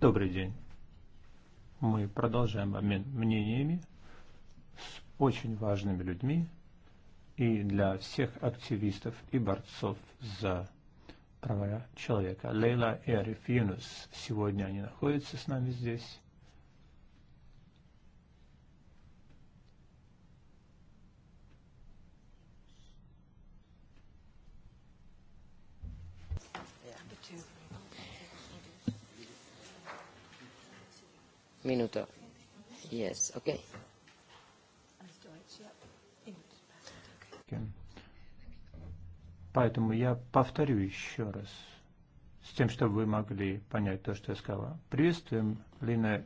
Добрый день. Мы продолжаем обмен мнениями с очень важными людьми и для всех активистов и борцов за права человека. Лейла и Ариф Юнус. Сегодня они находятся с нами здесь. Minuto. Yes, okay. Поэтому я повторю еще раз, с тем, чтобы вы могли понять то, что я сказала. Приветствуем Лина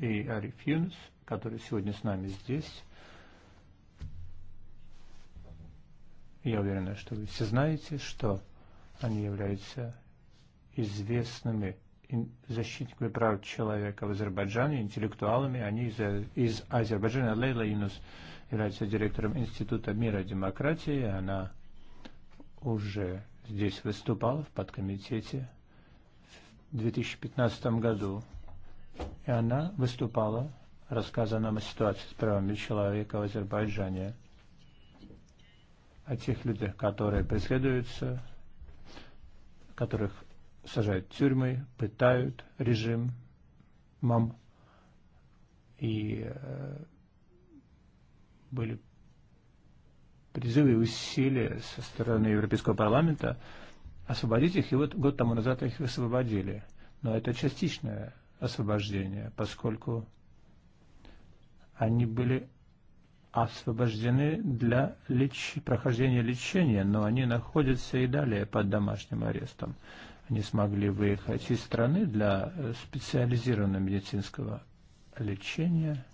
и Ари Фьюнс, которые сегодня с нами здесь. Я уверена, что вы все знаете, что они являются известными защитниками прав человека в Азербайджане, интеллектуалами. Они из, из Азербайджана. Лейла Юнус является директором Института мира и демократии. Она уже здесь выступала в подкомитете в 2015 году. И она выступала, рассказывая нам о ситуации с правами человека в Азербайджане, о тех людях, которые преследуются, которых сажают в тюрьмы, пытают режим мам. И э, были призывы и усилия со стороны Европейского парламента освободить их, и вот год тому назад их освободили. Но это частичное освобождение, поскольку они были освобождены для леч... прохождения лечения, но они находятся и далее под домашним арестом не смогли выехать из страны для э, специализированного медицинского лечения.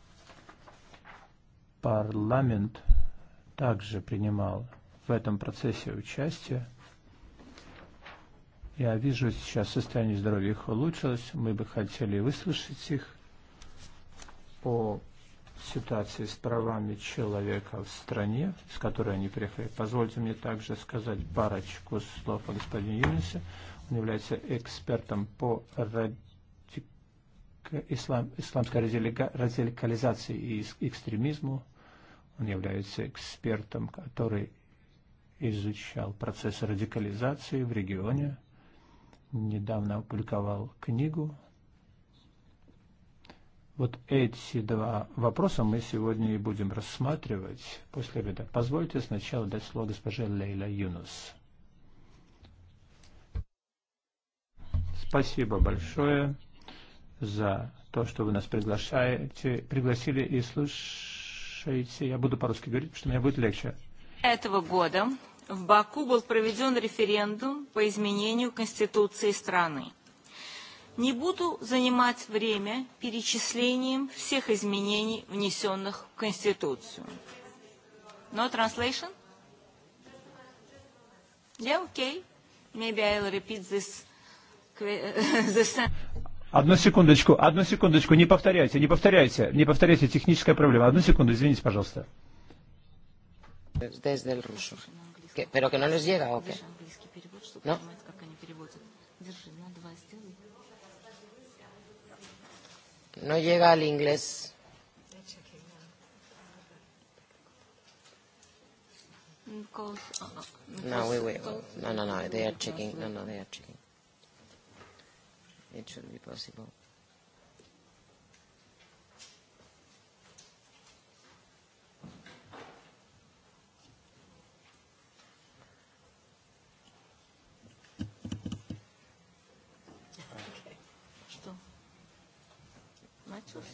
Парламент также принимал в этом процессе участие. Я вижу сейчас состояние здоровья их улучшилось. Мы бы хотели выслушать их о ситуации с правами человека в стране, с которой они приехали. Позвольте мне также сказать парочку слов о господине Юнисе. Он является экспертом по радик... ислам... исламской радикализации и экстремизму. Он является экспертом, который изучал процесс радикализации в регионе. Недавно опубликовал книгу. Вот эти два вопроса мы сегодня и будем рассматривать после обеда. Позвольте сначала дать слово госпоже Лейла Юнус. Спасибо большое за то, что вы нас приглашаете, пригласили и слушаете. Я буду по-русски говорить, что мне будет легче. Этого года в Баку был проведен референдум по изменению Конституции страны. Не буду занимать время перечислением всех изменений, внесенных в Конституцию. No translation? Yeah, okay. Maybe I'll repeat this Одну секундочку, одну секундочку, не повторяйте, не повторяйте, не повторяйте, техническая проблема. Одну секунду, извините, пожалуйста. Desde el ruso. ¿Qué? ¿Pero que no les llega o qué? ¿No? No llega al inglés. Uh, uh, no, we, we, no, no, no, they are checking, no, no, they are checking it should be possible.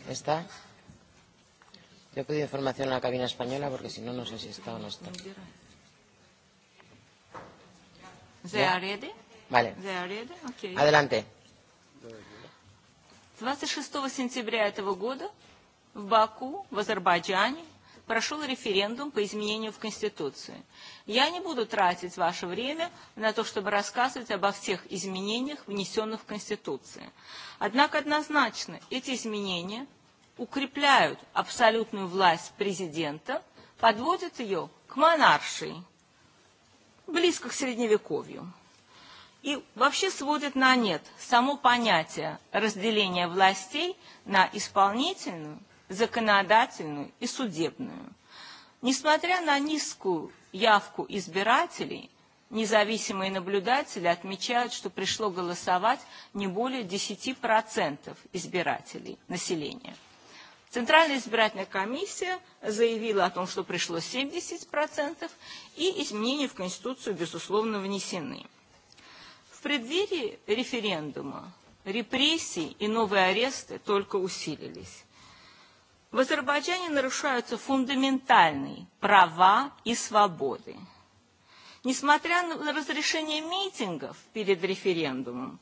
¿Está? Yo he pedido información en la cabina española porque si no, no sé si está o no está. ¿Se are Vale. They are ready? Adelante. 26 сентября этого года в Баку, в Азербайджане, прошел референдум по изменению в Конституции. Я не буду тратить ваше время на то, чтобы рассказывать обо всех изменениях, внесенных в Конституцию. Однако однозначно эти изменения укрепляют абсолютную власть президента, подводят ее к монаршии, близко к средневековью и вообще сводит на нет само понятие разделения властей на исполнительную, законодательную и судебную. Несмотря на низкую явку избирателей, независимые наблюдатели отмечают, что пришло голосовать не более 10% избирателей населения. Центральная избирательная комиссия заявила о том, что пришло 70%, и изменения в Конституцию, безусловно, внесены преддверии референдума репрессии и новые аресты только усилились. В Азербайджане нарушаются фундаментальные права и свободы. Несмотря на разрешение митингов перед референдумом,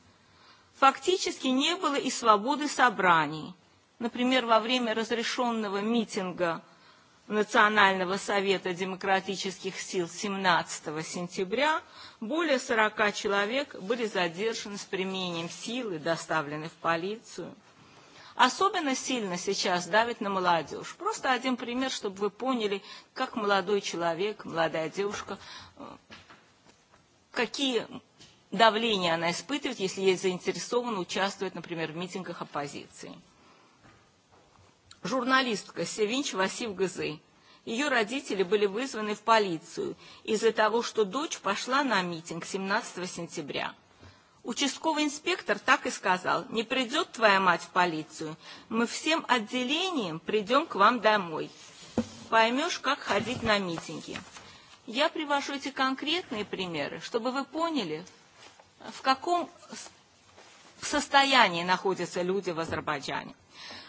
фактически не было и свободы собраний. Например, во время разрешенного митинга Национального совета демократических сил 17 сентября более 40 человек были задержаны с применением силы, доставлены в полицию. Особенно сильно сейчас давит на молодежь. Просто один пример, чтобы вы поняли, как молодой человек, молодая девушка, какие давления она испытывает, если ей заинтересована участвовать, например, в митингах оппозиции журналистка Севинч Васив Газы. Ее родители были вызваны в полицию из-за того, что дочь пошла на митинг 17 сентября. Участковый инспектор так и сказал, не придет твоя мать в полицию, мы всем отделением придем к вам домой. Поймешь, как ходить на митинги. Я привожу эти конкретные примеры, чтобы вы поняли, в каком состоянии находятся люди в Азербайджане.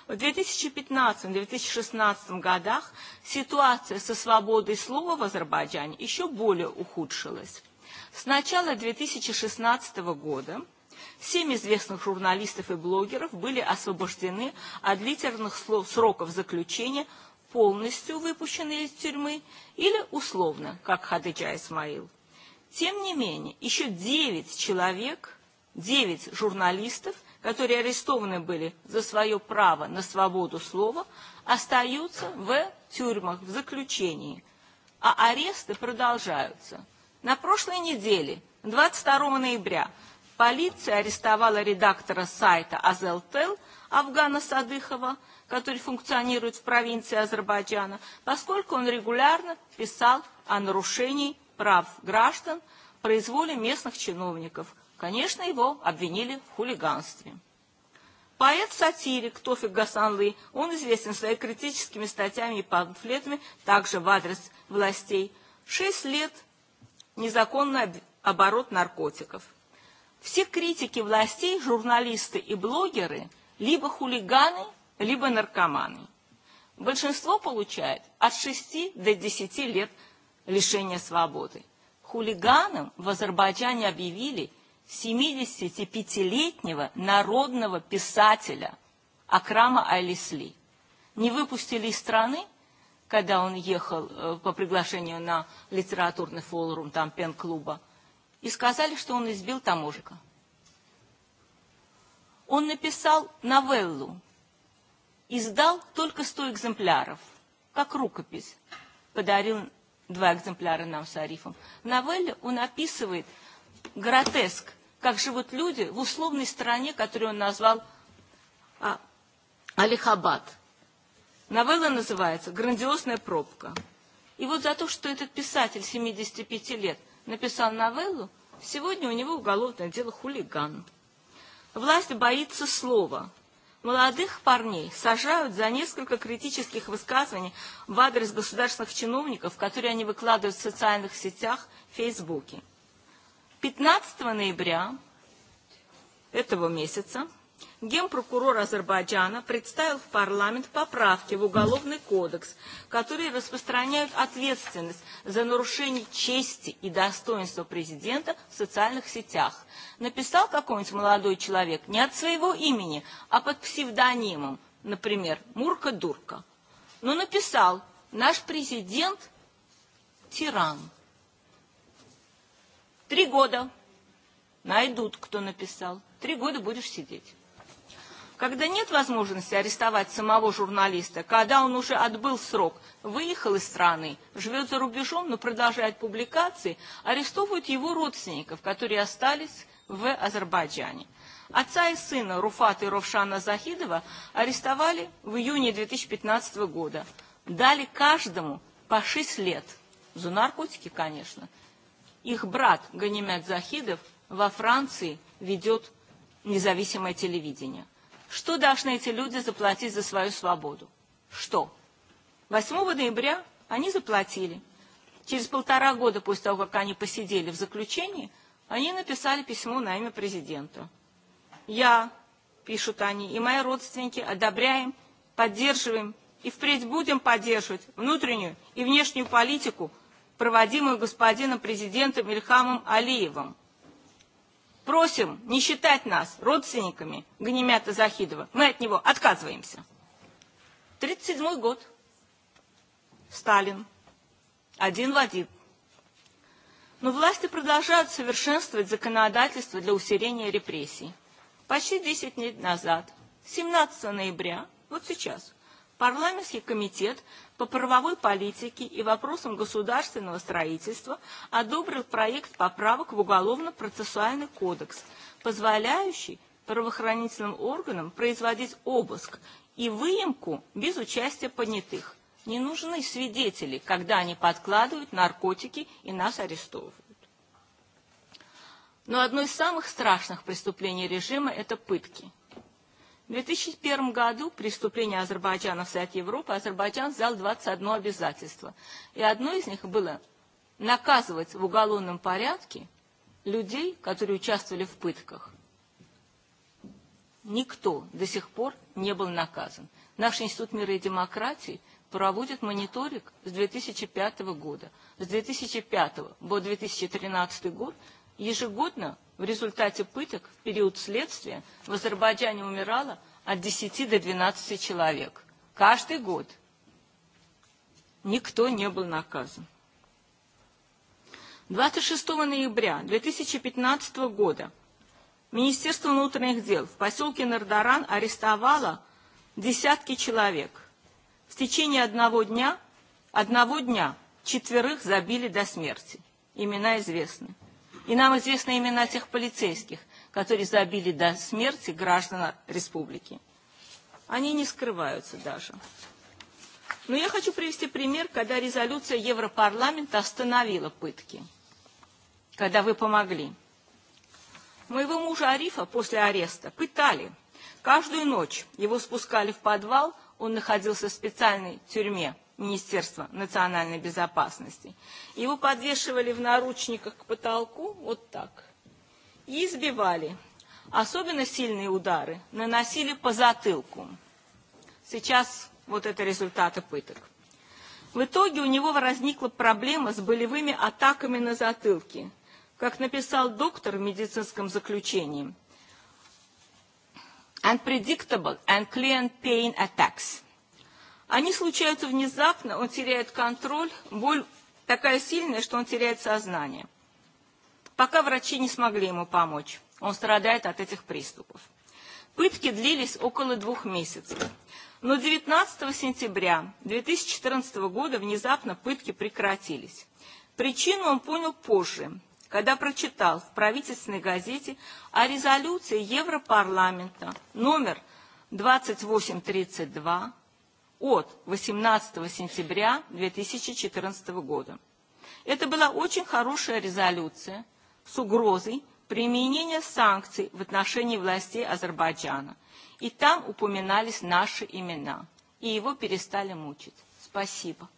В 2015-2016 годах ситуация со свободой слова в Азербайджане еще более ухудшилась. С начала 2016 года Семь известных журналистов и блогеров были освобождены от длительных сроков заключения, полностью выпущены из тюрьмы или условно, как Хадыджа Исмаил. Тем не менее, еще девять человек, девять журналистов которые арестованы были за свое право на свободу слова, остаются в тюрьмах, в заключении. А аресты продолжаются. На прошлой неделе, 22 ноября, полиция арестовала редактора сайта «Азелтел» Афгана Садыхова, который функционирует в провинции Азербайджана, поскольку он регулярно писал о нарушении прав граждан, произволе местных чиновников – Конечно, его обвинили в хулиганстве. Поэт-сатирик Тофик Гасанлы, он известен своими критическими статьями и памфлетами также в адрес властей. Шесть лет незаконный оборот наркотиков. Все критики властей, журналисты и блогеры либо хулиганы, либо наркоманы. Большинство получает от 6 до 10 лет лишения свободы. Хулиганом в Азербайджане объявили – 75-летнего народного писателя Акрама Алисли. Не выпустили из страны, когда он ехал э, по приглашению на литературный форум там пен-клуба, и сказали, что он избил таможика. Он написал новеллу, издал только 100 экземпляров, как рукопись. Подарил два экземпляра нам с Арифом. В новелле он описывает – гротеск, как живут люди в условной стране, которую он назвал а, Алихабад. Новелла называется «Грандиозная пробка». И вот за то, что этот писатель 75 лет написал новеллу, сегодня у него уголовное дело хулиган. Власть боится слова. Молодых парней сажают за несколько критических высказываний в адрес государственных чиновников, которые они выкладывают в социальных сетях, в Фейсбуке. 15 ноября этого месяца генпрокурор Азербайджана представил в парламент поправки в Уголовный кодекс, которые распространяют ответственность за нарушение чести и достоинства президента в социальных сетях. Написал какой-нибудь молодой человек не от своего имени, а под псевдонимом, например, Мурка-Дурка. Но написал, наш президент – тиран – Три года найдут, кто написал. Три года будешь сидеть. Когда нет возможности арестовать самого журналиста, когда он уже отбыл срок, выехал из страны, живет за рубежом, но продолжает публикации, арестовывают его родственников, которые остались в Азербайджане. Отца и сына Руфата и Ровшана Захидова арестовали в июне 2015 года. Дали каждому по 6 лет. За наркотики, конечно их брат Ганимед Захидов во Франции ведет независимое телевидение. Что должны эти люди заплатить за свою свободу? Что? 8 ноября они заплатили. Через полтора года после того, как они посидели в заключении, они написали письмо на имя президента. Я, пишут они, и мои родственники одобряем, поддерживаем и впредь будем поддерживать внутреннюю и внешнюю политику – проводимую господином президентом Ильхамом Алиевым. Просим не считать нас родственниками Ганимята Захидова. Мы от него отказываемся. 1937 год. Сталин. Один в один. Но власти продолжают совершенствовать законодательство для усиления репрессий. Почти 10 дней назад, 17 ноября, вот сейчас, Парламентский комитет по правовой политике и вопросам государственного строительства одобрил проект поправок в Уголовно-процессуальный кодекс, позволяющий правоохранительным органам производить обыск и выемку без участия понятых. Не нужны свидетели, когда они подкладывают наркотики и нас арестовывают. Но одно из самых страшных преступлений режима – это пытки – В 2001 году при вступлении Азербайджана в Совет Европы Азербайджан взял 21 обязательство. И одно из них было наказывать в уголовном порядке людей, которые участвовали в пытках. Никто до сих пор не был наказан. Наш Институт мира и демократии проводит мониторинг с 2005 года. С 2005 по 2013 год Ежегодно в результате пыток в период следствия в Азербайджане умирало от 10 до 12 человек. Каждый год никто не был наказан. 26 ноября 2015 года Министерство внутренних дел в поселке Нардаран арестовало десятки человек. В течение одного дня, одного дня четверых забили до смерти. Имена известны. И нам известны имена тех полицейских, которые забили до смерти граждан республики. Они не скрываются даже. Но я хочу привести пример, когда резолюция Европарламента остановила пытки, когда вы помогли. Моего мужа Арифа после ареста пытали. Каждую ночь его спускали в подвал, он находился в специальной тюрьме Министерства национальной безопасности. Его подвешивали в наручниках к потолку вот так и избивали. Особенно сильные удары наносили по затылку. Сейчас вот это результаты пыток. В итоге у него возникла проблема с болевыми атаками на затылке. Как написал доктор в медицинском заключении, unpredictable and clear pain attacks – Они случаются внезапно, он теряет контроль, боль такая сильная, что он теряет сознание. Пока врачи не смогли ему помочь, он страдает от этих приступов. Пытки длились около двух месяцев. Но 19 сентября 2014 года внезапно пытки прекратились. Причину он понял позже, когда прочитал в правительственной газете о резолюции Европарламента номер 2832 от 18 сентября 2014 года. Это была очень хорошая резолюция с угрозой применения санкций в отношении властей Азербайджана. И там упоминались наши имена. И его перестали мучить. Спасибо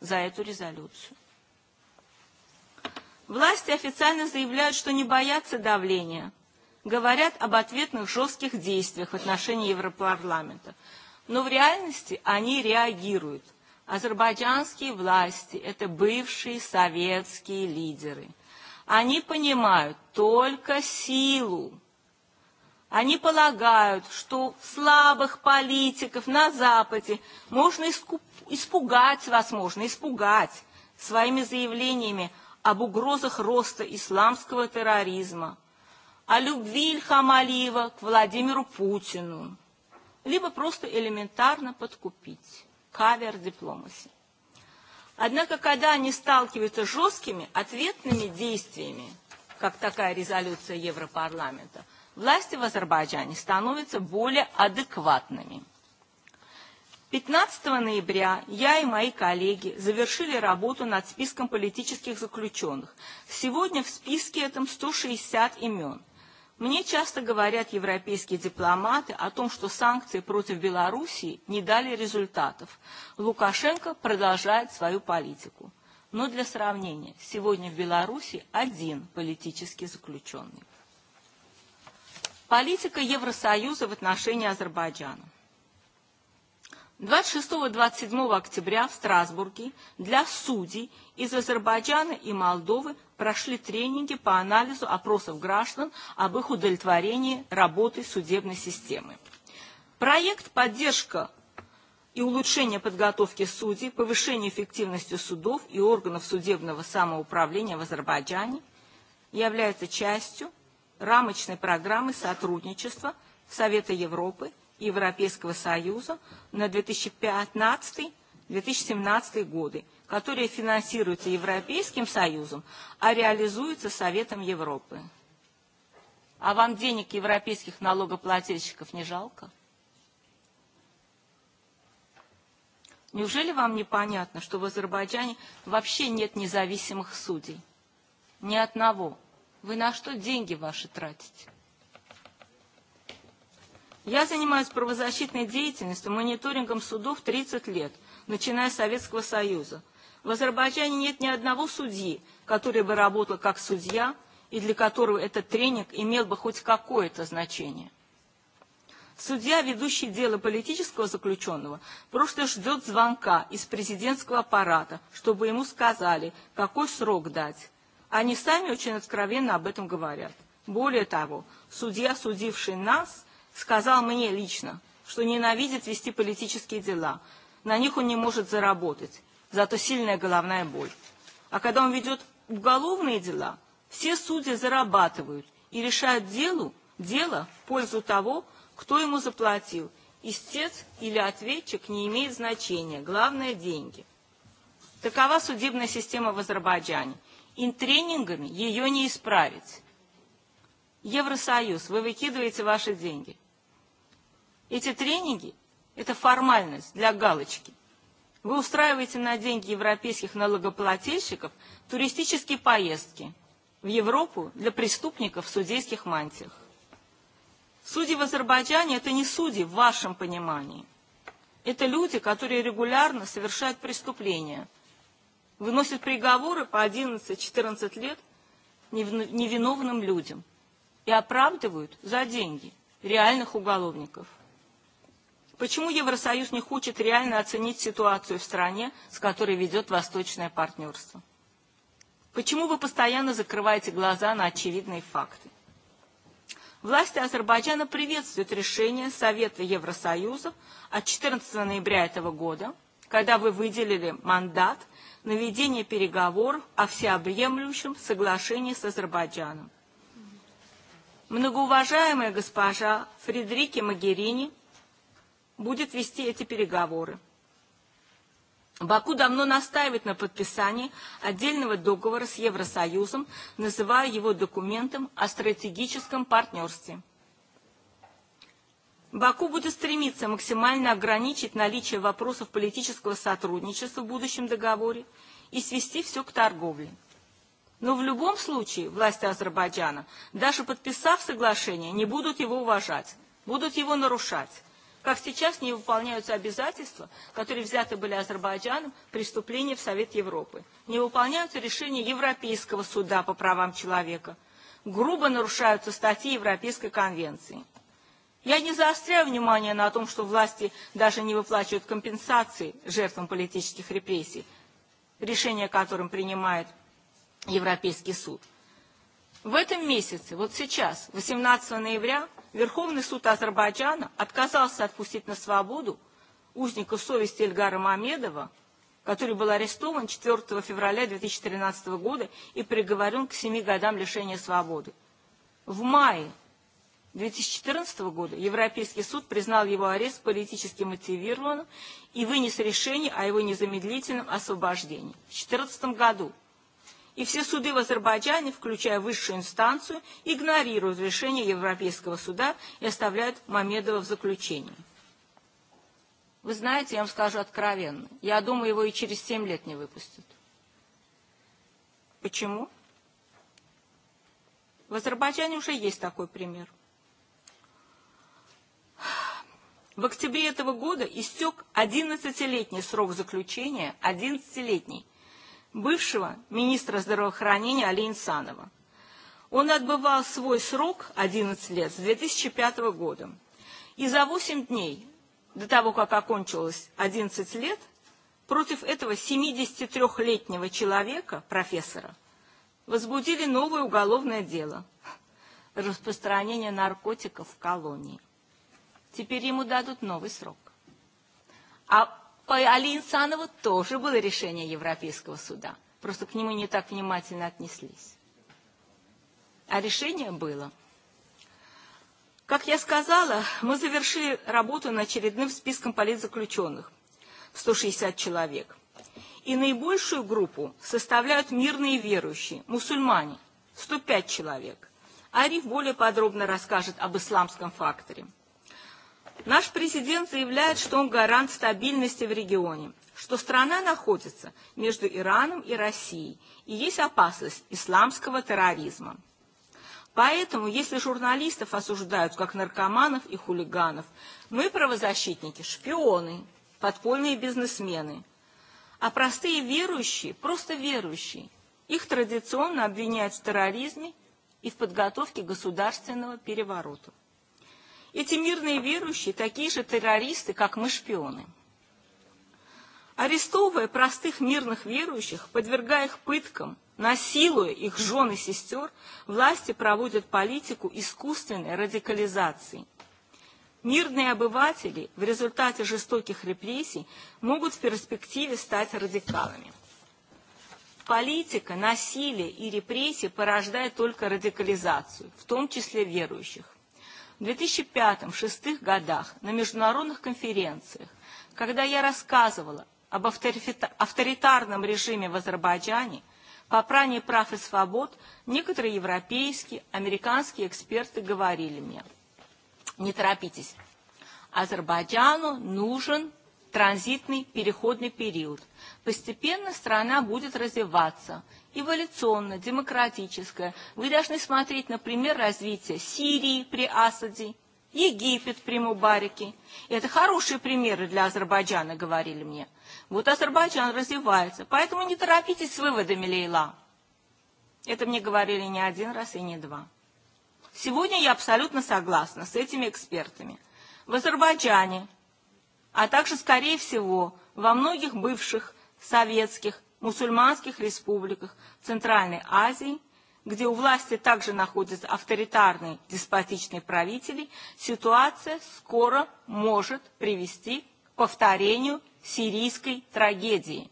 за эту резолюцию. Власти официально заявляют, что не боятся давления. Говорят об ответных жестких действиях в отношении Европарламента. Но в реальности они реагируют. Азербайджанские власти – это бывшие советские лидеры. Они понимают только силу. Они полагают, что слабых политиков на Западе можно испугать, возможно, испугать своими заявлениями об угрозах роста исламского терроризма, о любви Ильхам Алиева к Владимиру Путину либо просто элементарно подкупить. Кавер дипломаси. Однако, когда они сталкиваются с жесткими ответными действиями, как такая резолюция Европарламента, власти в Азербайджане становятся более адекватными. 15 ноября я и мои коллеги завершили работу над списком политических заключенных. Сегодня в списке этом 160 имен – Мне часто говорят европейские дипломаты о том, что санкции против Белоруссии не дали результатов. Лукашенко продолжает свою политику. Но для сравнения, сегодня в Беларуси один политический заключенный. Политика Евросоюза в отношении Азербайджана. 26-27 октября в Страсбурге для судей из Азербайджана и Молдовы прошли тренинги по анализу опросов граждан об их удовлетворении работы судебной системы. Проект «Поддержка и улучшение подготовки судей, повышение эффективности судов и органов судебного самоуправления в Азербайджане является частью рамочной программы сотрудничества Совета Европы – Европейского Союза на 2015-2017 годы, которые финансируются Европейским Союзом, а реализуются Советом Европы. А вам денег европейских налогоплательщиков не жалко? Неужели вам непонятно, что в Азербайджане вообще нет независимых судей? Ни одного. Вы на что деньги ваши тратите? Я занимаюсь правозащитной деятельностью, мониторингом судов 30 лет, начиная с Советского Союза. В Азербайджане нет ни одного судьи, который бы работал как судья и для которого этот тренинг имел бы хоть какое-то значение. Судья, ведущий дело политического заключенного, просто ждет звонка из президентского аппарата, чтобы ему сказали, какой срок дать. Они сами очень откровенно об этом говорят. Более того, судья, судивший нас, сказал мне лично, что ненавидит вести политические дела. На них он не может заработать, зато сильная головная боль. А когда он ведет уголовные дела, все судьи зарабатывают и решают делу, дело в пользу того, кто ему заплатил. Истец или ответчик не имеет значения, главное – деньги. Такова судебная система в Азербайджане. И тренингами ее не исправить. Евросоюз, вы выкидываете ваши деньги. Эти тренинги – это формальность для галочки. Вы устраиваете на деньги европейских налогоплательщиков туристические поездки в Европу для преступников в судейских мантиях. Судьи в Азербайджане – это не судьи в вашем понимании. Это люди, которые регулярно совершают преступления, выносят приговоры по 11-14 лет невиновным людям и оправдывают за деньги реальных уголовников. Почему Евросоюз не хочет реально оценить ситуацию в стране, с которой ведет восточное партнерство? Почему вы постоянно закрываете глаза на очевидные факты? Власти Азербайджана приветствуют решение Совета Евросоюза от 14 ноября этого года, когда вы выделили мандат на ведение переговоров о всеобъемлющем соглашении с Азербайджаном. Многоуважаемая госпожа Фредерике Магерини – будет вести эти переговоры. Баку давно настаивает на подписании отдельного договора с Евросоюзом, называя его документом о стратегическом партнерстве. Баку будет стремиться максимально ограничить наличие вопросов политического сотрудничества в будущем договоре и свести все к торговле. Но в любом случае власти Азербайджана, даже подписав соглашение, не будут его уважать, будут его нарушать как сейчас не выполняются обязательства, которые взяты были Азербайджаном при вступлении в Совет Европы. Не выполняются решения Европейского суда по правам человека. Грубо нарушаются статьи Европейской конвенции. Я не заостряю внимание на том, что власти даже не выплачивают компенсации жертвам политических репрессий, решение которым принимает Европейский суд. В этом месяце, вот сейчас, 18 ноября, Верховный суд Азербайджана отказался отпустить на свободу узника совести Эльгара Мамедова, который был арестован 4 февраля 2013 года и приговорен к 7 годам лишения свободы. В мае 2014 года Европейский суд признал его арест политически мотивированным и вынес решение о его незамедлительном освобождении. В 2014 году и все суды в Азербайджане, включая высшую инстанцию, игнорируют решение Европейского суда и оставляют Мамедова в заключении. Вы знаете, я вам скажу откровенно, я думаю, его и через 7 лет не выпустят. Почему? В Азербайджане уже есть такой пример. В октябре этого года истек 11-летний срок заключения, 11-летний, бывшего министра здравоохранения Али Инсанова. Он отбывал свой срок 11 лет с 2005 года. И за 8 дней до того, как окончилось 11 лет, против этого 73-летнего человека, профессора, возбудили новое уголовное дело – распространение наркотиков в колонии. Теперь ему дадут новый срок. А Али Инсанова тоже было решение Европейского суда. Просто к нему не так внимательно отнеслись. А решение было. Как я сказала, мы завершили работу над очередным списком политзаключенных – 160 человек. И наибольшую группу составляют мирные верующие, мусульмане – 105 человек. Ариф более подробно расскажет об исламском факторе – Наш президент заявляет, что он гарант стабильности в регионе, что страна находится между Ираном и Россией, и есть опасность исламского терроризма. Поэтому, если журналистов осуждают как наркоманов и хулиганов, мы, правозащитники, шпионы, подпольные бизнесмены. А простые верующие, просто верующие, их традиционно обвиняют в терроризме и в подготовке государственного переворота. Эти мирные верующие такие же террористы, как мы шпионы. Арестовывая простых мирных верующих, подвергая их пыткам, насилуя их жен и сестер, власти проводят политику искусственной радикализации. Мирные обыватели в результате жестоких репрессий могут в перспективе стать радикалами. Политика, насилие и репрессии порождают только радикализацию, в том числе верующих в 2005-2006 годах на международных конференциях, когда я рассказывала об авторитарном режиме в Азербайджане, по пране прав и свобод, некоторые европейские, американские эксперты говорили мне, не торопитесь, Азербайджану нужен транзитный переходный период. Постепенно страна будет развиваться, эволюционно, демократическое. Вы должны смотреть, например, развитие Сирии при Асаде, Египет при Мубарике. Это хорошие примеры для Азербайджана, говорили мне. Вот Азербайджан развивается, поэтому не торопитесь с выводами, Лейла. Это мне говорили не один раз и не два. Сегодня я абсолютно согласна с этими экспертами. В Азербайджане, а также, скорее всего, во многих бывших советских мусульманских республиках Центральной Азии, где у власти также находятся авторитарные деспотичные правители, ситуация скоро может привести к повторению сирийской трагедии.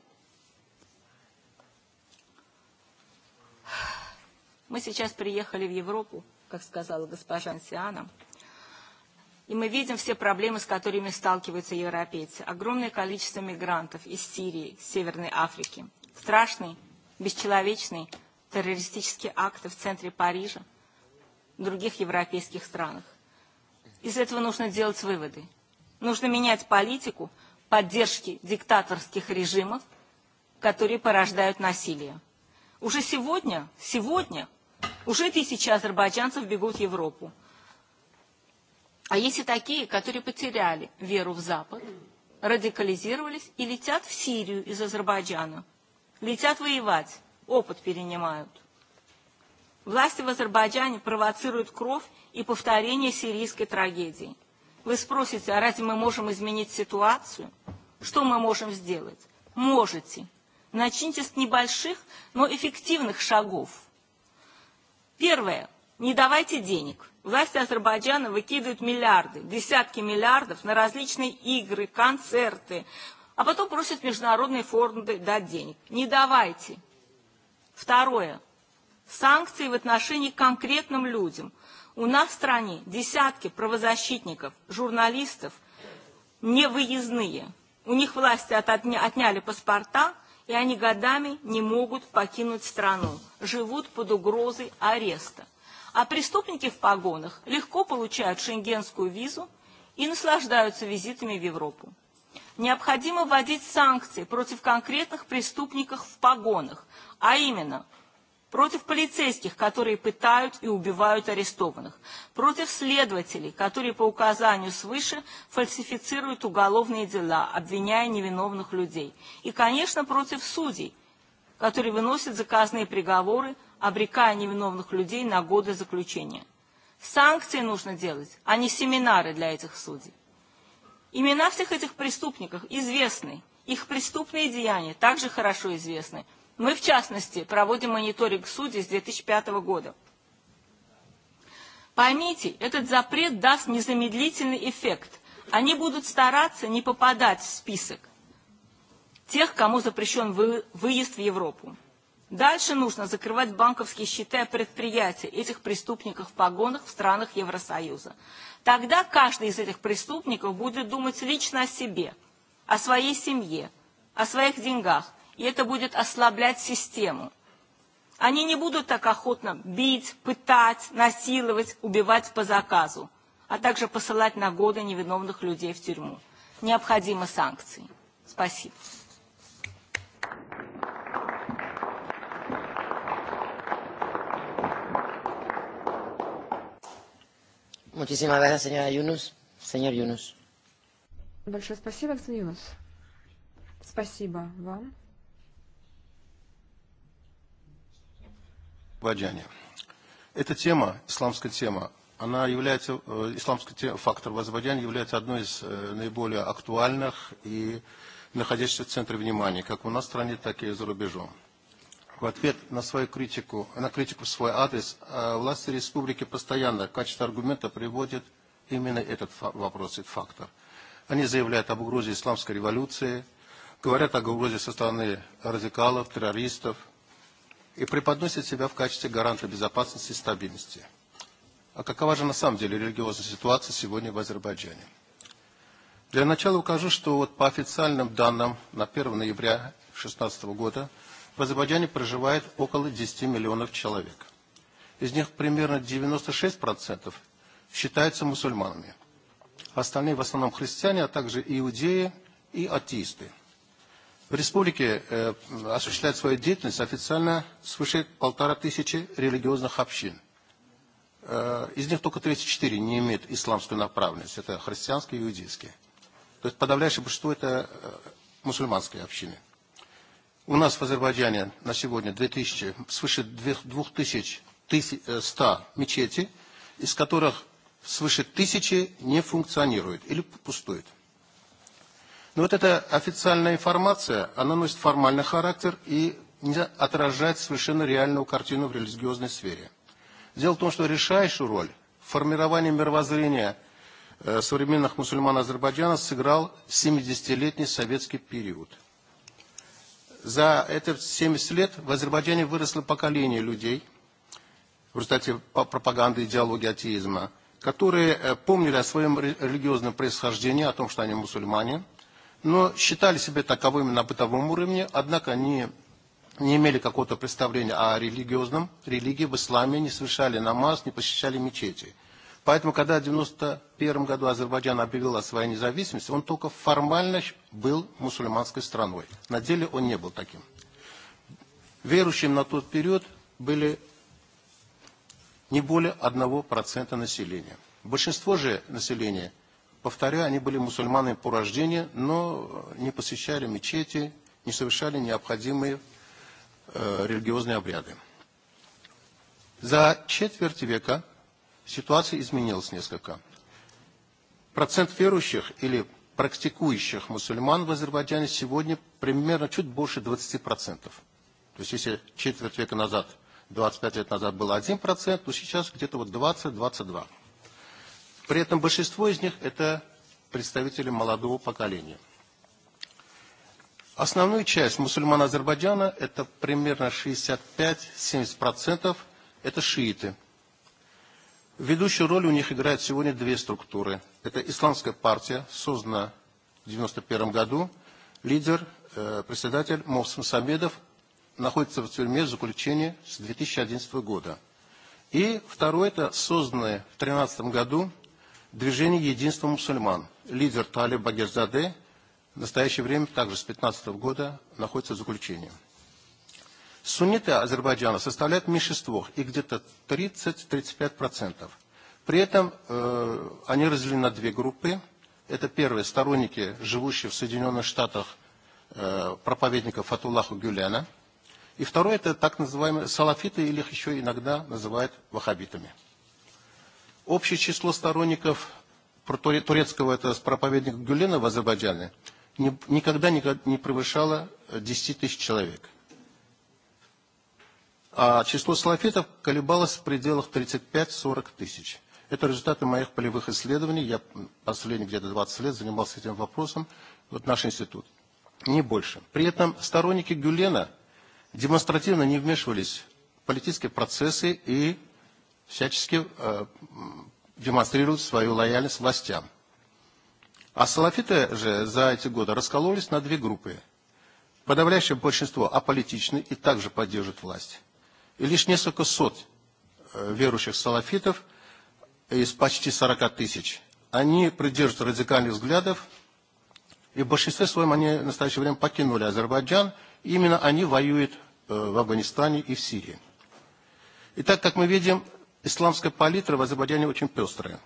Мы сейчас приехали в Европу, как сказала госпожа Ансиана, И мы видим все проблемы, с которыми сталкиваются европейцы. Огромное количество мигрантов из Сирии, Северной Африки. Страшный, бесчеловечный террористический акт в центре Парижа, других европейских странах. Из этого нужно делать выводы. Нужно менять политику поддержки диктаторских режимов, которые порождают насилие. Уже сегодня, сегодня, уже тысячи азербайджанцев бегут в Европу А есть и такие, которые потеряли веру в Запад, радикализировались и летят в Сирию из Азербайджана. Летят воевать, опыт перенимают. Власти в Азербайджане провоцируют кровь и повторение сирийской трагедии. Вы спросите, а разве мы можем изменить ситуацию? Что мы можем сделать? Можете. Начните с небольших, но эффективных шагов. Первое. Не давайте денег. Власти Азербайджана выкидывают миллиарды, десятки миллиардов на различные игры, концерты, а потом просят международные фонды дать денег. Не давайте. Второе. Санкции в отношении к конкретным людям. У нас в стране десятки правозащитников, журналистов, невыездные. У них власти отняли паспорта, и они годами не могут покинуть страну, живут под угрозой ареста. А преступники в погонах легко получают шенгенскую визу и наслаждаются визитами в Европу. Необходимо вводить санкции против конкретных преступников в погонах, а именно против полицейских, которые пытают и убивают арестованных, против следователей, которые по указанию свыше фальсифицируют уголовные дела, обвиняя невиновных людей, и, конечно, против судей, которые выносят заказные приговоры обрекая невиновных людей на годы заключения. Санкции нужно делать, а не семинары для этих судей. Имена всех этих преступников известны, их преступные деяния также хорошо известны. Мы, в частности, проводим мониторинг судей с 2005 года. Поймите, этот запрет даст незамедлительный эффект. Они будут стараться не попадать в список тех, кому запрещен выезд в Европу. Дальше нужно закрывать банковские счета предприятий этих преступников в погонах в странах Евросоюза. Тогда каждый из этих преступников будет думать лично о себе, о своей семье, о своих деньгах, и это будет ослаблять систему. Они не будут так охотно бить, пытать, насиловать, убивать по заказу, а также посылать на годы невиновных людей в тюрьму. Необходимы санкции. Спасибо. Muchísimas gracias, señora Yunus. Señor Yunus. Большое спасибо, господин Юнус. Спасибо вам. Ваджане. Эта тема, исламская тема, она является, э, исламский те, фактор в Азербайджане является одной из э, наиболее актуальных и находящихся в центре внимания, как у нас в стране, так и за рубежом в ответ на свою критику, на критику в свой адрес, э, власти республики постоянно в качестве аргумента приводят именно этот вопрос, этот фактор. Они заявляют об угрозе исламской революции, говорят о угрозе со стороны радикалов, террористов и преподносят себя в качестве гаранта безопасности и стабильности. А какова же на самом деле религиозная ситуация сегодня в Азербайджане? Для начала укажу, что вот по официальным данным на 1 ноября 2016 года – В Азербайджане проживает около 10 миллионов человек. Из них примерно 96% считаются мусульманами. Остальные в основном христиане, а также иудеи и атеисты. В республике э, осуществляет свою деятельность официально свыше полтора тысячи религиозных общин. Э, из них только 34 не имеют исламскую направленность. Это христианские и иудейские. То есть подавляющее большинство это э, мусульманские общины. У нас в Азербайджане на сегодня 2000, свыше 2100 э, мечети, из которых свыше тысячи не функционирует или пустует. Но вот эта официальная информация, она носит формальный характер и не отражает совершенно реальную картину в религиозной сфере. Дело в том, что решающую роль в формировании мировоззрения э, современных мусульман Азербайджана сыграл 70-летний советский период – за это 70 лет в Азербайджане выросло поколение людей в результате пропаганды идеологии атеизма, которые э, помнили о своем религиозном происхождении, о том, что они мусульмане, но считали себя таковыми на бытовом уровне, однако они не имели какого-то представления о религиозном, религии в исламе, не совершали намаз, не посещали мечети. Поэтому, когда в 1991 году Азербайджан объявил о своей независимости, он только формально был мусульманской страной. На деле он не был таким. Верующим на тот период были не более 1% населения. Большинство же населения, повторяю, они были мусульманами по рождению, но не посещали мечети, не совершали необходимые э, религиозные обряды. За четверть века ситуация изменилась несколько. Процент верующих или практикующих мусульман в Азербайджане сегодня примерно чуть больше 20%. То есть если четверть века назад, 25 лет назад было 1%, то сейчас где-то вот 20-22%. При этом большинство из них это представители молодого поколения. Основную часть мусульман Азербайджана это примерно 65-70% это шииты. Ведущую роль у них играют сегодня две структуры. Это Исламская партия, создана в 1991 году. Лидер, э, председатель Мовсим Самедов находится в тюрьме в заключении с 2011 года. И второе, это созданное в 2013 году движение «Единство мусульман». Лидер Талиб Багерзаде в настоящее время, также с 2015 года, находится в заключении. Сунниты Азербайджана составляют меньшинство, их где-то 30-35%. При этом э, они разделены на две группы. Это первые сторонники, живущие в Соединенных Штатах, э, проповедников Фатуллаху Гюляна. И второе – это так называемые салафиты, или их еще иногда называют ваххабитами. Общее число сторонников турецкого это проповедника Гюлена в Азербайджане никогда не превышало 10 тысяч человек а число салафитов колебалось в пределах 35-40 тысяч. Это результаты моих полевых исследований. Я последние где-то 20 лет занимался этим вопросом. Вот наш институт. Не больше. При этом сторонники Гюлена демонстративно не вмешивались в политические процессы и всячески э, демонстрируют свою лояльность властям. А салафиты же за эти годы раскололись на две группы. Подавляющее большинство аполитичны и также поддерживают власть. И лишь несколько сот э, верующих салафитов из почти 40 тысяч, они придерживаются радикальных взглядов, и в большинстве своем они в настоящее время покинули Азербайджан, и именно они воюют э, в Афганистане и в Сирии. И так, как мы видим, исламская палитра в Азербайджане очень пестрая.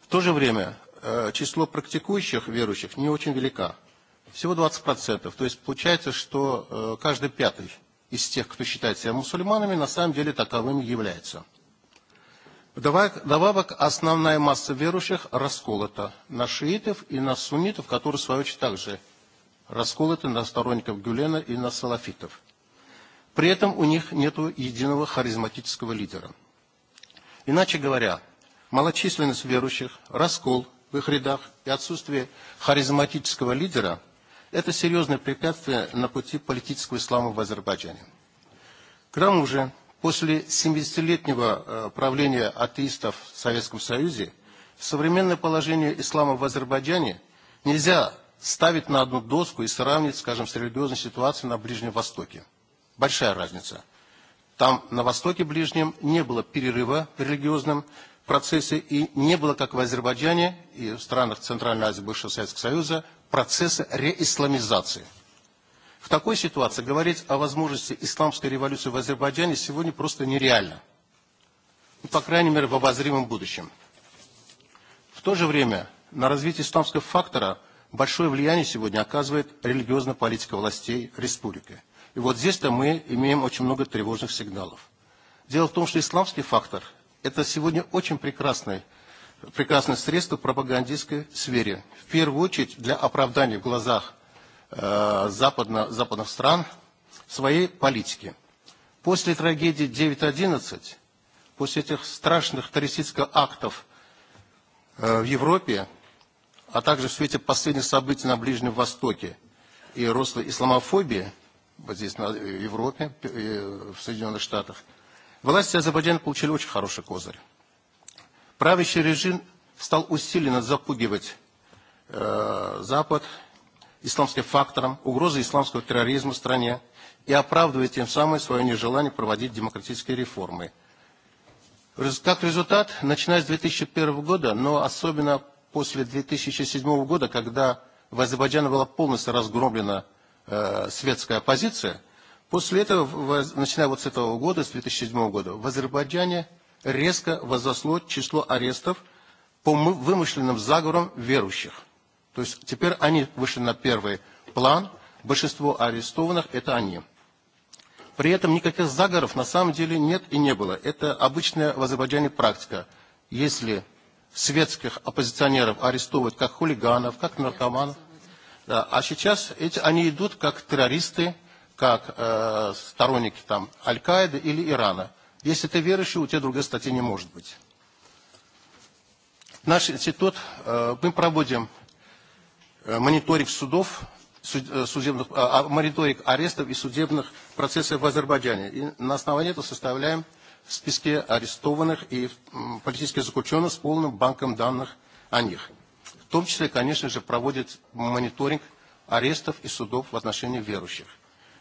В то же время э, число практикующих верующих не очень велика. Всего 20%. То есть получается, что каждый пятый из тех, кто считает себя мусульманами, на самом деле таковыми являются. Вдобавок, основная масса верующих расколота на шиитов и на суннитов, которые, в свою очередь, также расколоты на сторонников Гюлена и на салафитов. При этом у них нет единого харизматического лидера. Иначе говоря, малочисленность верующих, раскол в их рядах и отсутствие харизматического лидера – Это серьезное препятствие на пути политического ислама в Азербайджане. К тому же, после 70-летнего э, правления атеистов в Советском Союзе, современное положение ислама в Азербайджане нельзя ставить на одну доску и сравнить, скажем, с религиозной ситуацией на Ближнем Востоке. Большая разница. Там, на Востоке Ближнем, не было перерыва в религиозном процессе и не было, как в Азербайджане и в странах Центральной Азии бывшего Советского Союза, процесса реисламизации. В такой ситуации говорить о возможности исламской революции в Азербайджане сегодня просто нереально. Ну, по крайней мере, в обозримом будущем. В то же время на развитие исламского фактора большое влияние сегодня оказывает религиозная политика властей республики. И вот здесь-то мы имеем очень много тревожных сигналов. Дело в том, что исламский фактор – это сегодня очень прекрасный прекрасное средство в пропагандистской сфере. В первую очередь для оправдания в глазах э, западно, западных стран своей политики. После трагедии 9.11, после этих страшных террористических актов э, в Европе, а также в свете последних событий на Ближнем Востоке и росла исламофобии, вот здесь, на э, Европе, э, в Соединенных Штатах, власти Азербайджана получили очень хороший козырь. Правящий режим стал усиленно запугивать э, Запад исламским фактором, угрозой исламского терроризма в стране и оправдывая тем самым свое нежелание проводить демократические реформы. Как результат, начиная с 2001 года, но особенно после 2007 года, когда в Азербайджане была полностью разгромлена э, светская оппозиция, после этого, в, начиная вот с этого года, с 2007 года, в Азербайджане резко возросло число арестов по вымышленным заговорам верующих. То есть теперь они вышли на первый план, большинство арестованных – это они. При этом никаких заговоров на самом деле нет и не было. Это обычная в Азербайджане практика. Если светских оппозиционеров арестовывают как хулиганов, как наркоманов, да, а сейчас эти, они идут как террористы, как э, сторонники там Аль-Каиды или Ирана. Если ты верующий, у тебя другой статьи не может быть. Наш институт, э, мы проводим э, мониторинг судов, э, судебных, мониторинг арестов и судебных процессов в Азербайджане. И на основании этого составляем в списке арестованных и политических заключенных с полным банком данных о них. В том числе, конечно же, проводит мониторинг арестов и судов в отношении верующих.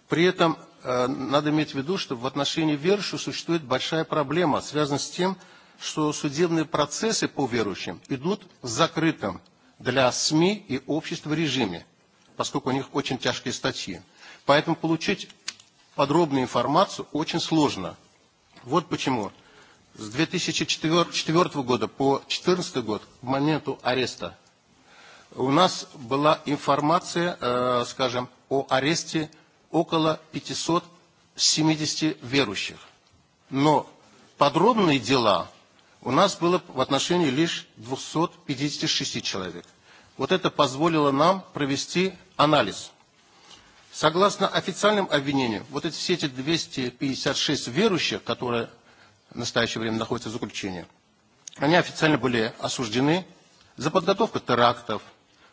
При этом Э, надо иметь в виду, что в отношении верующих существует большая проблема, связанная с тем, что судебные процессы по верующим идут в закрытом для СМИ и общества режиме, поскольку у них очень тяжкие статьи. Поэтому получить подробную информацию очень сложно. Вот почему с 2004 года по 2014 год, к моменту ареста, у нас была информация, э, скажем, о аресте около 570 верующих. Но подробные дела у нас было в отношении лишь 256 человек. Вот это позволило нам провести анализ. Согласно официальным обвинениям, вот эти, все эти 256 верующих, которые в настоящее время находятся в заключении, они официально были осуждены за подготовку терактов,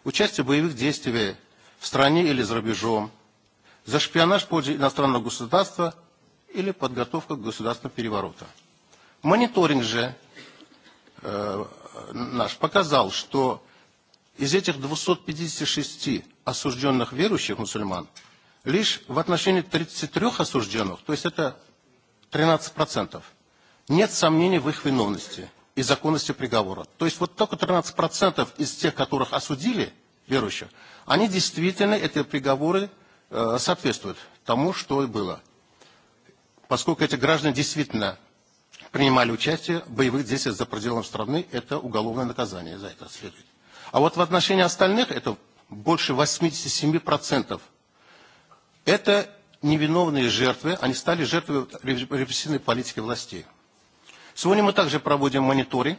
участие в боевых действиях в стране или за рубежом, за шпионаж в пользу иностранного государства или подготовка к государственному перевороту. Мониторинг же э, наш показал, что из этих 256 осужденных верующих мусульман лишь в отношении 33 осужденных, то есть это 13%, нет сомнений в их виновности и законности приговора. То есть вот только 13% из тех, которых осудили, верующих, они действительно эти приговоры Э, соответствует тому, что и было. Поскольку эти граждане действительно принимали участие в боевых действиях за пределами страны, это уголовное наказание за это следует. А вот в отношении остальных, это больше 87%, это невиновные жертвы, они стали жертвами репрессивной политики властей. Сегодня мы также проводим мониторинг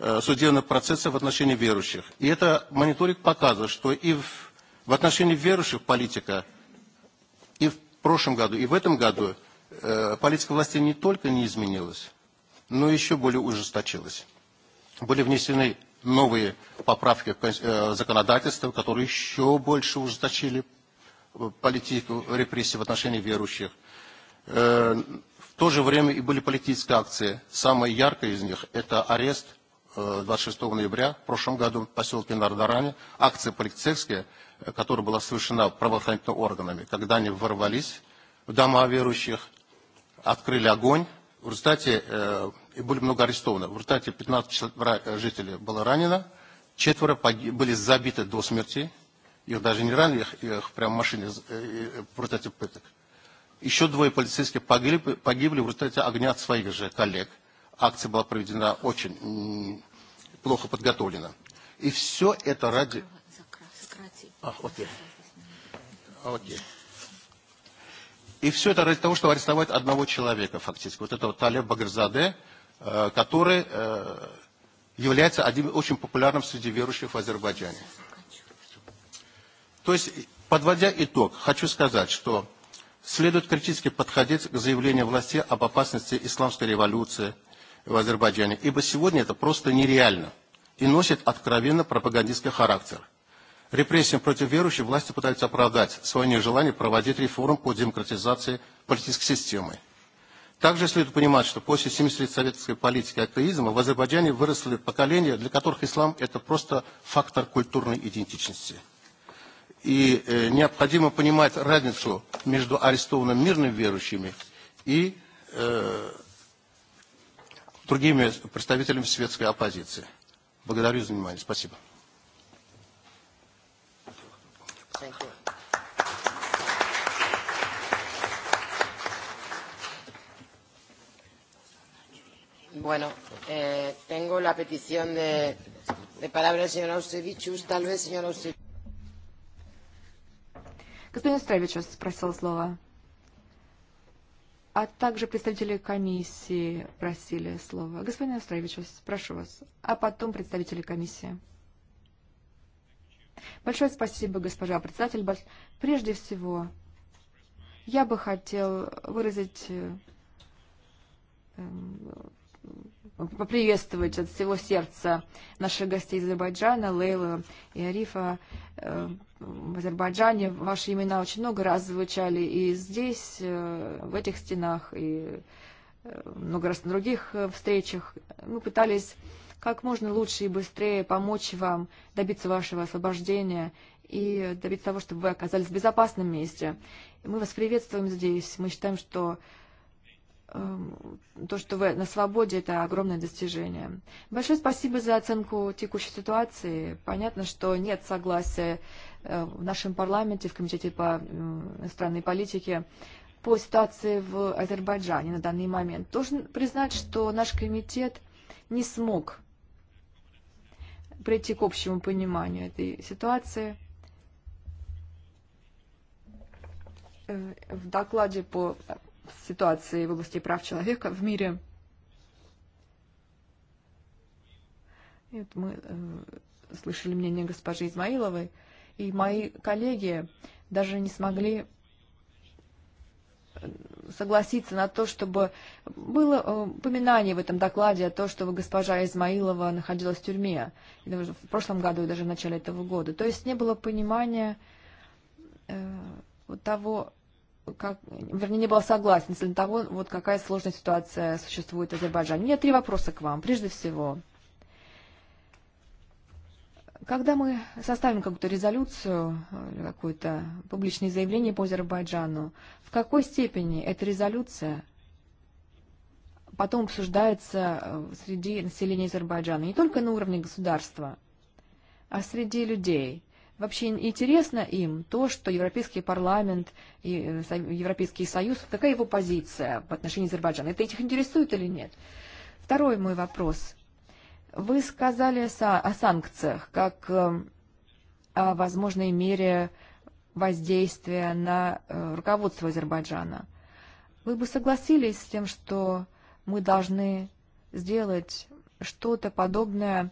э, судебных процессов в отношении верующих. И этот мониторинг показывает, что и в В отношении верующих политика и в прошлом году, и в этом году э, политика власти не только не изменилась, но еще более ужесточилась. Были внесены новые поправки в э, законодательство, которые еще больше ужесточили э, политику репрессий в отношении верующих. Э, в то же время и были политические акции. Самая яркая из них – это арест 26 ноября в прошлом году в поселке Нардаране, акция полицейская – которая была совершена правоохранительными органами, когда они ворвались в дома верующих, открыли огонь, в результате э, и были много арестованы. В результате 15 э, жителей было ранено, четверо погиб, были забиты до смерти, их даже не ранили, их, их прямо в машине э, в результате пыток. Еще двое полицейских погибли, погибли в результате огня от своих же коллег. Акция была проведена очень плохо подготовлена. И все это ради Ah, ah И все это ради того, чтобы арестовать одного человека, фактически. Вот этого Талеб Багрзаде, э, который э, является одним очень популярным среди верующих в Азербайджане. То есть, подводя итог, хочу сказать, что следует критически подходить к заявлению власти об опасности исламской революции в Азербайджане, ибо сегодня это просто нереально и носит откровенно пропагандистский характер – Репрессиям против верующих власти пытаются оправдать свое нежелание проводить реформ по демократизации политической системы. Также следует понимать, что после 70 лет советской политики атеизма в Азербайджане выросли поколения, для которых ислам – это просто фактор культурной идентичности. И э, необходимо понимать разницу между арестованными мирными верующими и э, другими представителями светской оппозиции. Благодарю за внимание. Спасибо. Thank you. Bueno, eh, tengo la petición de, de palabra del señor Austevichus. Tal vez, señor Austevichus. Господин Стревичус спросил слово. А также представители комиссии просили слово. Господин Стревичус, прошу вас. А потом представители комиссии. Большое спасибо, госпожа председатель. Прежде всего, я бы хотел выразить э, поприветствовать от всего сердца наших гостей из Азербайджана, Лейла и Арифа э, в Азербайджане. Ваши имена очень много раз звучали и здесь, э, в этих стенах, и много раз на других встречах. Мы пытались как можно лучше и быстрее помочь вам добиться вашего освобождения и добиться того, чтобы вы оказались в безопасном месте. Мы вас приветствуем здесь. Мы считаем, что э, то, что вы на свободе, это огромное достижение. Большое спасибо за оценку текущей ситуации. Понятно, что нет согласия э, в нашем парламенте, в Комитете по иностранной политике по ситуации в Азербайджане на данный момент. Должен признать, что наш комитет не смог прийти к общему пониманию этой ситуации. Э, в докладе по ситуации в области прав человека в мире Нет, мы э, слышали мнение госпожи Измаиловой, и мои коллеги даже не смогли согласиться на то, чтобы было э, упоминание в этом докладе о том, что госпожа Измаилова находилась в тюрьме в прошлом году и даже в начале этого года. То есть не было понимания э, вот того, как, вернее, не было согласен с того, вот какая сложная ситуация существует в Азербайджане. У меня три вопроса к вам. Прежде всего, Когда мы составим какую-то резолюцию, э, какое-то публичное заявление по Азербайджану, в какой степени эта резолюция потом обсуждается э, среди населения Азербайджана, не только на уровне государства, а среди людей? Вообще интересно им то, что Европейский парламент и э, Европейский союз, какая его позиция в отношении Азербайджана? Это их интересует или нет? Второй мой вопрос – Вы сказали о санкциях, как о возможной мере воздействия на э, руководство Азербайджана. Вы бы согласились с тем, что мы должны сделать что-то подобное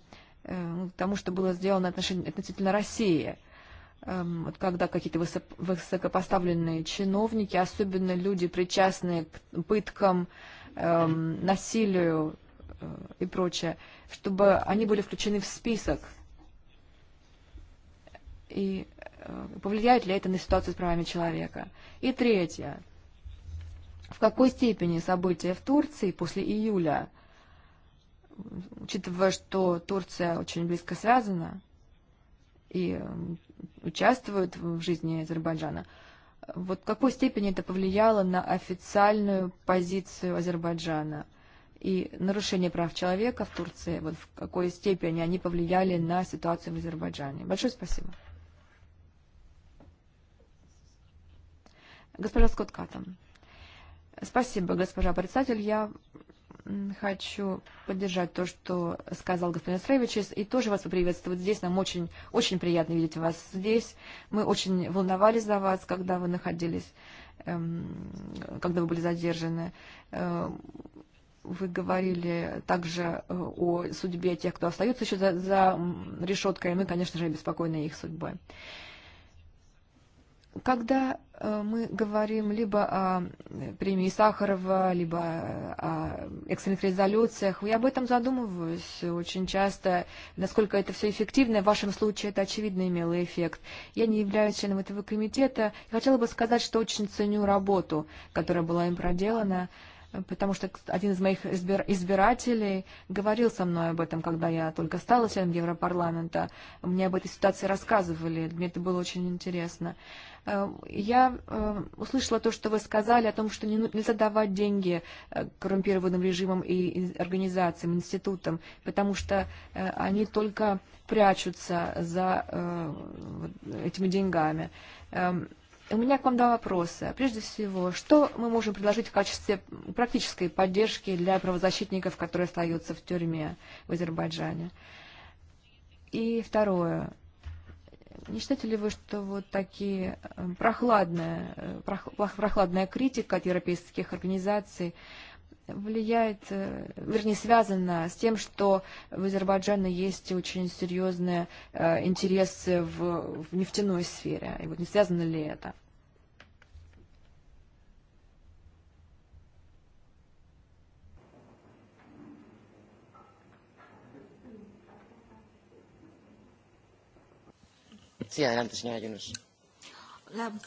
тому, что было сделано относительно России – вот когда какие-то высокопоставленные чиновники, особенно люди, причастные к пыткам, насилию, Э, и прочее, чтобы они были включены в список. И э, повлияет ли это на ситуацию с правами человека. И третье. В какой степени события в Турции после июля, учитывая, что Турция очень близко связана и э, участвует в жизни Азербайджана, вот в какой степени это повлияло на официальную позицию Азербайджана – и нарушение прав человека в Турции, вот в какой степени они повлияли на ситуацию в Азербайджане. Большое спасибо. Госпожа Скотката. Спасибо, госпожа председатель. Я хочу поддержать то, что сказал господин Астраевич, и тоже вас поприветствовать здесь. Нам очень, очень приятно видеть вас здесь. Мы очень волновались за вас, когда вы находились, когда вы были задержаны э, Вы говорили также э, о судьбе тех, кто остается еще за, за решеткой, и мы, конечно же, обеспокоены их судьбой. Когда э, мы говорим либо о э, премии Сахарова, либо о экстренных резолюциях, я об этом задумываюсь очень часто, насколько это все эффективно. В вашем случае это очевидно имело эффект. Я не являюсь членом этого комитета. Я хотела бы сказать, что очень ценю работу, которая была им проделана потому что один из моих избир избирателей говорил со мной об этом, когда я только стала членом Европарламента. Мне об этой ситуации рассказывали, мне это было очень интересно. Э, я э, услышала то, что вы сказали о том, что нельзя давать деньги э, коррумпированным режимам и организациям, институтам, потому что они только прячутся за этими деньгами. У меня к вам два вопроса. Прежде всего, что мы можем предложить в качестве практической поддержки для правозащитников, которые остаются в тюрьме в Азербайджане? И второе. Не считаете ли вы, что вот такие э, прохладная, э, прохладная критика от европейских организаций влияет, э, вернее, связано с тем, что в Азербайджане есть очень серьезные э, интересы в, в нефтяной сфере. И вот не связано ли это?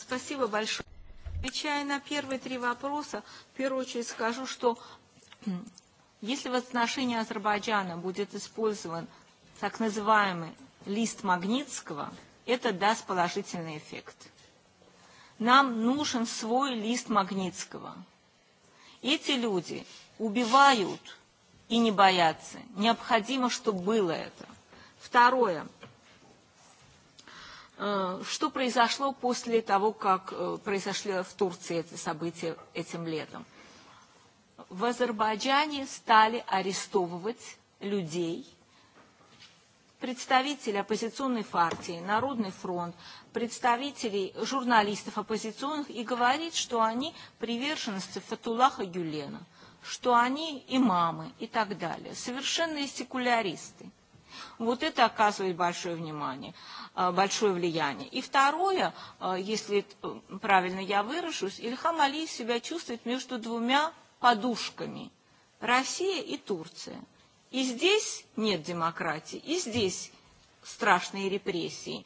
спасибо большое. Отвечая на первые три вопроса, в первую очередь скажу, что если в отношении Азербайджана будет использован так называемый лист Магнитского, это даст положительный эффект. Нам нужен свой лист Магнитского. Эти люди убивают и не боятся. Необходимо, чтобы было это. Второе. Э, что произошло после того, как э, произошли в Турции эти события этим летом? В Азербайджане стали арестовывать людей, представителей оппозиционной партии, Народный фронт, представителей журналистов оппозиционных и говорит, что они приверженцы Фатулаха Гюлена, что они имамы и так далее, совершенные секуляристы – Вот это оказывает большое внимание, э, большое влияние. И второе, э, если э, правильно я выражусь, Ильхам Алиев себя чувствует между двумя подушками – Россия и Турция. И здесь нет демократии, и здесь страшные репрессии.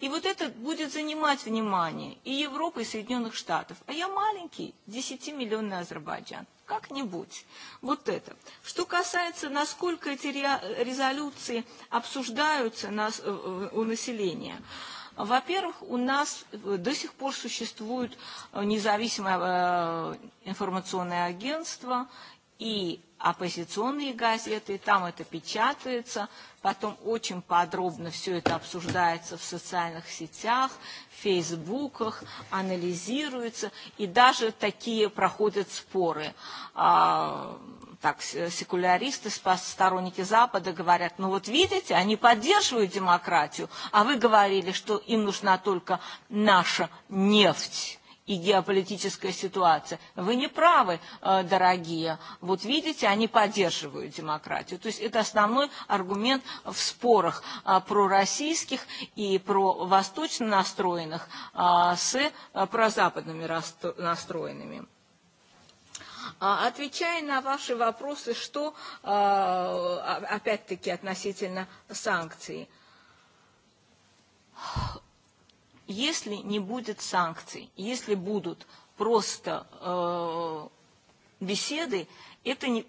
И вот это будет занимать внимание и Европы, и Соединенных Штатов. А я маленький, 10-миллионный Азербайджан. Как-нибудь. Вот это. Что касается, насколько эти резолюции обсуждаются э, э, у населения. Во-первых, у нас э, до сих пор существует независимое информационное агентство, и оппозиционные газеты, там это печатается, потом очень подробно все это обсуждается в социальных сетях, в фейсбуках, анализируется, и даже такие проходят споры. А, так, секуляристы, сторонники Запада говорят, ну вот видите, они поддерживают демократию, а вы говорили, что им нужна только наша нефть и геополитическая ситуация. Вы не правы, э, дорогие. Вот видите, они поддерживают демократию. То есть это основной аргумент в спорах э, пророссийских и про восточно настроенных э, с прозападными настроенными. Отвечая на ваши вопросы, что, опять-таки, относительно санкций если не будет санкций, если будут просто э, беседы, это не,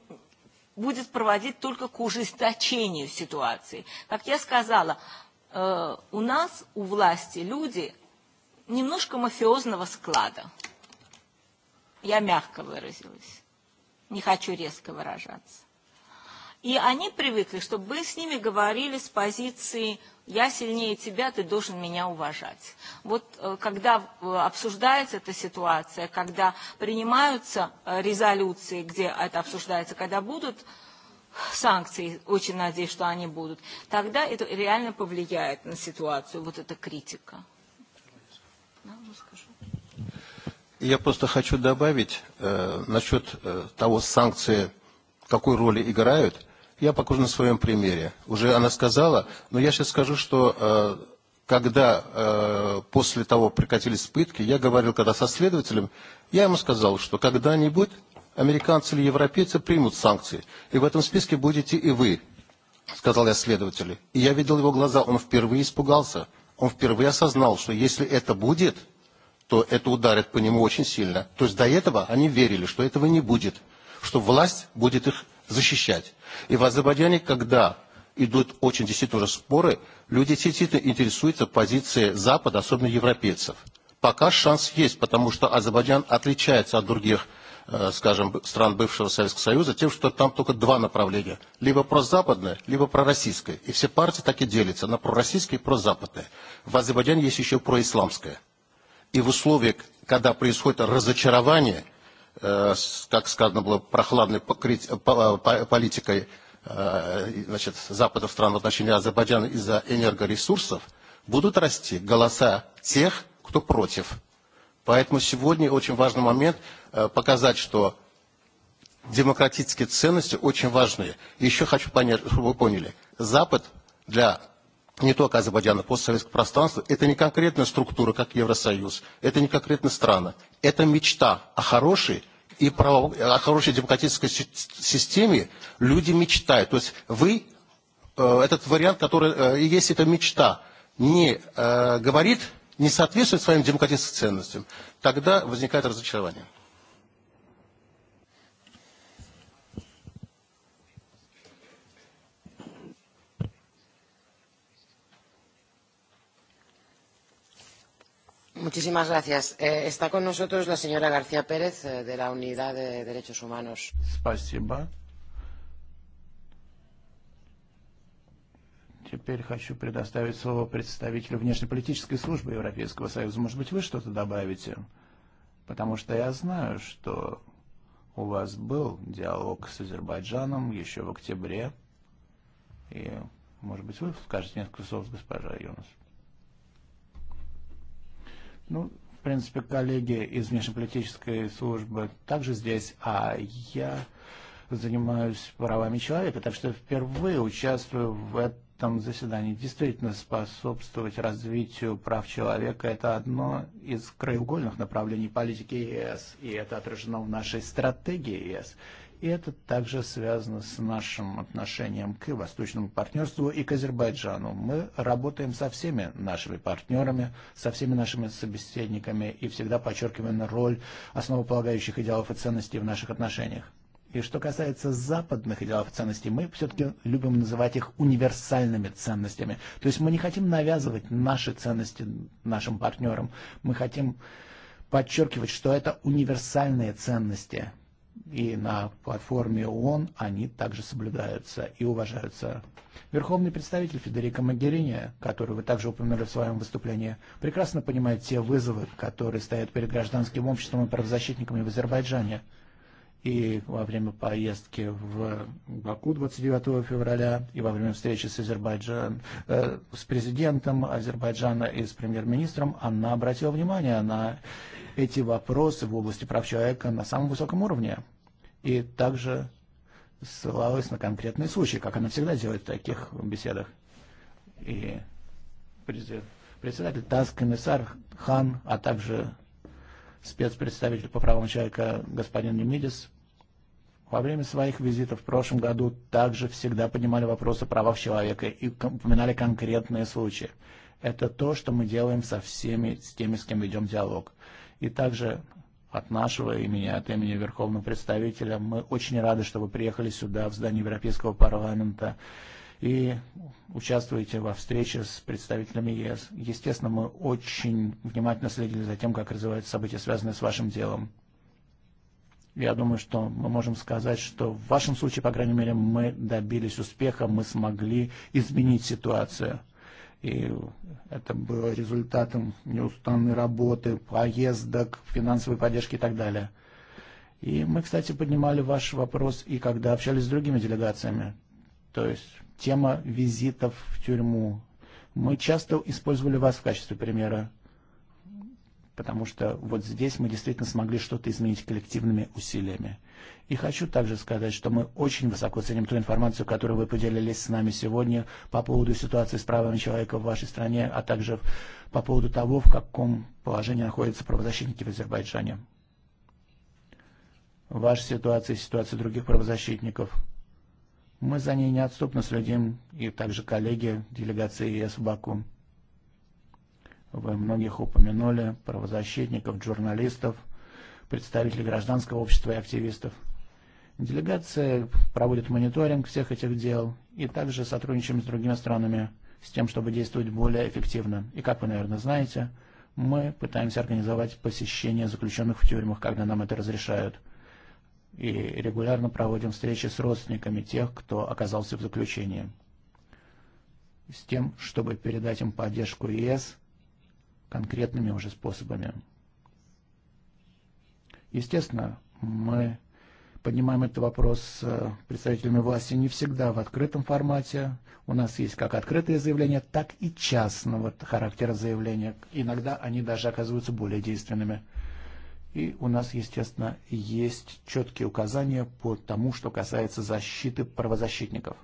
будет проводить только к ужесточению ситуации. Как я сказала, э, у нас, у власти, люди немножко мафиозного склада. Я мягко выразилась. Не хочу резко выражаться. И они привыкли, чтобы мы с ними говорили с позиции «я сильнее тебя, ты должен меня уважать». Вот э, когда э, обсуждается эта ситуация, когда принимаются э, резолюции, где это обсуждается, когда будут санкции, очень надеюсь, что они будут, тогда это реально повлияет на ситуацию, вот эта критика. Я просто хочу добавить э, насчет э, того, санкции какую роль играют я покажу на своем примере. Уже она сказала, но я сейчас скажу, что э, когда э, после того прекратились пытки, я говорил когда со следователем, я ему сказал, что когда-нибудь американцы или европейцы примут санкции, и в этом списке будете и вы, сказал я следователю. И я видел его глаза, он впервые испугался, он впервые осознал, что если это будет, то это ударит по нему очень сильно. То есть до этого они верили, что этого не будет, что власть будет их защищать. И в Азербайджане, когда идут очень действительно уже споры, люди действительно интересуются позицией Запада, особенно европейцев. Пока шанс есть, потому что Азербайджан отличается от других э, скажем, стран бывшего Советского Союза, тем, что там только два направления. Либо прозападное, либо пророссийское. И все партии так и делятся на пророссийское и прозападное. В Азербайджане есть еще происламское. И в условиях, когда происходит разочарование – Э, как сказано было, прохладной э, э, политикой значит, Запада в стран в отношении Азербайджана из-за энергоресурсов, будут расти голоса тех, кто против. Поэтому сегодня очень важный момент показать, что демократические ценности очень важны. Еще хочу понять, чтобы вы поняли, Запад для не только Азербайджана, постсоветского пространства, это не конкретная структура, как Евросоюз, это не конкретная страна, это мечта о хорошей и право, о хорошей демократической системе люди мечтают. То есть вы, э, этот вариант, который, э, если эта мечта не э, говорит, не соответствует своим демократическим ценностям, тогда возникает разочарование. Muchísimas gracias. Eh, está con nosotros la señora García Pérez eh, de la Unidad de Derechos Humanos. Спасибо. Теперь хочу предоставить слово представителю внешнеполитической службы Европейского Союза. Может быть, вы что-то добавите? Потому что я знаю, что у вас был диалог с Азербайджаном еще в октябре. И, может быть, вы скажете несколько слов, госпожа Юнос. Ну, в принципе, коллеги из внешнеполитической службы также здесь, а я занимаюсь правами человека, так что впервые участвую в этом заседании. Действительно, способствовать развитию прав человека – это одно из краеугольных направлений политики ЕС, и это отражено в нашей стратегии ЕС. И это также связано с нашим отношением к восточному партнерству и к Азербайджану. Мы работаем со всеми нашими партнерами, со всеми нашими собеседниками и всегда подчеркиваем роль основополагающих идеалов и ценностей в наших отношениях. И что касается западных идеалов и ценностей, мы все-таки любим называть их универсальными ценностями. То есть мы не хотим навязывать наши ценности нашим партнерам. Мы хотим подчеркивать, что это универсальные ценности – и на платформе ООН они также соблюдаются и уважаются. Верховный представитель Федерико Магерини, который вы также упомянули в своем выступлении, прекрасно понимает те вызовы, которые стоят перед гражданским обществом и правозащитниками в Азербайджане. И во время поездки в Баку 29 февраля, и во время встречи с, Азербайджан, э, с президентом Азербайджана и с премьер-министром, она обратила внимание на эти вопросы в области прав человека на самом высоком уровне. И также ссылалась на конкретные случаи, как она всегда делает в таких беседах. И председатель ТАСС, комиссар Хан, а также спецпредставитель по правам человека господин Немидис во время своих визитов в прошлом году также всегда поднимали вопросы о правах человека и упоминали конкретные случаи. Это то, что мы делаем со всеми с теми, с кем ведем диалог. И также от нашего имени, от имени Верховного представителя, мы очень рады, что вы приехали сюда, в здание Европейского парламента, и участвуете во встрече с представителями ЕС. Естественно, мы очень внимательно следили за тем, как развиваются события, связанные с вашим делом. Я думаю, что мы можем сказать, что в вашем случае, по крайней мере, мы добились успеха, мы смогли изменить ситуацию. И это было результатом неустанной работы, поездок, финансовой поддержки и так далее. И мы, кстати, поднимали ваш вопрос и когда общались с другими делегациями. То есть тема визитов в тюрьму. Мы часто использовали вас в качестве примера потому что вот здесь мы действительно смогли что-то изменить коллективными усилиями. И хочу также сказать, что мы очень высоко ценим ту информацию, которую вы поделились с нами сегодня по поводу ситуации с правами человека в вашей стране, а также по поводу того, в каком положении находятся правозащитники в Азербайджане. Ваша ситуация и ситуация других правозащитников. Мы за ней неотступно следим, и также коллеги делегации ЕС в Баку. Вы многих упомянули, правозащитников, журналистов, представителей гражданского общества и активистов. Делегация проводит мониторинг всех этих дел и также сотрудничаем с другими странами с тем, чтобы действовать более эффективно. И как вы, наверное, знаете, мы пытаемся организовать посещение заключенных в тюрьмах, когда нам это разрешают. И регулярно проводим встречи с родственниками тех, кто оказался в заключении. С тем, чтобы передать им поддержку ЕС конкретными уже способами. Естественно, мы поднимаем этот вопрос с э, представителями власти не всегда в открытом формате. У нас есть как открытые заявления, так и частного характера заявления. Иногда они даже оказываются более действенными. И у нас, естественно, есть четкие указания по тому, что касается защиты правозащитников.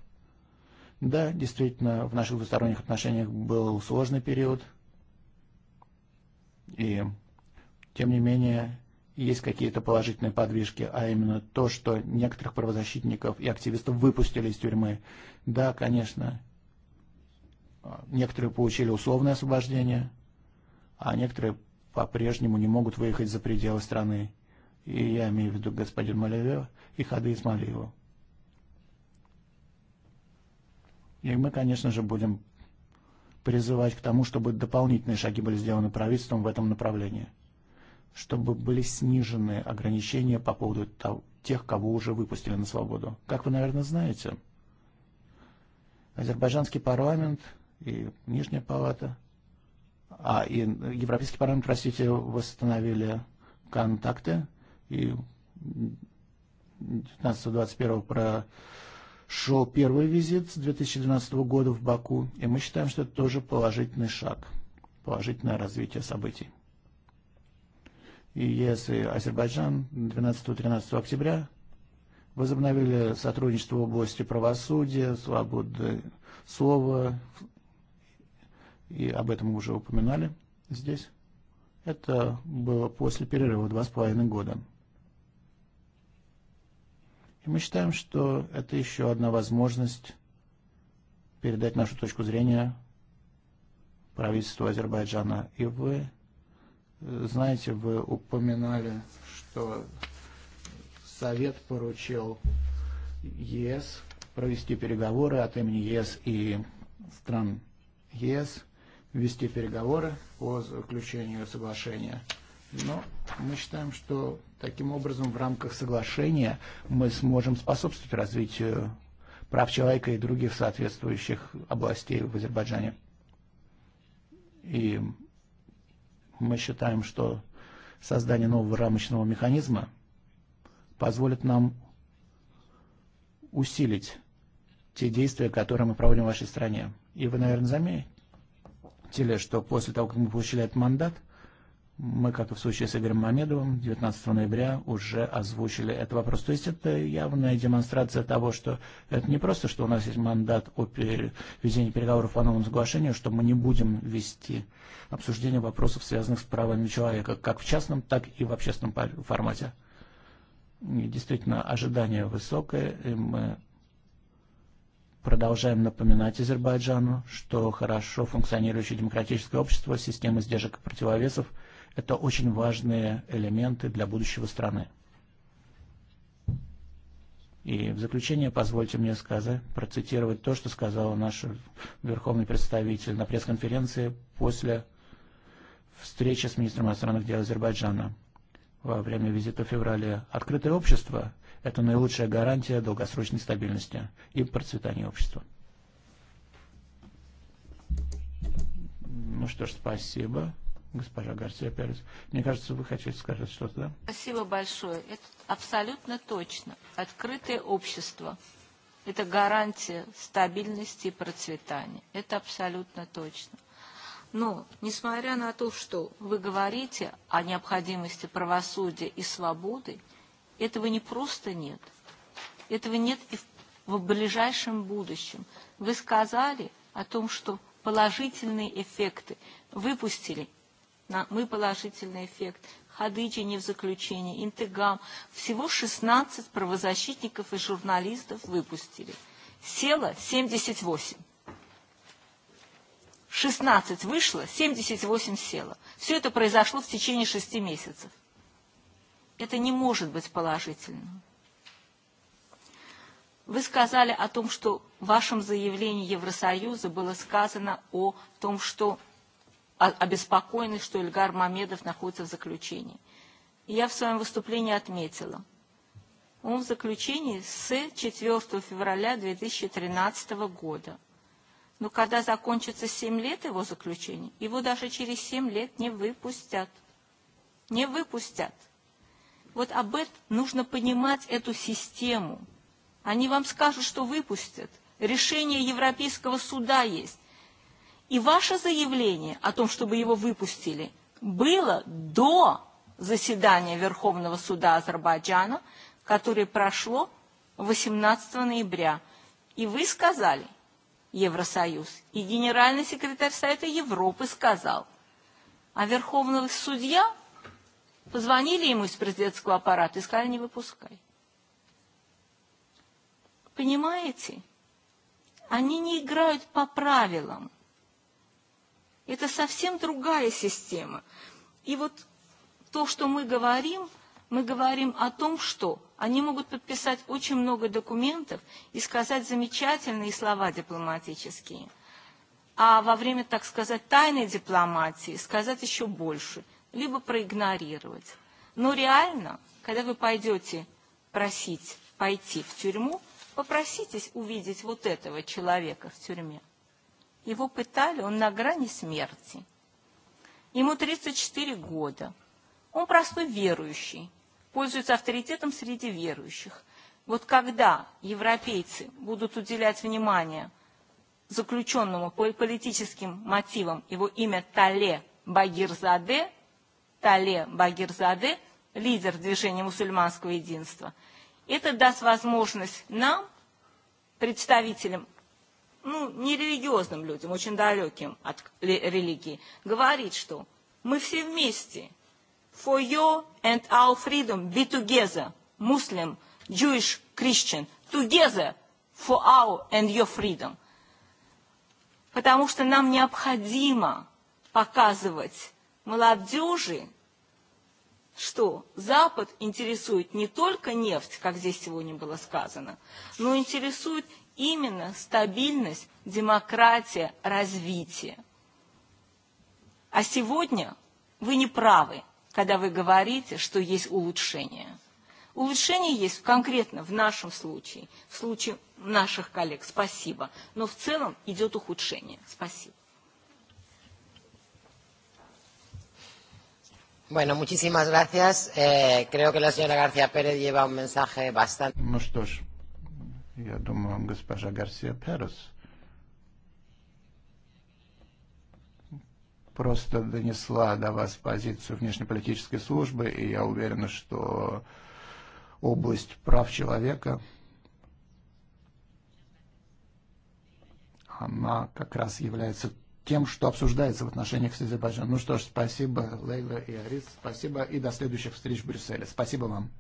Да, действительно, в наших двусторонних отношениях был сложный период – И тем не менее есть какие-то положительные подвижки, а именно то, что некоторых правозащитников и активистов выпустили из тюрьмы. Да, конечно, некоторые получили условное освобождение, а некоторые по-прежнему не могут выехать за пределы страны. И я имею в виду господин Малеве и Хады Исмалиева. И мы, конечно же, будем призывать к тому, чтобы дополнительные шаги были сделаны правительством в этом направлении, чтобы были снижены ограничения по поводу того, тех, кого уже выпустили на свободу. Как вы, наверное, знаете, азербайджанский парламент и Нижняя палата, а и Европейский парламент, простите, восстановили контакты и 19-21 про шел первый визит с 2012 года в Баку, и мы считаем, что это тоже положительный шаг, положительное развитие событий. И если Азербайджан 12-13 октября возобновили сотрудничество в области правосудия, свободы слова, и об этом мы уже упоминали здесь, это было после перерыва два с половиной года. И мы считаем, что это еще одна возможность передать нашу точку зрения правительству Азербайджана. И вы э, знаете, вы упоминали, что Совет поручил ЕС провести переговоры от имени ЕС и стран ЕС, вести переговоры по заключению соглашения но мы считаем, что таким образом в рамках соглашения мы сможем способствовать развитию прав человека и других соответствующих областей в Азербайджане. И мы считаем, что создание нового рамочного механизма позволит нам усилить те действия, которые мы проводим в вашей стране. И вы, наверное, заметили, что после того, как мы получили этот мандат – Мы, как и в случае с Игорем Мамедовым, 19 ноября уже озвучили этот вопрос. То есть это явная демонстрация того, что это не просто, что у нас есть мандат о ведении переговоров по новому соглашению, что мы не будем вести обсуждение вопросов, связанных с правами человека, как в частном, так и в общественном формате. И действительно, ожидание высокое, и мы продолжаем напоминать Азербайджану, что хорошо функционирующее демократическое общество, система сдержек и противовесов – Это очень важные элементы для будущего страны. И в заключение позвольте мне сказать, процитировать то, что сказал наш верховный представитель на пресс-конференции после встречи с министром иностранных дел Азербайджана во время визита в феврале. Открытое общество – это наилучшая гарантия долгосрочной стабильности и процветания общества. Ну что ж, спасибо госпожа Гарсия Перес. Мне кажется, вы хотите сказать что-то, да? Спасибо большое. Это абсолютно точно. Открытое общество – это гарантия стабильности и процветания. Это абсолютно точно. Но, несмотря на то, что вы говорите о необходимости правосудия и свободы, этого не просто нет. Этого нет и в ближайшем будущем. Вы сказали о том, что положительные эффекты выпустили на, мы положительный эффект, Хадыджи не в заключении, Интегам. Всего 16 правозащитников и журналистов выпустили. Село 78. 16 вышло, 78 село. Все это произошло в течение 6 месяцев. Это не может быть положительным. Вы сказали о том, что в вашем заявлении Евросоюза было сказано о том, что обеспокоены, что Ильгар Мамедов находится в заключении. И я в своем выступлении отметила, он в заключении с 4 февраля 2013 года. Но когда закончится 7 лет его заключения, его даже через 7 лет не выпустят. Не выпустят. Вот об этом нужно понимать эту систему. Они вам скажут, что выпустят. Решение Европейского суда есть. И ваше заявление о том, чтобы его выпустили, было до заседания Верховного суда Азербайджана, которое прошло 18 ноября. И вы сказали, Евросоюз, и генеральный секретарь Совета Европы сказал, а Верховный судья позвонили ему из президентского аппарата и сказали, не выпускай. Понимаете? Они не играют по правилам. Это совсем другая система. И вот то, что мы говорим, мы говорим о том, что они могут подписать очень много документов и сказать замечательные слова дипломатические. А во время, так сказать, тайной дипломатии сказать еще больше, либо проигнорировать. Но реально, когда вы пойдете просить пойти в тюрьму, попроситесь увидеть вот этого человека в тюрьме. Его пытали, он на грани смерти. Ему 34 года. Он простой верующий, пользуется авторитетом среди верующих. Вот когда европейцы будут уделять внимание заключенному по политическим мотивам, его имя Тале Багирзаде, Тале Багирзаде, лидер движения мусульманского единства, это даст возможность нам, представителям ну, нерелигиозным людям, очень далеким от религии, говорит, что мы все вместе. For your and our freedom be together, Muslim, Jewish, Christian, together for our and your freedom. Потому что нам необходимо показывать молодежи, что Запад интересует не только нефть, как здесь сегодня было сказано, но интересует именно стабильность, демократия, развитие. А сегодня вы не правы, когда вы говорите, что есть улучшение. Улучшение есть конкретно в нашем случае, в случае наших коллег. Спасибо. Но в целом идет ухудшение. Спасибо. Bueno, muchísimas gracias. Eh, creo que la señora García Pérez lleva un mensaje bastante... No, Я думаю, госпожа Гарсия Перес просто донесла до вас позицию внешнеполитической службы, и я уверен, что область прав человека, она как раз является тем, что обсуждается в отношениях с Азербайджаном. Ну что ж, спасибо, Лейла и Арис, спасибо, и до следующих встреч в Брюсселе. Спасибо вам.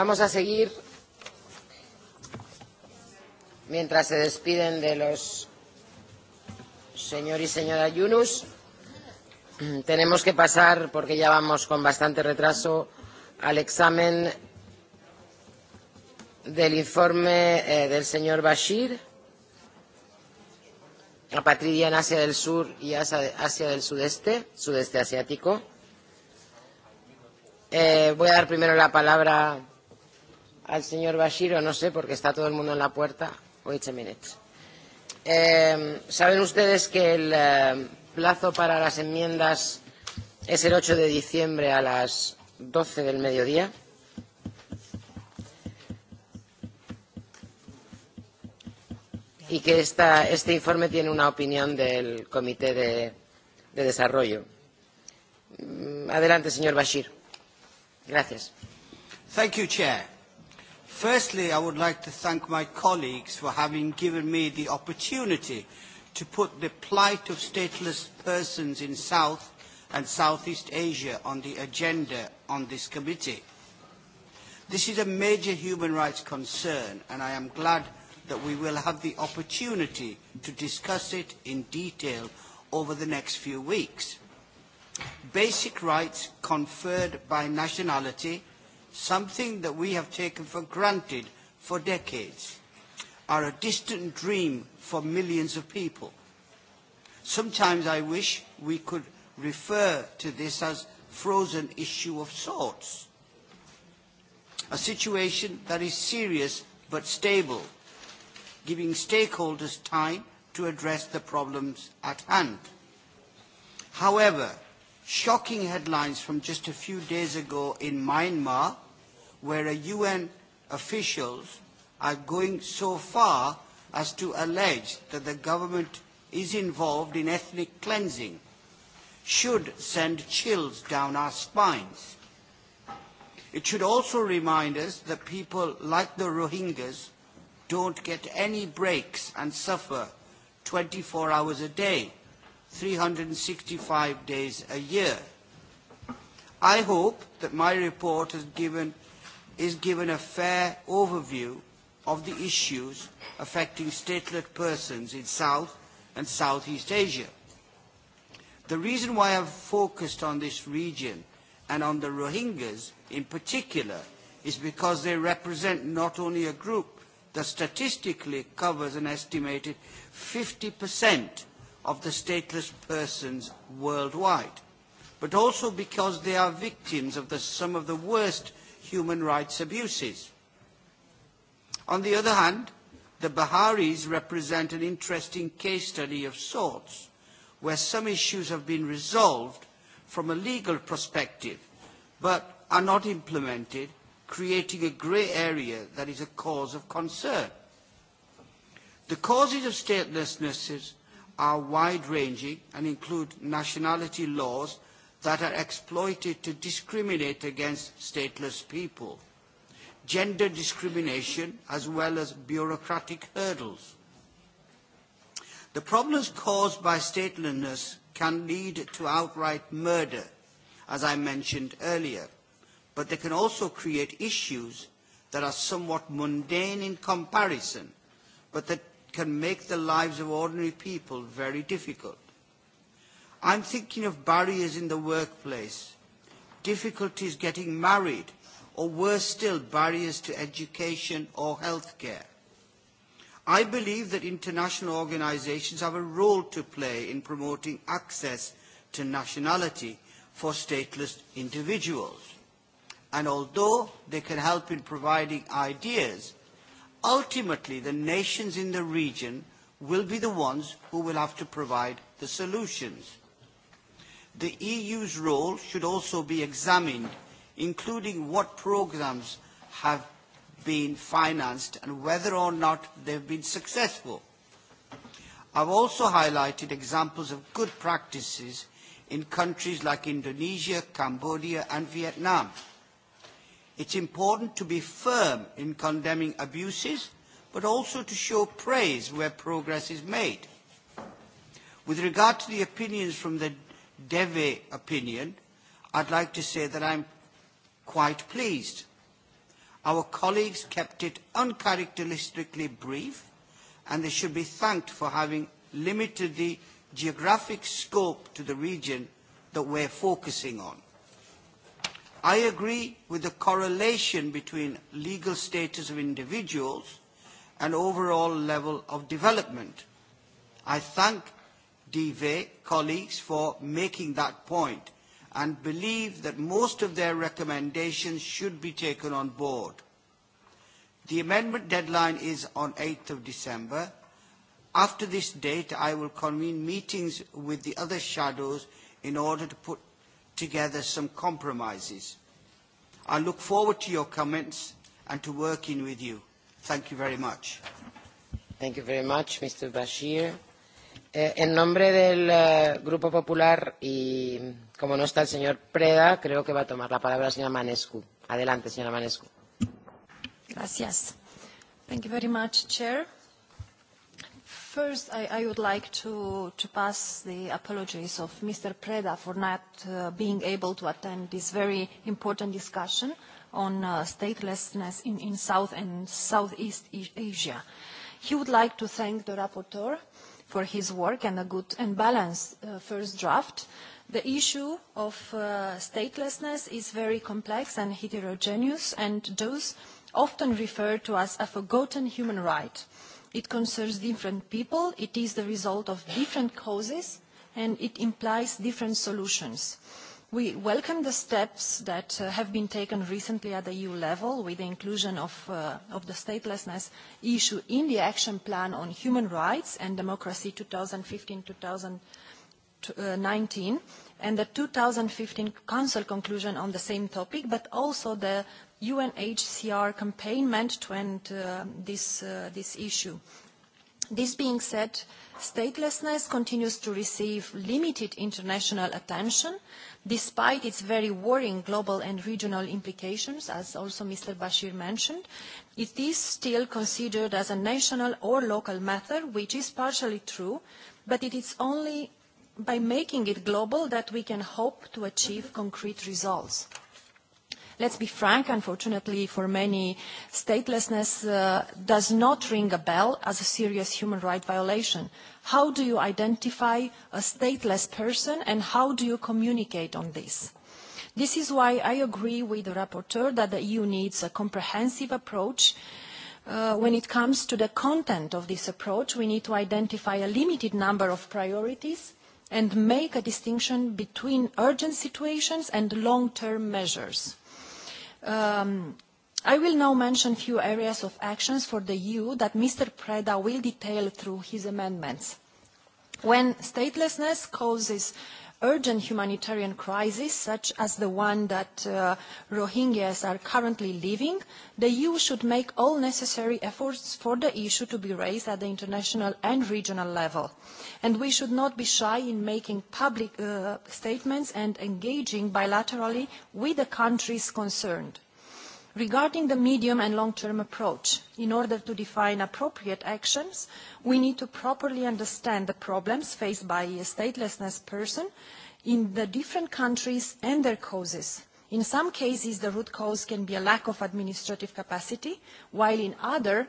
Vamos a seguir mientras se despiden de los señor y señora Yunus. Tenemos que pasar, porque ya vamos con bastante retraso, al examen del informe eh, del señor Bashir, a Patridia en Asia del Sur y Asia, Asia del Sudeste, Sudeste Asiático. Eh, voy a dar primero la palabra al señor Bashir, o no sé, porque está todo el mundo en la puerta, a minute. Eh, Saben ustedes que el eh, plazo para las enmiendas es el 8 de diciembre a las 12 del mediodía. y que esta, este informe tiene una opinión del Comité de, de Desarrollo. Mm, adelante, señor Bashir. Gracias. Thank you, Chair. Firstly, I would like to thank my colleagues for having given me the opportunity to put the plight of stateless persons in South and Southeast Asia on the agenda on this committee. This is a major human rights concern, and I am glad that we will have the opportunity to discuss it in detail over the next few weeks. Basic rights conferred by nationality something that we have taken for granted for decades, are a distant dream for millions of people. Sometimes I wish we could refer to this as frozen issue of sorts, a situation that is serious but stable, giving stakeholders time to address the problems at hand. However, shocking headlines from just a few days ago in Myanmar where a UN officials are going so far as to allege that the government is involved in ethnic cleansing should send chills down our spines. It should also remind us that people like the Rohingyas don't get any breaks and suffer 24 hours a day, 365 days a year. I hope that my report has given is given a fair overview of the issues affecting stateless persons in South and Southeast Asia. The reason why I've focused on this region and on the Rohingyas in particular is because they represent not only a group that statistically covers an estimated 50% of the stateless persons worldwide, but also because they are victims of the, some of the worst human rights abuses. On the other hand, the Baharis represent an interesting case study of sorts, where some issues have been resolved from a legal perspective, but are not implemented, creating a grey area that is a cause of concern. The causes of statelessness are wide-ranging and include nationality laws that are exploited to discriminate against stateless people, gender discrimination as well as bureaucratic hurdles. The problems caused by statelessness can lead to outright murder, as I mentioned earlier, but they can also create issues that are somewhat mundane in comparison, but that can make the lives of ordinary people very difficult. I'm thinking of barriers in the workplace, difficulties getting married, or worse still, barriers to education or healthcare. I believe that international organisations have a role to play in promoting access to nationality for stateless individuals. And although they can help in providing ideas, ultimately the nations in the region will be the ones who will have to provide the solutions. The EU's role should also be examined, including what programs have been financed and whether or not they've been successful. I've also highlighted examples of good practices in countries like Indonesia, Cambodia and Vietnam. It's important to be firm in condemning abuses, but also to show praise where progress is made. With regard to the opinions from the DEVE opinion, I'd like to say that I'm quite pleased. Our colleagues kept it uncharacteristically brief, and they should be thanked for having limited the geographic scope to the region that we're focusing on. I agree with the correlation between legal status of individuals and overall level of development. I thank DV colleagues for making that point and believe that most of their recommendations should be taken on board. The amendment deadline is on 8th of December. After this date, I will convene meetings with the other shadows in order to put together some compromises. I look forward to your comments and to working with you. Thank you very much. Thank you very much, Mr. Bashir. Eh, en nombre del eh, Grupo Popular y como no está el señor Preda, creo que va a tomar la palabra la señora Manescu. Adelante, señora Manescu. Gracias. Thank you very much, Chair. First, I, I would like to, to pass the apologies of Mr. Preda for not uh, being able to attend this very important discussion on uh, statelessness in, in South and Southeast e-, Asia. He would like to thank the rapporteur for his work and a good and balanced uh, first draft. The issue of uh, statelessness is very complex and heterogeneous, and those often referred to as a forgotten human right. It concerns different people, it is the result of different causes, and it implies different solutions. Uh, We welcome the steps that uh, have been taken recently at the EU level with the inclusion of, uh, of the statelessness issue in the Action Plan on Human Rights and Democracy 2015-2019 and the 2015 Council conclusion on the same topic, but also the UNHCR campaign meant to end uh, this, uh, this issue. This being said, statelessness continues to receive limited international attention despite its very worrying global and regional implications, as also Mr. Bashir mentioned, it is still considered as a national or local matter, which is partially true, but it is only by making it global that we can hope to achieve concrete results let's be frank, unfortunately for many, statelessness uh, does not ring a bell as a serious human rights violation. How do you identify a stateless person and how do you communicate on this? This is why I agree with the rapporteur that the EU needs a comprehensive approach Uh, when it comes to the content of this approach, we need to identify a limited number of priorities and make a distinction between urgent situations and long-term measures. Um, I will now mention a few areas of actions for the EU that Mr. Preda will detail through his amendments. When statelessness causes urgent humanitarian crisis such as the one that uh, Rohingyas are currently living, the EU should make all necessary efforts for the issue to be raised at the international and regional level. And we should not be shy in making public uh, statements and engaging bilaterally with the countries concerned. Regarding the medium and long-term approach, in order to define appropriate actions, we need to properly understand the problems faced by a statelessness person in the different countries and their causes. In some cases, the root cause can be a lack of administrative capacity, while in other,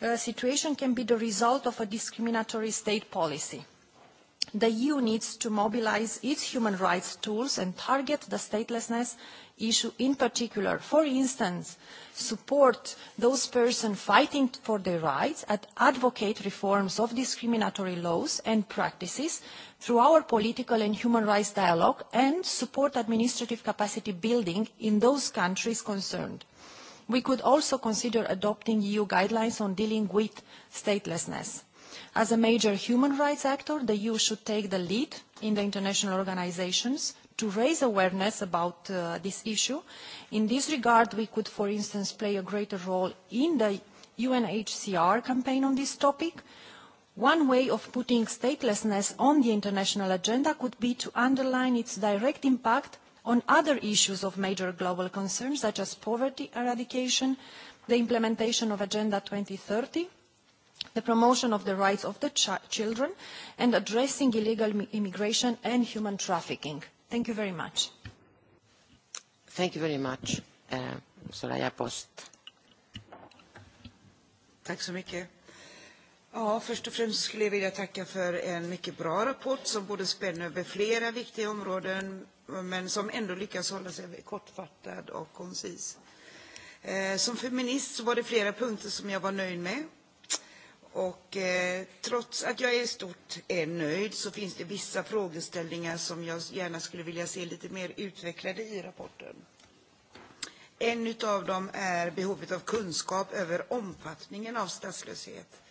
a uh, situation can be the result of a discriminatory state policy. The EU needs to mobilize its human rights tools and target the statelessness issue in particular, for instance, support those persons fighting for their rights and advocate reforms of discriminatory laws and practices through our political and human rights dialogue and support administrative capacity building in those countries concerned. We could also consider adopting EU guidelines on dealing with statelessness. As a major human rights actor, the EU should take the lead in the international organizations to raise awareness about uh, this issue. In this regard, we could, for instance, play a greater role in the UNHCR campaign on this topic. One way of putting statelessness on the international agenda could be to underline its direct impact on other issues of major global concern, such as poverty eradication, the implementation of Agenda 2030, the promotion of the rights of the ch children, and addressing illegal immigration and human trafficking. Thank you very much. Thank you very much, uh, Soraya Post. Tack så mycket. Ja, först och främst skulle jag vilja tacka för en mycket bra rapport som både spänner över flera viktiga områden men som ändå lyckas hålla sig kortfattad och koncis. Eh, som feminist så var det flera punkter som jag var nöjd med Och eh, trots att jag i stort är nöjd så finns det vissa frågeställningar som jag gärna skulle vilja se lite mer utvecklade i rapporten. En av dem är behovet av kunskap över omfattningen av statslöshet.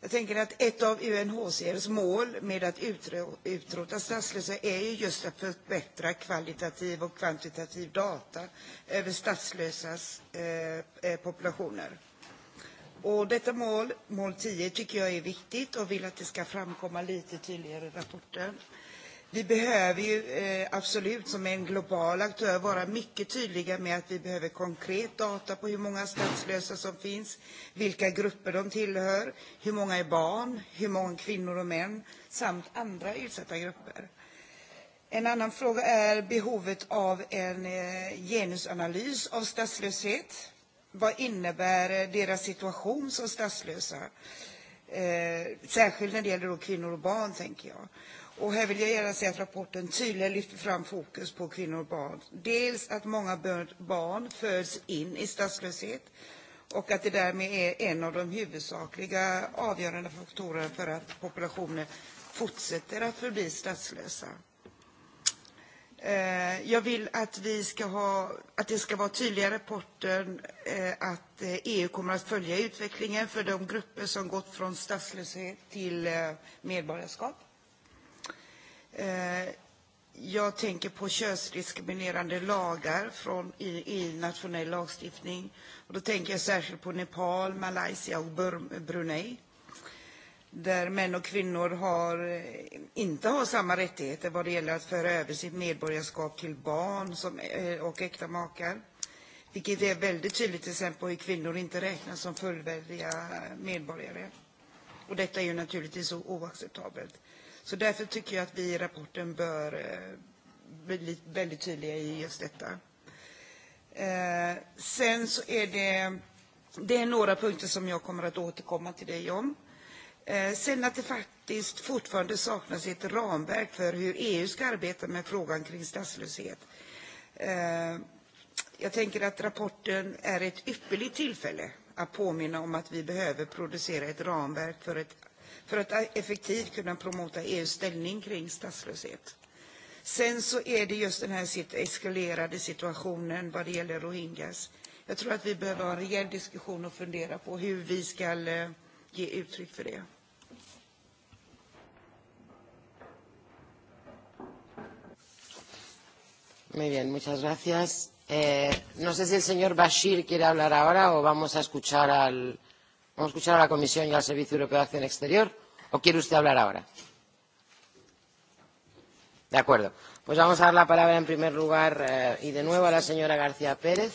Jag tänker att ett av UNHCRs mål med att utrota statslöshet är ju just att förbättra kvalitativ och kvantitativ data över statslösas eh, eh populationer. Och detta mål, mål 10, tycker jag är viktigt och vill att det ska framkomma lite tydligare er i rapporten. Vi behöver ju eh, absolut som en global aktör vara mycket tydliga med att vi behöver konkret data på hur många statslösa som finns, vilka grupper de tillhör, hur många är barn, hur många kvinnor och män samt andra utsatta grupper. En annan fråga är behovet av en eh, genusanalys av statslöshet vad innebär eh, deras situation som statslösa? Eh, särskilt när det gäller då kvinnor och barn, tänker jag. Och här vill jag gärna säga att rapporten tydligare lyfter fram fokus på kvinnor och barn. Dels att många barn föds in i statslöshet och att det därmed är en av de huvudsakliga avgörande faktorerna för att populationen fortsätter att förbli statslösa. Eh, Eh, jag vill att, vi ska ha, att det ska vara tydliga rapporter eh, att EU eh, e kommer att följa utvecklingen för de grupper som gått från statslöshet till medborgarskap. Jag tänker på könsdiskriminerande lagar från i, i nationell lagstiftning. Och då tänker jag särskilt på Nepal, Malaysia och Brunei där män och kvinnor har, eh, inte har samma rättigheter vad det gäller att föra över sitt medborgarskap till barn som, eh, och äkta makar. Vilket är väldigt tydligt till exempel hur kvinnor inte räknas som fullvärdiga medborgare. Och detta är ju naturligtvis oacceptabelt. Så därför tycker jag att vi i rapporten bör eh, bli väldigt tydliga i just detta. Eh, sen så är det, det är några punkter som jag kommer att återkomma till dig om. Eh, sen att det faktiskt fortfarande saknas ett ramverk för hur EU ska arbeta med frågan kring statslöshet. Eh, jag tänker att rapporten är ett ypperligt tillfälle att påminna om att vi behöver producera ett ramverk för, ett, för att effektivt kunna promota EUs ställning kring statslöshet. Sen så är det just den här eskalerade situationen vad det gäller rohingyas. Jag tror att vi behöver ha en rejäl diskussion och fundera på hur vi ska eh, ge uttryck för det. Muy bien, muchas gracias. Eh, no sé si el señor Bashir quiere hablar ahora o vamos a escuchar al vamos a escuchar a la Comisión y al Servicio Europeo de Acción Exterior o quiere usted hablar ahora. De acuerdo. Pues vamos a dar la palabra en primer lugar eh, y de nuevo a la señora García Pérez.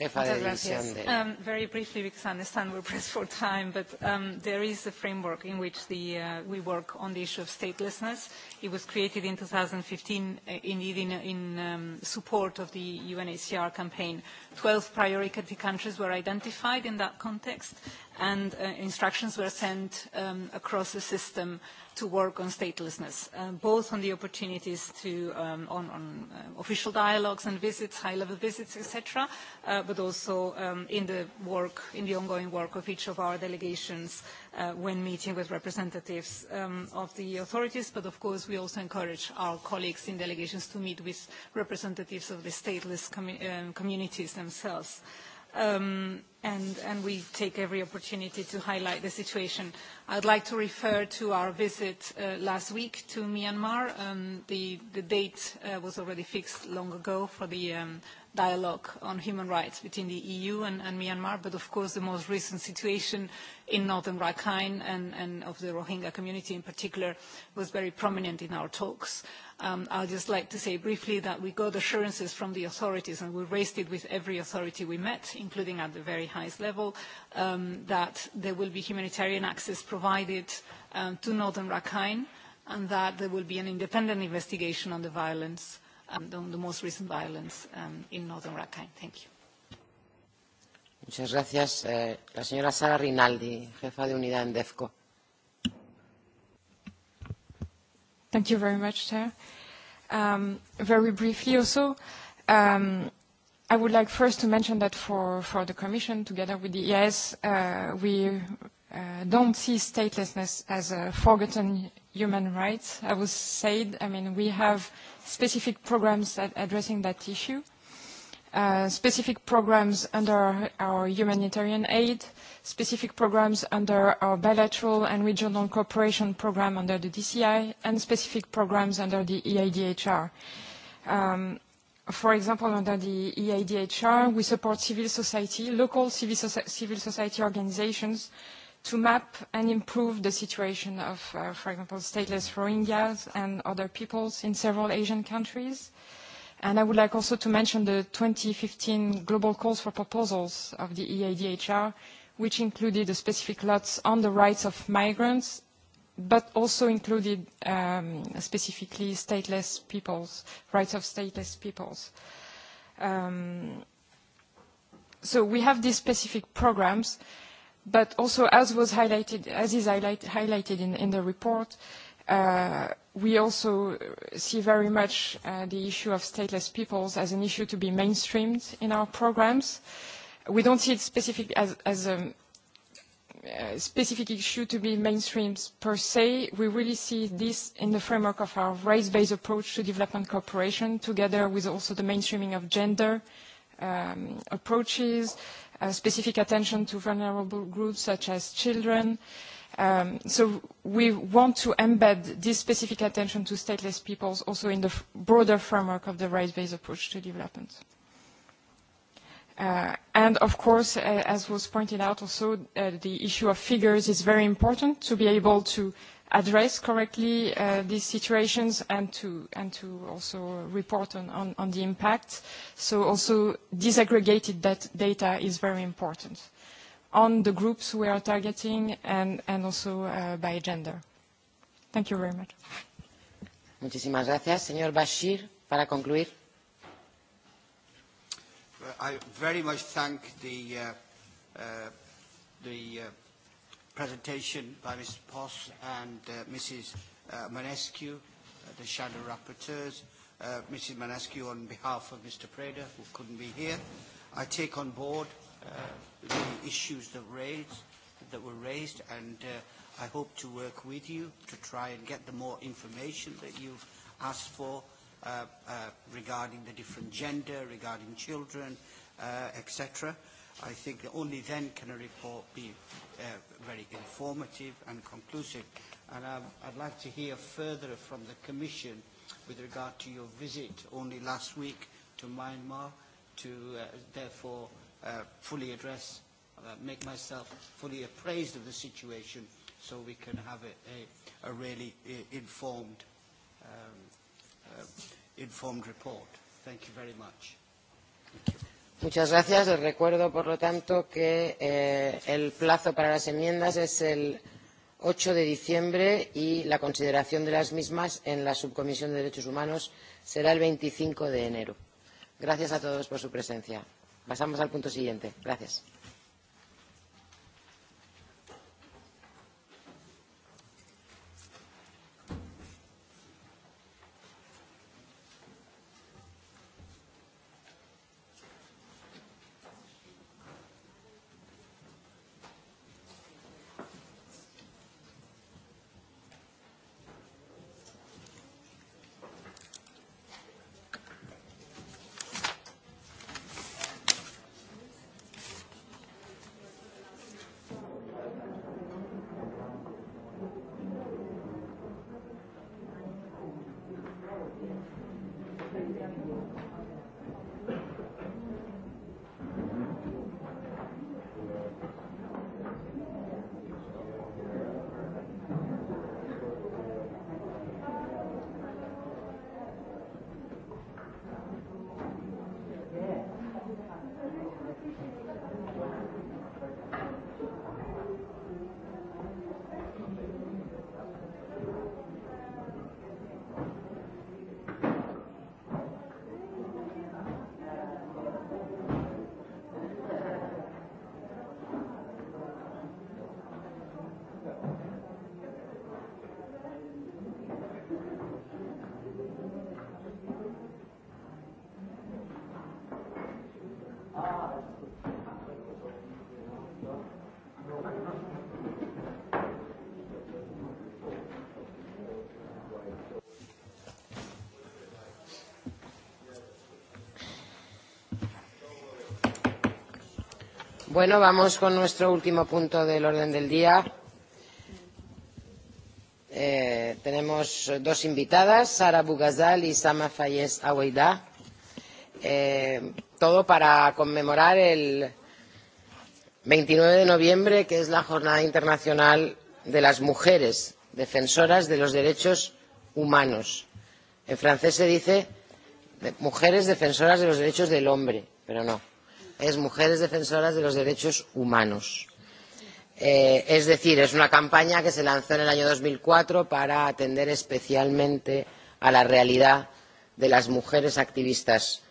Um, very briefly, because I understand we're pressed for time, but um, there is a framework in which the, uh, we work on the issue of statelessness It was created in 2015, in, uh, indeed in, in um, support of the UNHCR campaign. Twelve priority countries were identified in that context, and uh, instructions were sent um, across the system to work on statelessness, uh, both on the opportunities to, um, on, on uh, official dialogues and visits, high-level visits, etc., uh, but also um, in the work, in the ongoing work of each of our delegations Uh, when meeting with representatives um, of the authorities, but of course we also encourage our colleagues in delegations to meet with representatives of the stateless commu um, communities themselves. Um, and, and we take every opportunity to highlight the situation. I'd like to refer to our visit uh, last week to Myanmar. Um, the, the date uh, was already fixed long ago for the um, dialogue on human rights between the EU and, and Myanmar, but of course the most recent situation in northern Rakhine and, and of the Rohingya community in particular was very prominent in our talks. Um, I'd just like to say briefly that we got assurances from the authorities, and we raised it with every authority we met, including at the very highest level, um, that there will be humanitarian access provided um, to northern Rakhine, and that there will be an independent investigation on the violence um, the, the most recent violence um, in northern Rakhine. Thank you. Muchas gracias. Eh, la señora Sara Rinaldi, jefa de unidad en DEFCO. Thank you very much, Chair. Um, very briefly also, um, I would like first to mention that for, for the Commission, together with the EIS, uh, we uh, don't see statelessness as a forgotten human right. I was said, I mean, we have specific programs that addressing that issue, uh, specific programs under our humanitarian aid, specific programs under our bilateral and regional cooperation program under the DCI, and specific programs under the EIDHR. Um, for example, under the EIDHR, we support civil society, local civil, so civil society organizations to map and improve the situation of, uh, for example, stateless Rohingyas and other peoples in several Asian countries. And I would like also to mention the 2015 Global Calls for Proposals of the EADHR, which included a specific lot on the rights of migrants, but also included um, specifically stateless peoples, rights of stateless peoples. Um, so we have these specific programs, But also, as was highlighted, as is highlight, highlighted in, in the report, uh, we also see very much uh, the issue of stateless peoples as an issue to be mainstreamed in our programs. We don't see it specific as, as a, a specific issue to be mainstreamed per se. We really see this in the framework of our race-based approach to development cooperation, together with also the mainstreaming of gender um, approaches, uh, specific attention to vulnerable groups such as children. Um, so we want to embed this specific attention to stateless peoples also in the broader framework of the rights-based approach to development. Uh, and of course, uh, as was pointed out also, uh, the issue of figures is very important to be able to address correctly uh, these situations and to, and to also report on, on, on the impact. So also disaggregated that data is very important on the groups we are targeting and, and also uh, by gender. Thank you very much. Muchísimas gracias. Señor Bashir, para concluir. I very much thank the, uh, uh, the uh, presentation by Mr. Poss and uh, Mrs. Uh, Manescu, uh, the shadow rapporteurs, uh, Mrs. Manescu on behalf of Mr. Prada, who couldn't be here. I take on board uh, the issues that, raised, that were raised, and uh, I hope to work with you to try and get the more information that you've asked for uh, uh, regarding the different gender, regarding children, uh, etc. I think only then can a report be uh, very informative and conclusive. And I, I'd like to hear further from the Commission with regard to your visit only last week to Myanmar to uh, therefore uh, fully address, uh, make myself fully appraised of the situation so we can have a, a, a really uh informed, um, uh, informed report. Thank you very much. Thank you. Muchas gracias. Os recuerdo, por lo tanto, que eh, el plazo para las enmiendas es el 8 de diciembre y la consideración de las mismas en la Subcomisión de Derechos Humanos será el 25 de enero. Gracias a todos por su presencia. Pasamos al punto siguiente. Gracias. Bueno, vamos con nuestro último punto del orden del día. Eh, tenemos dos invitadas, Sara Bugazal y Sama Fayez Aweida. Eh, todo para conmemorar el 29 de noviembre, que es la Jornada Internacional de las Mujeres Defensoras de los Derechos Humanos. En francés se dice mujeres defensoras de los derechos del hombre, pero no es Mujeres Defensoras de los Derechos Humanos. Eh, es decir, es una campaña que se lanzó en el año 2004 para atender especialmente a la realidad de las mujeres activistas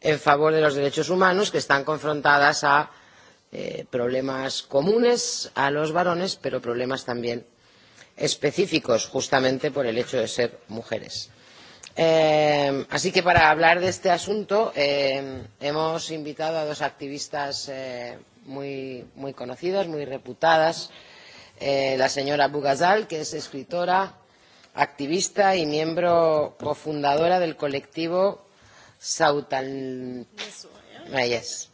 en favor de los derechos humanos que están confrontadas a eh, problemas comunes a los varones, pero problemas también específicos justamente por el hecho de ser mujeres. Eh, así que para hablar de este asunto eh, hemos invitado a dos activistas eh, muy, muy conocidas, muy reputadas, eh, la señora Bugazal, que es escritora, activista y miembro cofundadora del colectivo Sautal... Eh, yes.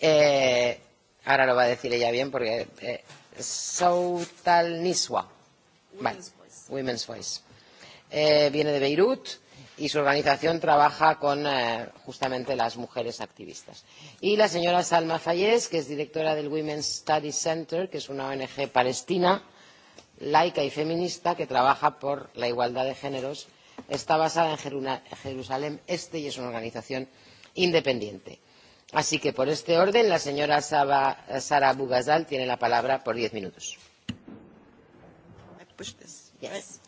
eh, ahora lo va a decir ella bien porque... Eh, Sautal Niswa. Women's vale. Voice. Women's Voice. Eh, viene de Beirut y su organización trabaja con eh, justamente las mujeres activistas. Y la señora Salma Fayez, que es directora del Women's Studies Center, que es una ONG palestina, laica y feminista, que trabaja por la igualdad de géneros. Está basada en Jerusalén Este y es una organización independiente. Así que por este orden, la señora Saba, Sara Bugazal tiene la palabra por diez minutos. Yes.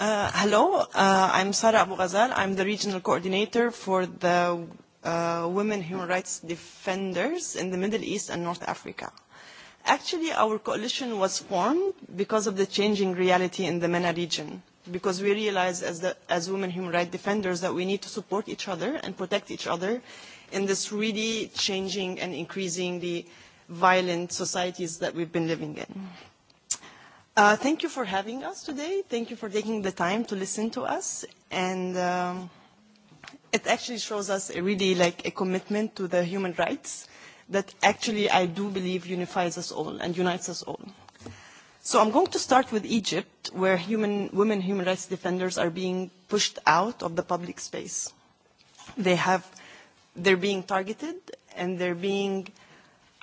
Uh, hello, uh, I'm Sara Abu Ghazal. I'm the regional coordinator for the uh, Women Human Rights Defenders in the Middle East and North Africa. Actually, our coalition was formed because of the changing reality in the MENA region, because we realized as, the, as women human rights defenders that we need to support each other and protect each other in this really changing and increasingly violent societies that we've been living in. Mm Uh, thank you for having us today. Thank you for taking the time to listen to us. And um, it actually shows us a really like a commitment to the human rights that actually I do believe unifies us all and unites us all. So I'm going to start with Egypt, where human, women human rights defenders are being pushed out of the public space. They have, they're being targeted and they're being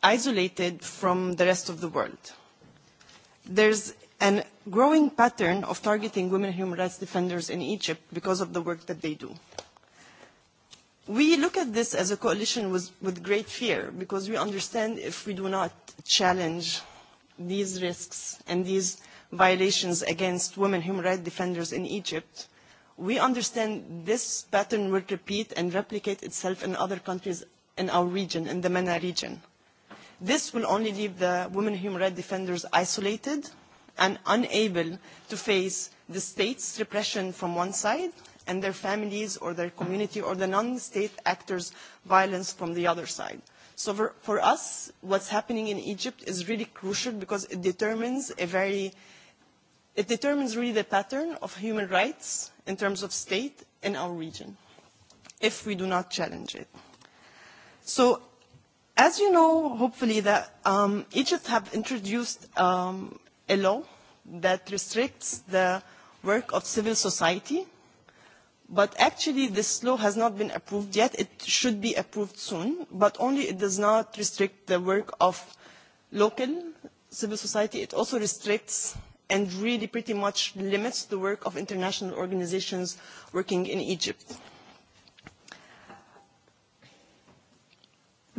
isolated from the rest of the world there's a growing pattern of targeting women human rights defenders in Egypt because of the work that they do. We look at this as a coalition with, with great fear because we understand if we do not challenge these risks and these violations against women human rights defenders in Egypt, we understand this pattern will repeat and replicate itself in other countries in our region, in the MENA region. This will only leave the women human rights defenders isolated and unable to face the state's repression from one side and their families or their community or the non-state actors' violence from the other side. So for, for us, what's happening in Egypt is really crucial because it determines a very, it determines really the pattern of human rights in terms of state in our region, if we do not challenge it. So As you know, hopefully, that um, Egypt have introduced um, a law that restricts the work of civil society, but actually this law has not been approved yet. It should be approved soon, but only it does not restrict the work of local civil society. It also restricts and really pretty much limits the work of international organizations working in Egypt.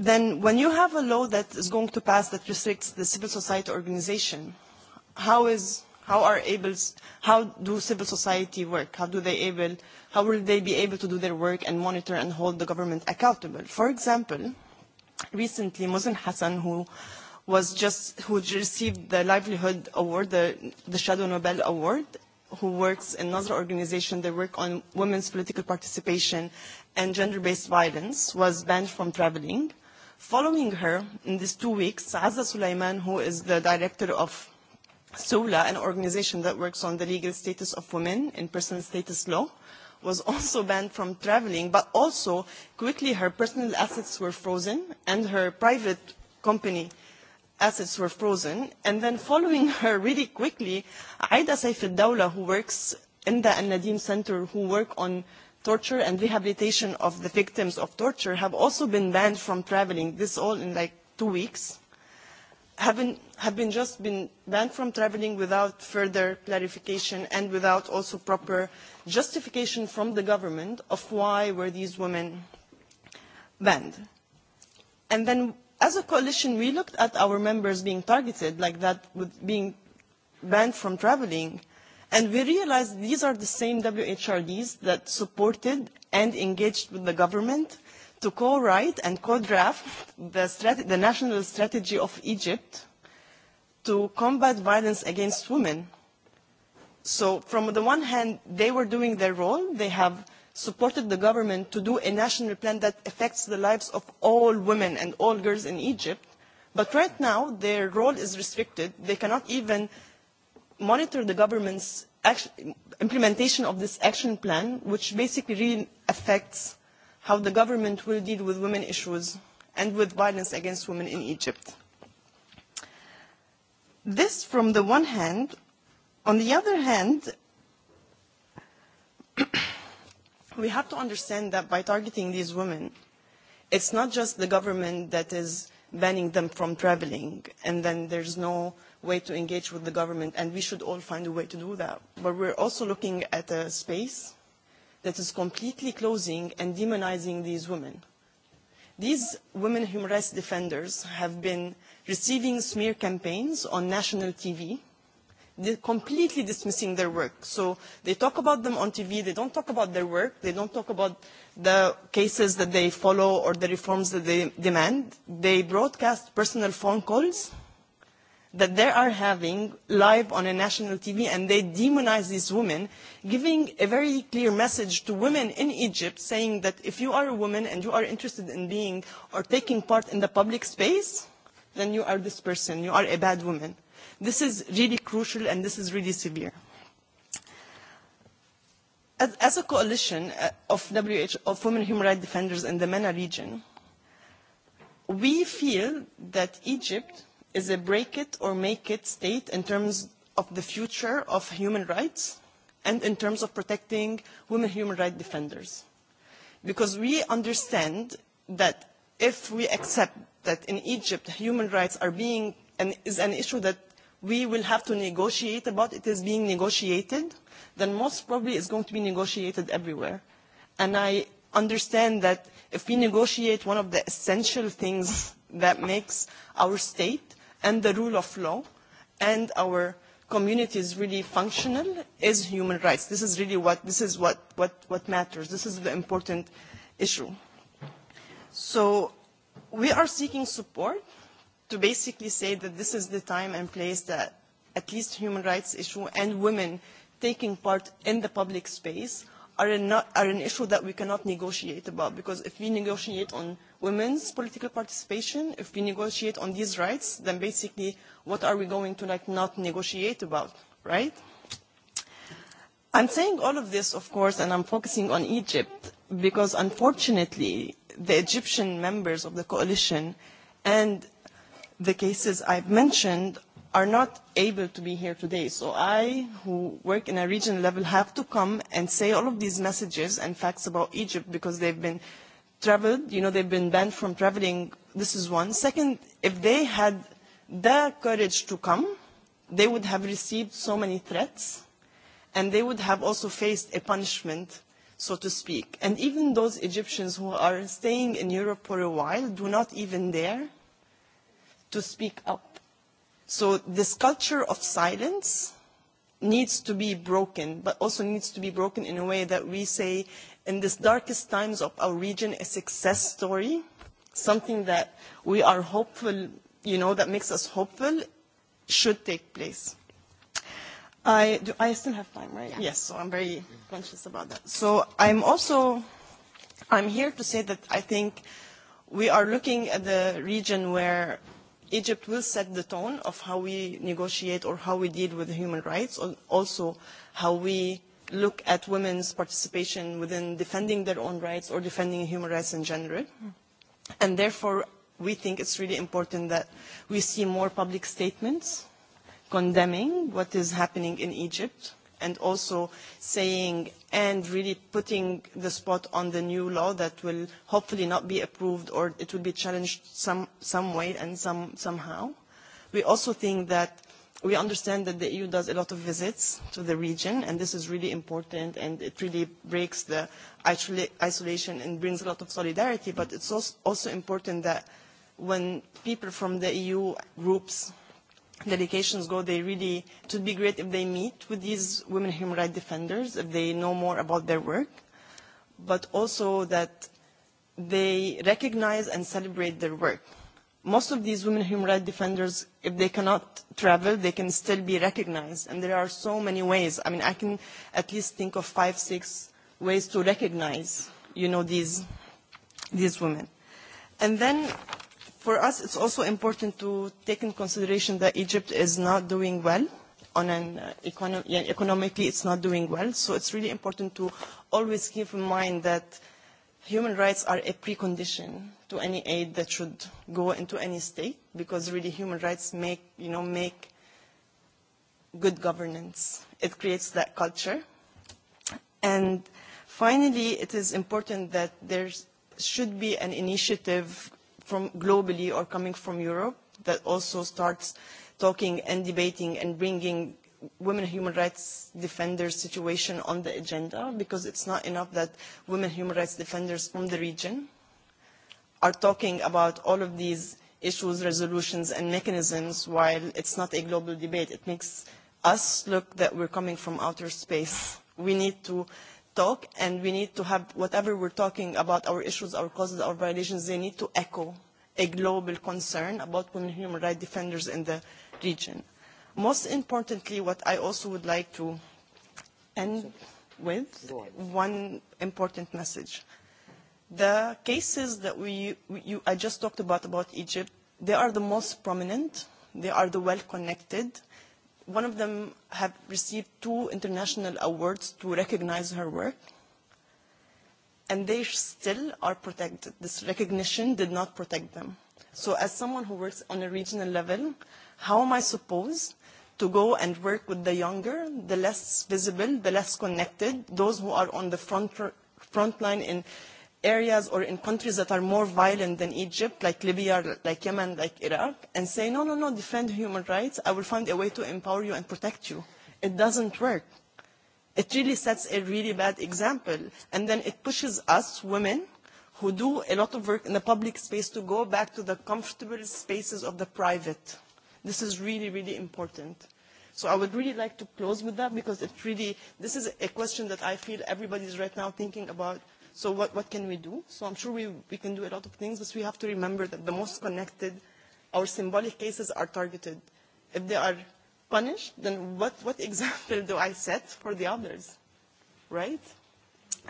then when you have a law that is going to pass that restricts the civil society organization, how is how are able how do civil society work? How do they able how will they be able to do their work and monitor and hold the government accountable? For example, recently Muslim Hassan who was just who received the livelihood award, the, the Shadow Nobel Award, who works in another organization, they work on women's political participation and gender-based violence, was banned from traveling Following her, in these two weeks, Azza Sulaiman, who is the director of SULA, an organization that works on the legal status of women in personal status law, was also banned from traveling, but also quickly her personal assets were frozen and her private company assets were frozen. And then following her really quickly, Aida Saif al-Dawla, who works in the Al-Nadim Center, who work on torture and rehabilitation of the victims of torture have also been banned from traveling, this all in like two weeks, have been, have been just been banned from traveling without further clarification and without also proper justification from the government of why were these women banned. And then as a coalition, we looked at our members being targeted like that, with being banned from traveling, And we realized these are the same WHRDs that supported and engaged with the government to co-write and co-draft the, the national strategy of Egypt to combat violence against women. So from the one hand, they were doing their role. They have supported the government to do a national plan that affects the lives of all women and all girls in Egypt. But right now, their role is restricted. They cannot even monitor the government's action, implementation of this action plan, which basically really affects how the government will deal with women issues and with violence against women in Egypt. This from the one hand. On the other hand, we have to understand that by targeting these women, it's not just the government that is banning them from traveling and then there's no way to engage with the government, and we should all find a way to do that. But we're also looking at a space that is completely closing and demonizing these women. These women human rights defenders have been receiving smear campaigns on national TV, they're completely dismissing their work. So they talk about them on TV, they don't talk about their work, they don't talk about the cases that they follow or the reforms that they demand. They broadcast personal phone calls that they are having live on a national TV and they demonize these women, giving a very clear message to women in Egypt saying that if you are a woman and you are interested in being or taking part in the public space, then you are this person, you are a bad woman. This is really crucial and this is really severe. As, as a coalition uh, of, WH, of women human rights defenders in the MENA region, we feel that Egypt is a break it or make it state in terms of the future of human rights and in terms of protecting women human rights defenders. Because we understand that if we accept that in Egypt human rights are being and is an issue that we will have to negotiate about, it is being negotiated, then most probably it's going to be negotiated everywhere. And I understand that if we negotiate one of the essential things that makes our state, and the rule of law and our community is really functional is human rights. This is really what, this is what, what, what matters. This is the important issue. So we are seeking support to basically say that this is the time and place that at least human rights issue and women taking part in the public space are, not, are an issue that we cannot negotiate about because if we negotiate on women's political participation, if we negotiate on these rights, then basically what are we going to like not negotiate about, right? I'm saying all of this, of course, and I'm focusing on Egypt because unfortunately the Egyptian members of the coalition and the cases I've mentioned are not able to be here today. So I, who work in a regional level, have to come and say all of these messages and facts about Egypt because they've been traveled, you know, they've been banned from traveling. This is one. Second, if they had the courage to come, they would have received so many threats and they would have also faced a punishment, so to speak. And even those Egyptians who are staying in Europe for a while do not even dare to speak up So this culture of silence needs to be broken, but also needs to be broken in a way that we say in this darkest times of our region a success story, something that we are hopeful, you know, that makes us hopeful should take place. I, do I still have time, right? Yeah. Yes, so I'm very conscious about that. So I'm also, I'm here to say that I think we are looking at the region where Egypt will set the tone of how we negotiate or how we deal with human rights, and also how we look at women's participation within defending their own rights or defending human rights in general. Hmm. And therefore, we think it's really important that we see more public statements condemning what is happening in Egypt and also saying and really putting the spot on the new law that will hopefully not be approved or it will be challenged some, some way and some, somehow. We also think that we understand that the EU does a lot of visits to the region and this is really important and it really breaks the isolation and brings a lot of solidarity but it's also important that when people from the EU groups delegations go, they really, it would be great if they meet with these women human rights defenders, if they know more about their work, but also that they recognize and celebrate their work. Most of these women human rights defenders, if they cannot travel, they can still be recognized. And there are so many ways. I mean, I can at least think of five, six ways to recognize, you know, these, these women. And then for us, it's also important to take in consideration that Egypt is not doing well. On an uh, econo yeah, economically, it's not doing well. So it's really important to always keep in mind that human rights are a precondition to any aid that should go into any state, because really human rights make, you know, make good governance. It creates that culture. And finally, it is important that there should be an initiative from globally or coming from Europe that also starts talking and debating and bringing women human rights defenders situation on the agenda because it's not enough that women human rights defenders from the region are talking about all of these issues, resolutions and mechanisms while it's not a global debate. It makes us look that we're coming from outer space. We need to talk and we need to have whatever we're talking about, our issues, our causes, our violations, they need to echo a global concern about women human rights defenders in the region. Most importantly, what I also would like to end with one important message. The cases that we, we, you, I just talked about, about Egypt, they are the most prominent, they are the well-connected, one of them have received two international awards to recognize her work. And they still are protected. This recognition did not protect them. So as someone who works on a regional level, how am I supposed to go and work with the younger, the less visible, the less connected, those who are on the front, front line in areas or in countries that are more violent than Egypt, like Libya, like Yemen, like Iraq, and say, no, no, no, defend human rights. I will find a way to empower you and protect you. It doesn't work. It really sets a really bad example. And then it pushes us, women, who do a lot of work in the public space to go back to the comfortable spaces of the private. This is really, really important. So I would really like to close with that because it really, this is a question that I feel everybody is right now thinking about So what, what can we do? So I'm sure we, we can do a lot of things, but we have to remember that the most connected, our symbolic cases are targeted. If they are punished, then what, what example do I set for the others? Right?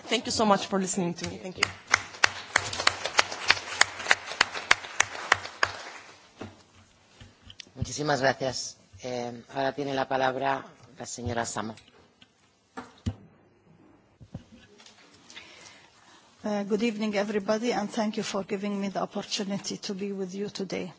Thank you so much for listening to me. Thank you. Muchísimas gracias. Eh, ahora tiene la palabra la señora Sama. Uh, good evening, everybody, and thank you for giving me the opportunity to be with you today.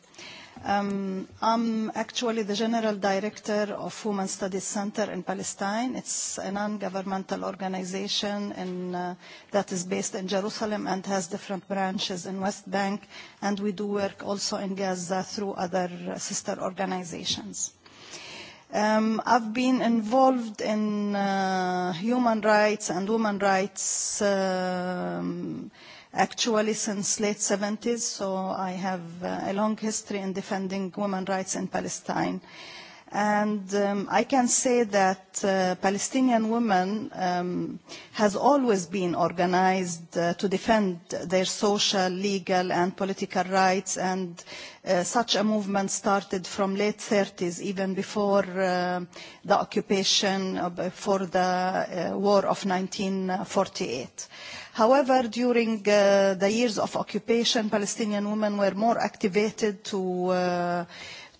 Um, I'm actually the General Director of Women Studies Center in Palestine. It's a non-governmental organization in, uh, that is based in Jerusalem and has different branches in West Bank, and we do work also in Gaza through other sister organizations. Um, I've been involved in uh, human rights and women rights um, actually since late 70s, so I have uh, a long history in defending women rights in Palestine. Uh, And um, I can say that uh, Palestinian women um, has always been organized uh, to defend their social, legal and political rights and uh, such a movement started from late 30s, even before uh, the occupation, before the uh, war of 1948. However, during uh, the years of occupation, Palestinian women were more activated to uh,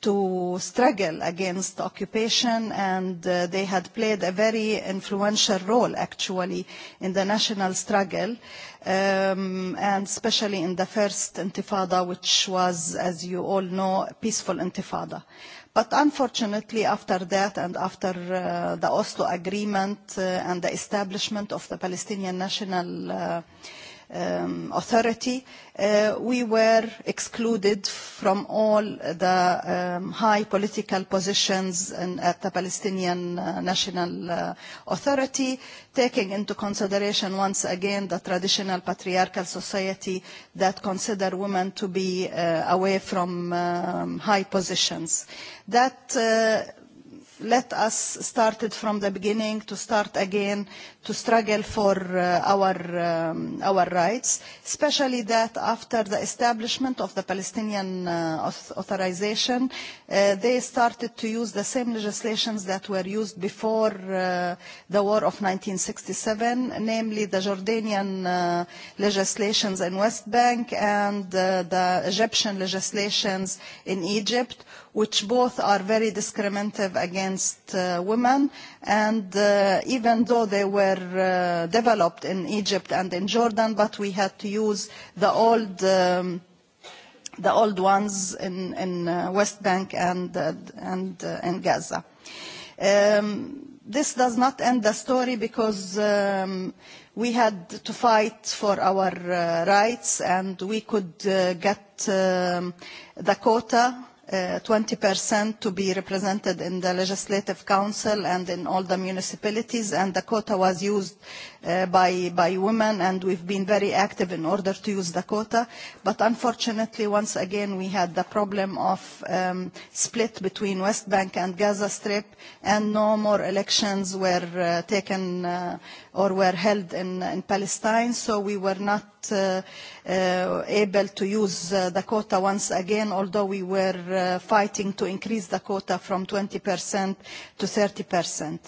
to struggle against occupation and uh, they had played a very influential role actually in the national struggle um, and especially in the first intifada which was as you all know a peaceful intifada but unfortunately after that and after uh, the Oslo agreement uh, and the establishment of the Palestinian national uh, um, authority, uh, we were excluded from all the um, high political positions in, at the Palestinian uh, National uh, Authority, taking into consideration once again the traditional patriarchal society that consider women to be uh, away from um, high positions. That uh, let us start it from the beginning to start again to struggle for uh, our, um, our rights, especially that after the establishment of the Palestinian uh, authorization, uh, they started to use the same legislations that were used before uh, the war of 1967, namely the Jordanian uh, legislations in West Bank and uh, the Egyptian legislations in Egypt, which both are very discriminative against against uh, women and uh, even though they were uh, developed in Egypt and in Jordan but we had to use the old um, the old ones in, in uh, West Bank and, uh, and uh, in Gaza. Um, this does not end the story because um, we had to fight for our uh, rights and we could uh, get um, the quota 20% uh, to be represented in the Legislative Council and in all the municipalities, and the quota was used uh, by, by women, and we've been very active in order to use the quota. But unfortunately, once again, we had the problem of um, split between West Bank and Gaza Strip, and no more elections were uh, taken uh, or were held in, in Palestine, so we were not uh, uh, able to use uh, the quota once again, although we were uh, fighting to increase the quota from 20% to 30%.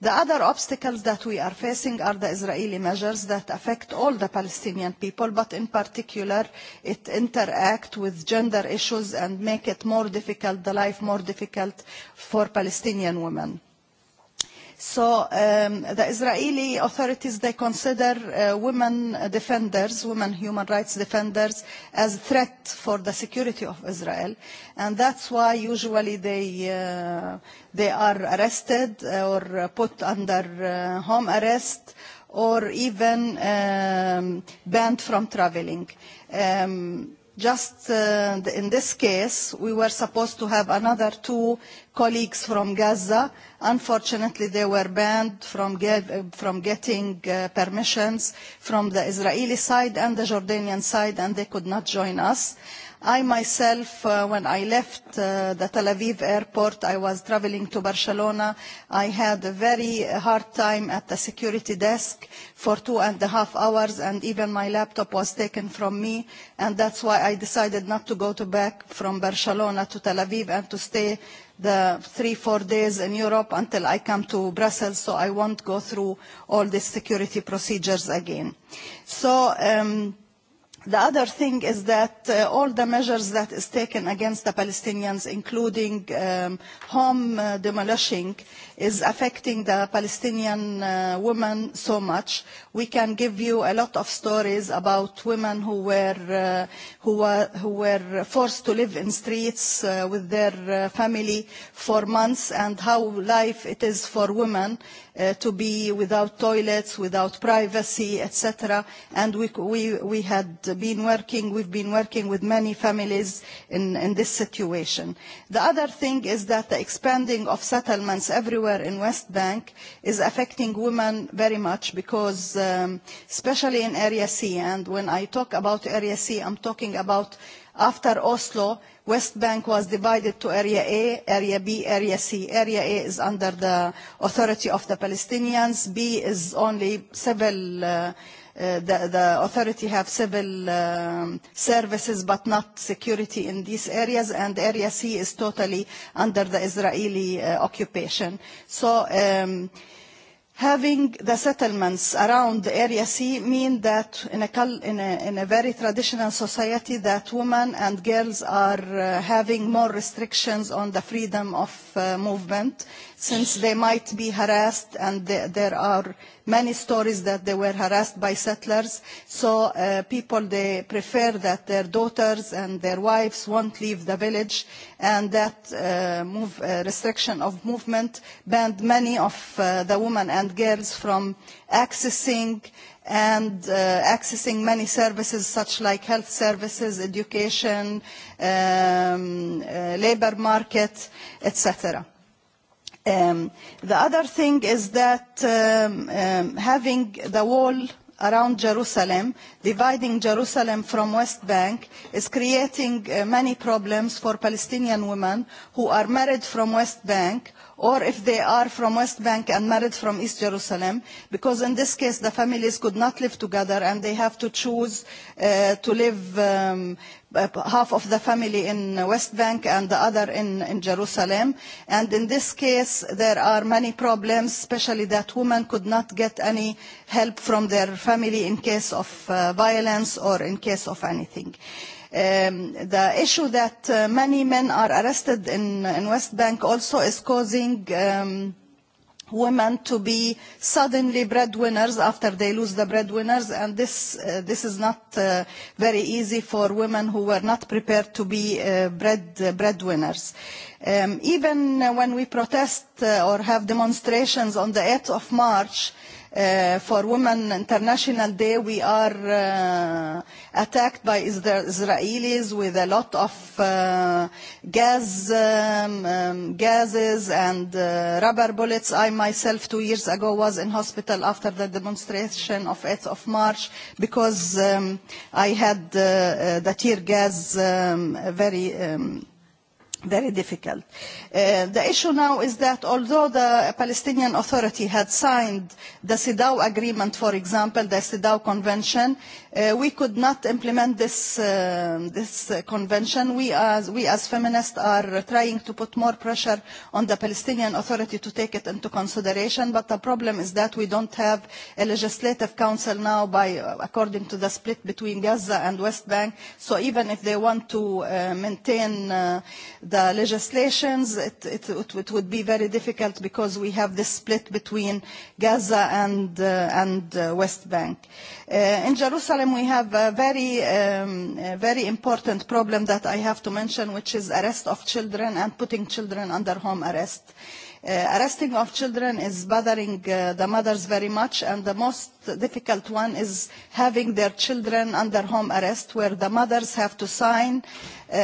The other obstacles that we are facing are the Israeli measures that affect all the Palestinian people, but in particular it interact with gender issues and make it more difficult, the life more difficult for Palestinian women. So um, the Israeli authorities, they consider uh, women defenders, women human rights defenders, as a threat for the security of Israel. And that's why usually they, uh, they are arrested or put under uh, home arrest or even um, banned from traveling. Um, Just uh, in this case, we were supposed to have another two colleagues from Gaza. Unfortunately, they were banned from, get, uh, from getting uh, permissions from the Israeli side and the Jordanian side, and they could not join us. I myself, uh, when I left uh, the Tel Aviv airport, I was traveling to Barcelona. I had a very hard time at the security desk for two and a half hours, and even my laptop was taken from me. And that's why I decided not to go to back from Barcelona to Tel Aviv and to stay the three, four days in Europe until I come to Brussels, so I won't go through all these security procedures again. So um, The other thing is that uh, all the measures that is taken against the Palestinians, including um, home uh, demolishing, is affecting the Palestinian uh, women so much. We can give you a lot of stories about women who were, uh, who were, who were forced to live in streets uh, with their uh, family for months and how life it is for women uh, to be without toilets, without privacy, etc. And we, we, we had been working, we've been working with many families in, in this situation. The other thing is that the expanding of settlements everywhere in West Bank is affecting women very much because, um, especially in Area C, and when I talk about Area C, I'm talking about After Oslo, West Bank was divided to Area A, Area B, Area C. Area A is under the authority of the Palestinians. B is only civil, uh, uh, the, the authority have civil um, services but not security in these areas. And Area C is totally under the Israeli uh, occupation. So... Um, having the settlements around the area C mean that in a, in a, in a very traditional society that women and girls are uh, having more restrictions on the freedom of uh, movement since they might be harassed and th there are many stories that they were harassed by settlers. So uh, people, they prefer that their daughters and their wives won't leave the village and that uh, move, uh, restriction of movement banned many of uh, the women and girls from accessing and uh, accessing many services such like health services, education, um, uh, labor market, etc. Um, the other thing is that um, um, having the wall around Jerusalem, dividing Jerusalem from West Bank, is creating uh, many problems for Palestinian women who are married from West Bank, or if they are from West Bank and married from East Jerusalem, because in this case the families could not live together and they have to choose uh, to live um, half of the family in West Bank and the other in, in Jerusalem. And in this case, there are many problems, especially that women could not get any help from their family in case of uh, violence or in case of anything. Uh, Um, the issue that uh, many men are arrested in, in West Bank also is causing um, women to be suddenly breadwinners after they lose the breadwinners and this uh, this is not uh, very easy for women who were not prepared to be uh, bread uh, breadwinners um, even when we protest uh, or have demonstrations on the 8th of March uh, for Women International Day, we are uh, attacked by Israelis with a lot of uh, gas, um, um, gases and uh, rubber bullets. I myself two years ago was in hospital after the demonstration of 8th of March because um, I had uh, uh, the tear gas um, very um, very difficult. Uh, the issue now is that although the Palestinian Authority had signed the CEDAW agreement, for example, the CEDAW Convention, Uh, we could not implement this, uh, this uh, convention. We as, we as feminists are trying to put more pressure on the Palestinian Authority to take it into consideration, but the problem is that we don't have a legislative council now by, uh, according to the split between Gaza and West Bank. So even if they want to uh, maintain uh, the legislations, it, it, it, it would be very difficult because we have this split between Gaza and, uh, and uh, West Bank. Uh, in Jerusalem, Forum, we have a very, um, a very important problem that I have to mention, which is arrest of children and putting children under home arrest. Uh, arresting of children is bothering uh, the mothers very much, and the most difficult one is having their children under home arrest, where the mothers have to sign uh, uh,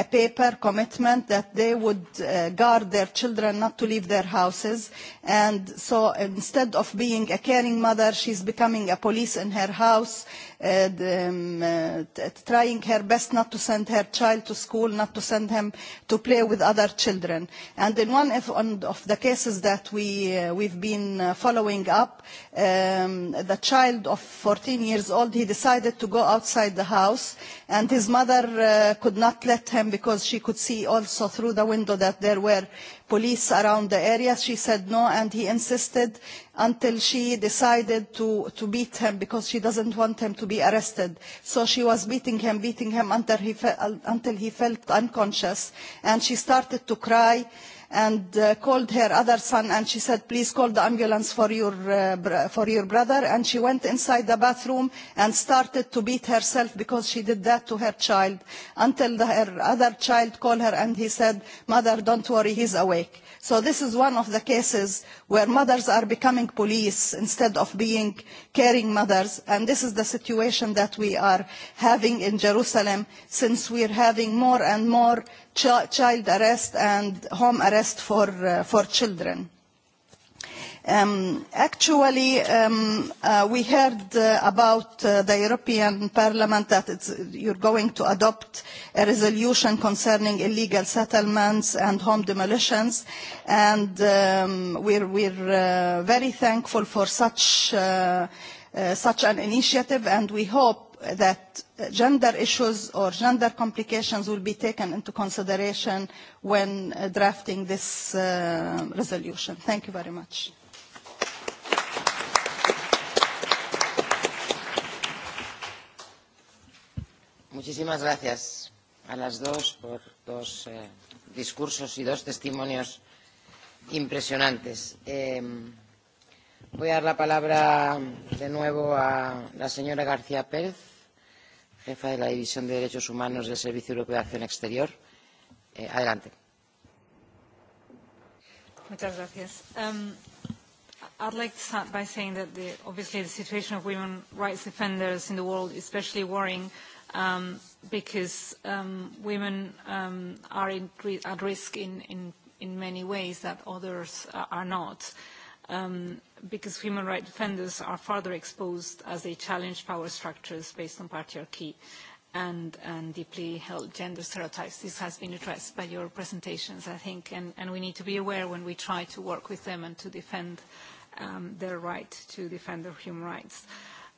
a paper commitment that they would uh, guard their children not to leave their houses. And so instead of being a caring mother, she's becoming a police in her house, uh, uh, the, um, uh, trying her best not to send her child to school, not to send him to play with other children. And in one of, on, of the cases that we, uh, we've been uh, following up, um, the child of 14 years old, he decided to go outside the house and his mother uh, could not let him because she could see also through the window that there were police around the area. She said no, and he insisted until she decided to, to beat him because she doesn't want him to be arrested. So she was beating him, beating him until he, fe until he felt unconscious, and she started to cry and uh, called her other son and she said please call the ambulance for your uh, for your brother and she went inside the bathroom and started to beat herself because she did that to her child until the, her other child called her and he said mother don't worry he's awake so this is one of the cases where mothers are becoming police instead of being caring mothers and this is the situation that we are having in Jerusalem since we're having more and more ch child arrest and home arrest for, uh, for children. Um, actually, um, uh, we heard uh, about uh, the European Parliament that it's, you're going to adopt a resolution concerning illegal settlements and home demolitions, and um, we're, we're uh, very thankful for such, uh, uh, such an initiative, and we hope that gender issues or gender complications will be taken into consideration when uh, drafting this uh, resolution. Thank you very much. Muchísimas gracias a las dos por dos eh, discursos y dos testimonios impresionantes. Eh, voy a dar la palabra de nuevo a la señora García Pérez jefa de la División de Derechos Humanos del Servicio Europeo de Acción Exterior. Eh, adelante. Muchas gracias. Um, I'd like to start by saying that the, obviously the situation of women rights defenders in the world is especially worrying um, because um, women um, are in, at risk in, in, in many ways that others uh, are not um, because human rights defenders are further exposed as they challenge power structures based on patriarchy and, and deeply held gender stereotypes. This has been addressed by your presentations, I think, and, and we need to be aware when we try to work with them and to defend um, their right to defend their human rights.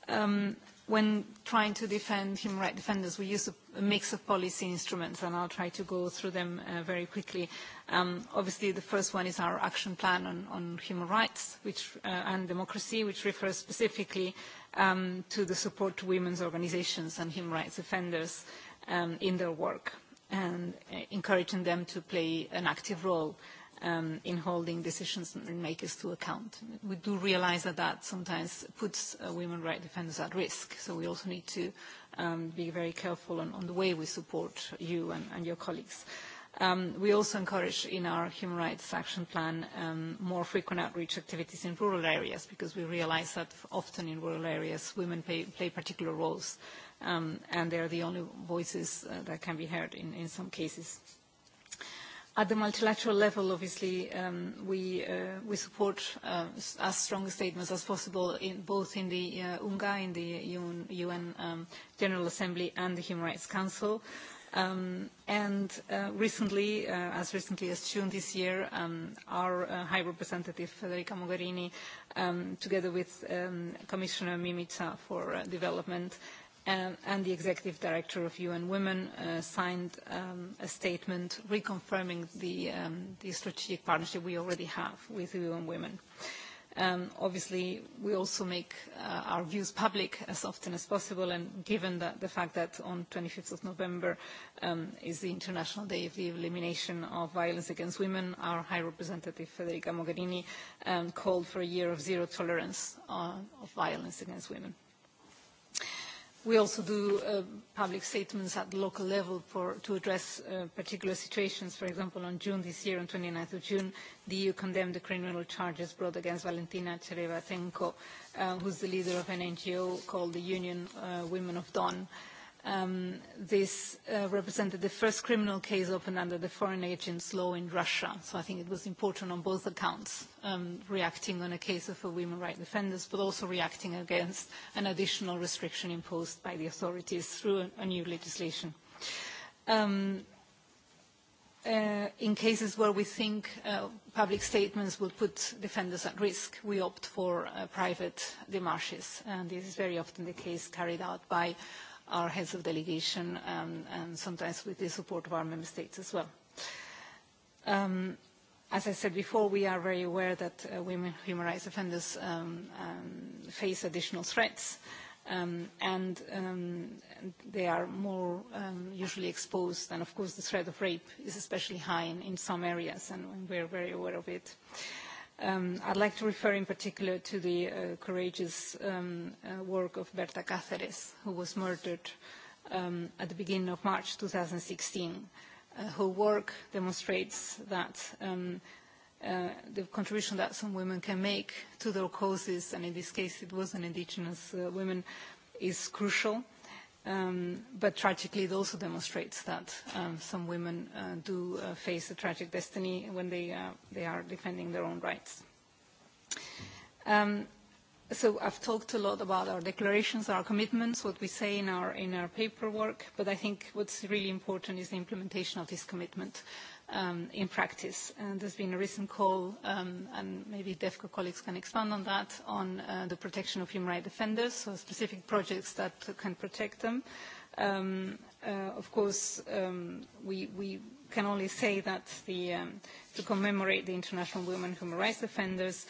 Um, when trying to defend human rights defenders, we use a, mix of policy instruments, and I'll try to go through them uh, very quickly. Um, obviously, the first one is our action plan on, on human rights which, uh, and democracy, which refers specifically um, to the support to women's organizations and human rights defenders um, in their work and uh, encouraging them to play an active role um, in holding decisions makers to account. We do realize that that sometimes puts uh, women rights defenders at risk, so we also need to um, be very careful on, on the way we support you and, and your colleagues. Um, we also encourage in our human rights action plan um, more frequent outreach activities in rural areas because we realize that often in rural areas women play, play particular roles um, and are the only voices uh, that can be heard in, in some cases. At the multilateral level, obviously, um, we, uh, we support uh, as strong statements as possible, in, both in the uh, UNGA, in the UN, UN um, General Assembly, and the Human Rights Council. Um, and uh, recently, uh, as recently as June this year, um, our uh, High Representative Federica Mogherini, um, together with um, Commissioner Mimica for uh, Development, and, and the Executive Director of UN Women uh, signed um, a statement reconfirming the, um, the strategic partnership we already have with UN Women. Um, obviously, we also make uh, our views public as often as possible, and given that the fact that on 25th of November um, is the International Day of the Elimination of Violence Against Women, our High Representative Federica Mogherini um, called for a year of zero tolerance uh, of violence against women. We also do uh, public statements at the local level for, to address uh, particular situations. For example, on June this year, on 29th of June, the EU condemned the criminal charges brought against Valentina Cerevatenko, uh, who's the leader of an NGO called the Union uh, Women of Don. Uh, Um, this uh, represented the first criminal case opened under the foreign agents law in Russia. So I think it was important on both accounts, um, reacting on a case of a women rights defenders, but also reacting against an additional restriction imposed by the authorities through a, a new legislation. Um, uh, in cases where we think uh, public statements will put defenders at risk, we opt for uh, private demarches. And this is very often the case carried out by our heads of delegation um, and sometimes with the support of our member states as well. Um, as I said before, we are very aware that uh, women human rights offenders um, um, face additional threats um, and um, they are more um, usually exposed. And of course, the threat of rape is especially high in, in some areas, and we're very aware of it. Uh, Um, I'd like to refer in particular to the uh, courageous um, uh, work of Berta Cáceres, who was murdered um, at the beginning of March 2016. Uh, her work demonstrates that um, uh, the contribution that some women can make to their causes, and in this case it was an indigenous uh, is crucial Um, but tragically, it also demonstrates that um, some women uh, do uh, face a tragic destiny when they, uh, they are defending their own rights. Um, so I've talked a lot about our declarations, our commitments, what we say in our, in our paperwork, but I think what's really important is the implementation of this commitment um, in practice. And uh, there's been a recent call, um, and maybe DEFCO colleagues can expand on that, on uh, the protection of human rights defenders, so specific projects that can protect them. Um, uh, of course, um, we, we can only say that the, um, to commemorate the International Women Human Rights Defenders,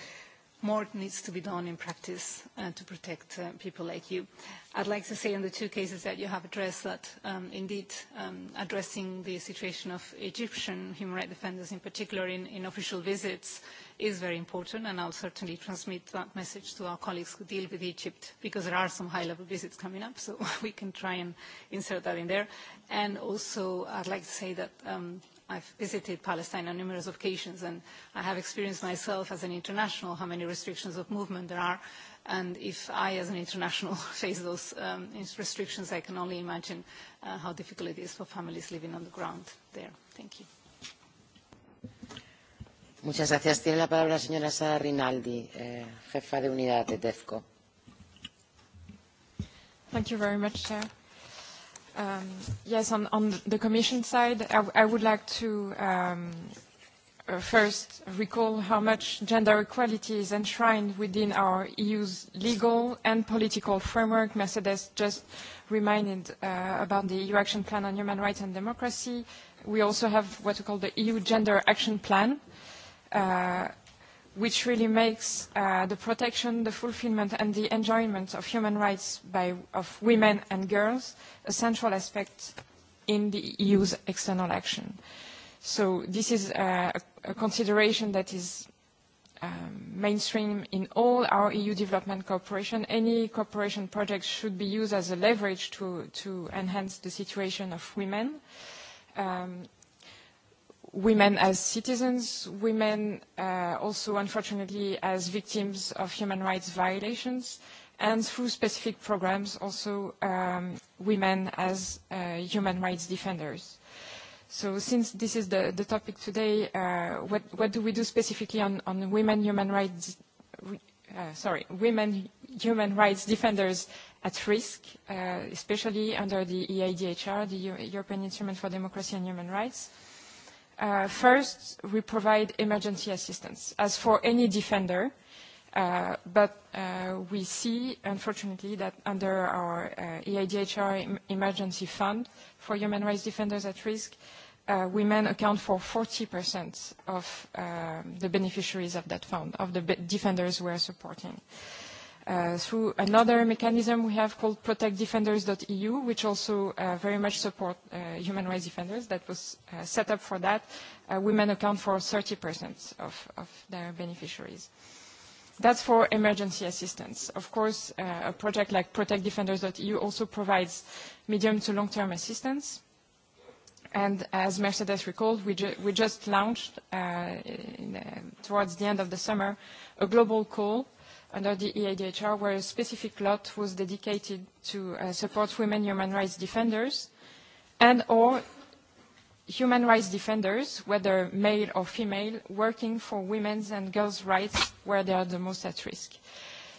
more needs to be done in practice uh, to protect uh, people like you. I'd like to say in the two cases that you have addressed that um, indeed um, addressing the situation of Egyptian human rights defenders in particular in, in official visits is very important and I'll certainly transmit that message to our colleagues who deal with Egypt because there are some high-level visits coming up so we can try and insert that in there. And also I'd like to say that um, I've visited Palestine on numerous occasions and I have experienced myself as an international how many restrictions of movement there are and if I as an international face those um, restrictions I can only imagine uh, how difficult it is for families living on the ground there. Thank you. Muchas gracias. Tiene la palabra señora Sara Rinaldi, eh, jefa de unidad de DEFCO. Thank you very much, Chair. Um, yes, on, on the Commission side, I, I would like to um, uh, first recall how much gender equality is enshrined within our EU's legal and political framework. Mercedes just reminded uh, about the EU Action Plan on Human Rights and Democracy. We also have what we call the EU Gender Action Plan. Uh, which really makes uh, the protection, the fulfillment and the enjoyment of human rights by, of women and girls a central aspect in the EU's external action. So this is uh, a, a consideration that is um, mainstream in all our EU development cooperation. Any cooperation project should be used as a leverage to, to enhance the situation of women. Um, women as citizens, women uh, also unfortunately as victims of human rights violations, and through specific programs also um, women as uh, human rights defenders. So since this is the, the topic today, uh, what, what do we do specifically on, on women human rights, uh, sorry, women human rights defenders at risk, uh, especially under the EIDHR, the European Instrument for Democracy and Human Rights? Uh, Uh, first, we provide emergency assistance, as for any defender, uh, but uh, we see, unfortunately, that under our uh, EIDHR Emergency Fund for Human Rights Defenders at Risk, uh, women account for 40% of uh, the beneficiaries of that fund, of the be defenders we are supporting. Uh, Uh, through another mechanism we have called protectdefenders.eu, which also uh, very much support uh, human rights defenders that was uh, set up for that. Uh, women account for 30% of, of their beneficiaries. That's for emergency assistance. Of course, uh, a project like protectdefenders.eu also provides medium to long-term assistance. And as Mercedes recalled, we, ju we just launched, uh, in, uh, towards the end of the summer, a global call under the EADHR where a specific lot was dedicated to uh, support women human rights defenders and or human rights defenders, whether male or female, working for women's and girls' rights where they are the most at risk.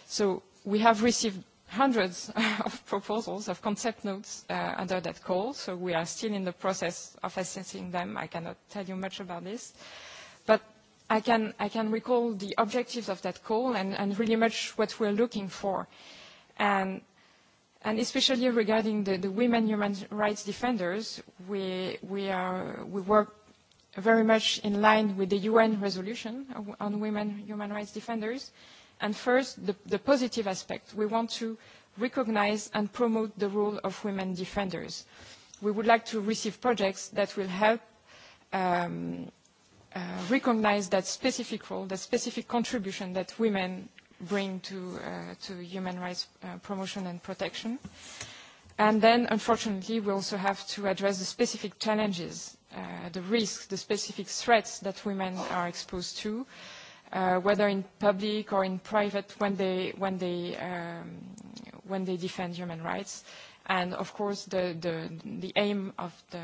So we have received hundreds of proposals of concept notes uh, under that call, so we are still in the process of assessing them. I cannot tell you much about this. But I can, I can recall the objectives of that call and, and really much what we're looking for. And, and especially regarding the, the women human rights defenders, we, we, are, we work very much in line with the UN resolution on women human rights defenders. And first, the, the positive aspect. We want to recognize and promote the role of women defenders. We would like to receive projects that will help um, uh, recognize that specific role, that specific contribution that women bring to, uh, to human rights uh, promotion and protection. And then, unfortunately, we also have to address the specific challenges, uh, the risks, the specific threats that women are exposed to, uh, whether in public or in private when they, when they, um, when they defend human rights. Uh, And of course, the, the, the aim of the,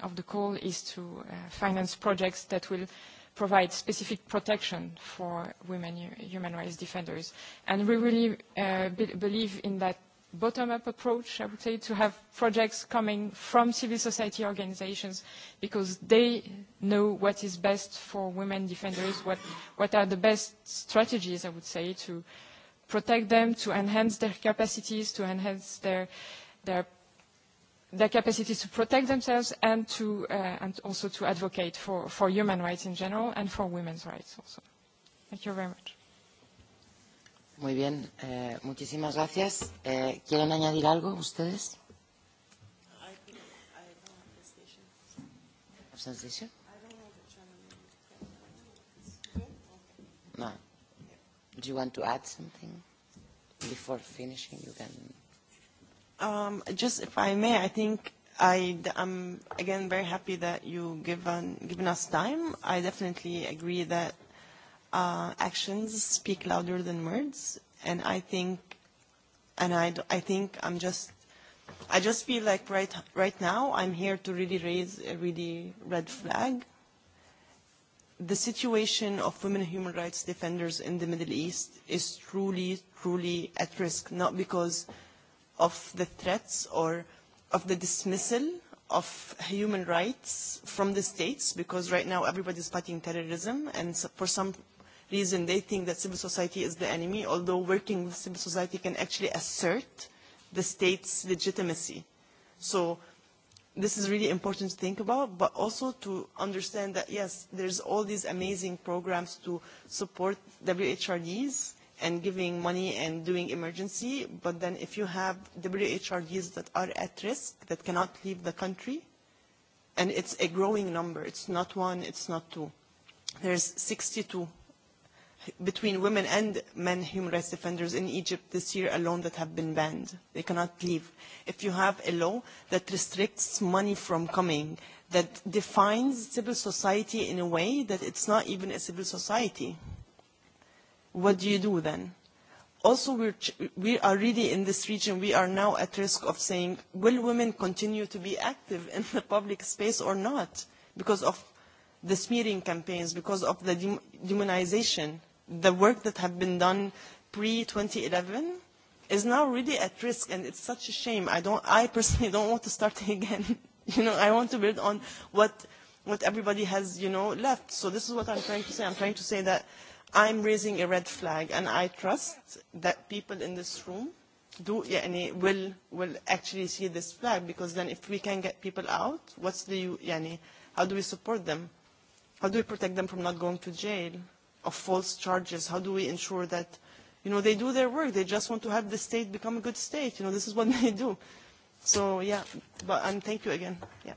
of the call is to uh, finance projects that will provide specific protection for women human rights defenders. And we really uh, believe in that bottom-up approach, I would say, to have projects coming from civil society organizations because they know what is best for women defenders, what, what are the best strategies, I would say, to protect them, to enhance their capacities, to enhance their their, their capacity to protect themselves and, to, uh, and also to advocate for, for human rights in general and for women's rights also. Thank you very much. Muy bien, eh, muchísimas gracias. Eh, ¿Quieren añadir algo ustedes? No. Do you want to add something before finishing? You can. Um, just if I may, I think I, I'm again very happy that you given, given us time. I definitely agree that uh, actions speak louder than words, and I think, and I, I think I'm just, I just feel like right right now I'm here to really raise a really red flag. The situation of women human rights defenders in the Middle East is truly, truly at risk, not because of the threats or of the dismissal of human rights from the states because right now everybody is fighting terrorism and for some reason they think that civil society is the enemy although working with civil society can actually assert the state's legitimacy. So this is really important to think about but also to understand that yes there's all these amazing programs to support WHRDs and giving money and doing emergency, but then if you have WHRDs that are at risk, that cannot leave the country, and it's a growing number, it's not one, it's not two. There's 62 between women and men human rights defenders in Egypt this year alone that have been banned. They cannot leave. If you have a law that restricts money from coming, that defines civil society in a way that it's not even a civil society what do you do then? Also, we're, we are really in this region, we are now at risk of saying, will women continue to be active in the public space or not? Because of the smearing campaigns, because of the demonization, the work that had been done pre-2011 is now really at risk, and it's such a shame. I, don't, I personally don't want to start again. you know, I want to build on what, what everybody has, you know, left. So this is what I'm trying to say. I'm trying to say that I'm raising a red flag, and I trust that people in this room do yani, will will actually see this flag because then if we can get people out, what's the yani, how do we support them? How do we protect them from not going to jail of false charges? How do we ensure that you know they do their work? They just want to have the state become a good state. You know this is what they do. So yeah, but and um, thank you again. Yeah.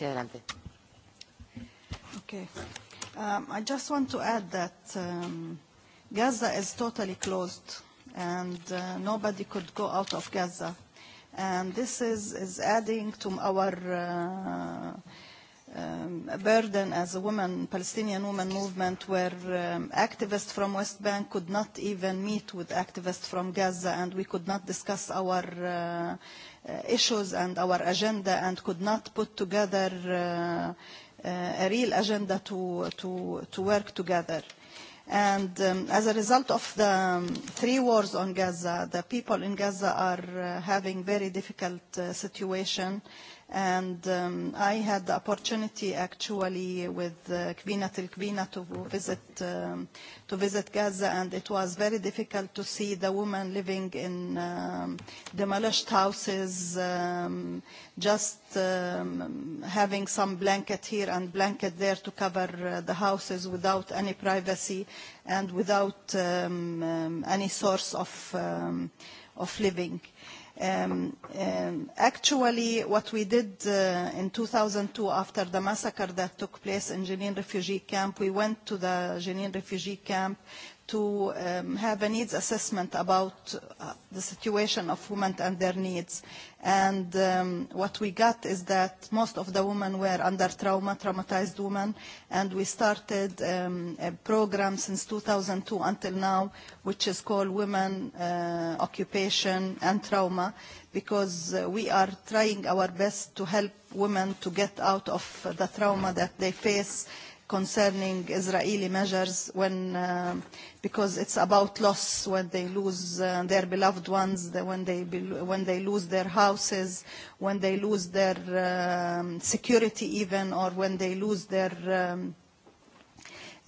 Okay. Um, I just want to add that um, Gaza is totally closed and uh, nobody could go out of Gaza. And this is, is adding to our uh, um, burden as a woman, Palestinian women movement, where um, activists from West Bank could not even meet with activists from Gaza and we could not discuss our uh, uh issues and our agenda and could not put together uh, uh, a real agenda to, to, to work together. And um, as a result of the um, three wars on Gaza, the people in Gaza are uh, having very difficult uh, situation And um, I had the opportunity actually with uh, Kvina Til Kvina to visit, um, to visit Gaza and it was very difficult to see the women living in um, demolished houses, um, just um, having some blanket here and blanket there to cover uh, the houses without any privacy and without um, um, any source of, um, of living. Uh, Um, um, actually, what we did uh, in 2002 after the massacre that took place in Jenin refugee camp, we went to the Jenin refugee camp to um, have a needs assessment about uh, the situation of women and their needs. And um, what we got is that most of the women were under trauma, traumatized women, and we started um, a program since 2002 until now, which is called Women, uh, Occupation and Trauma, because uh, we are trying our best to help women to get out of the trauma that they face concerning Israeli measures when, uh, because it's about loss when they lose uh, their beloved ones, the, when, they be, when they lose their houses, when they lose their um, security even, or when they lose their, um,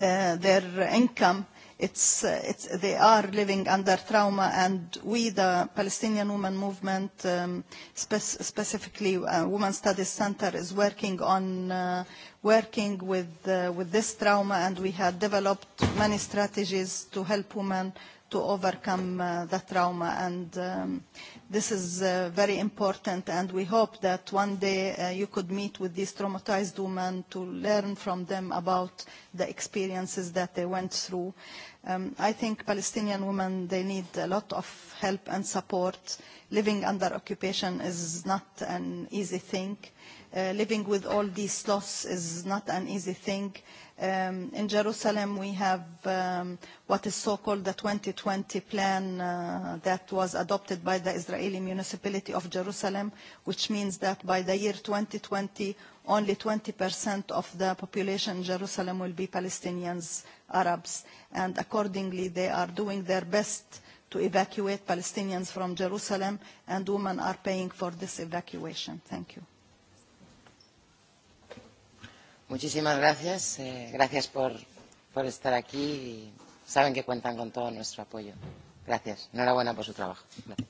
uh, their income it's, uh, it's, they are living under trauma and we, the Palestinian Women Movement, um, spe specifically uh, Women's Studies Center is working on uh, working with, uh, with this trauma and we have developed many strategies to help women to overcome uh, the trauma and um, this is uh, very important and we hope that one day uh, you could meet with these traumatized women to learn from them about the experiences that they went through. Um, I think Palestinian women, they need a lot of help and support. Living under occupation is not an easy thing. Uh, living with all these loss is not an easy thing. Um, in Jerusalem, we have um, what is so-called the 2020 plan uh, that was adopted by the Israeli municipality of Jerusalem, which means that by the year 2020, only 20% of the population in Jerusalem will be Palestinians, Arabs, and accordingly they are doing their best to evacuate Palestinians from Jerusalem, and women are paying for this evacuation. Thank you. Muchísimas gracias. Eh, gracias por, por estar aquí. Y saben que cuentan con todo nuestro apoyo. Gracias. Enhorabuena por su trabajo. Gracias.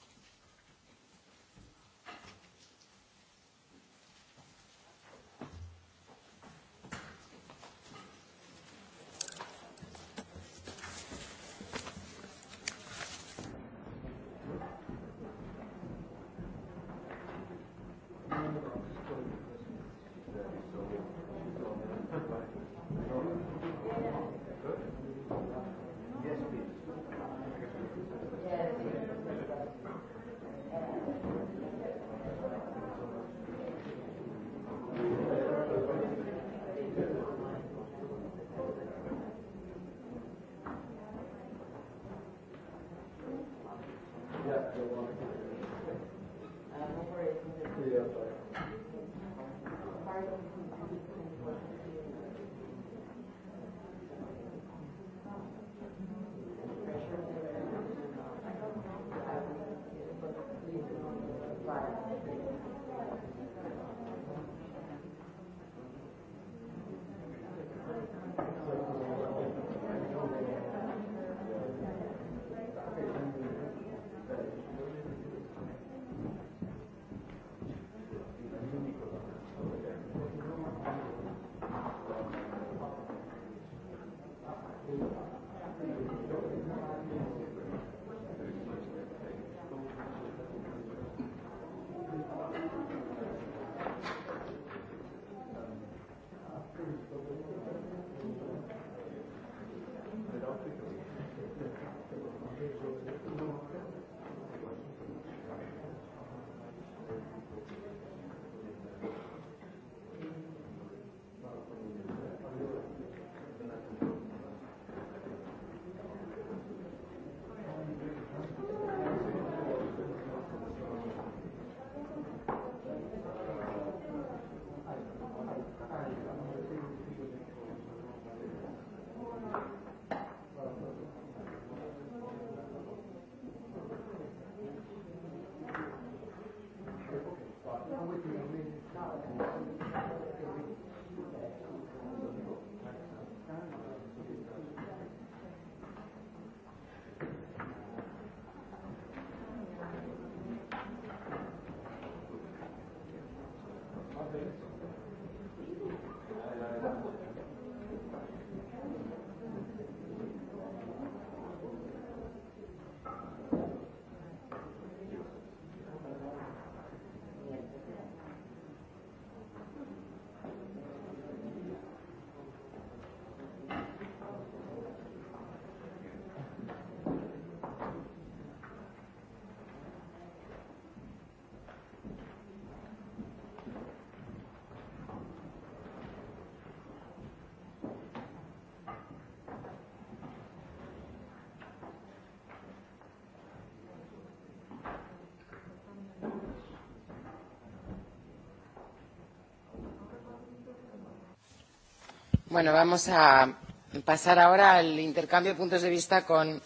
Bueno, vamos a pasar ahora al intercambio de puntos de vista con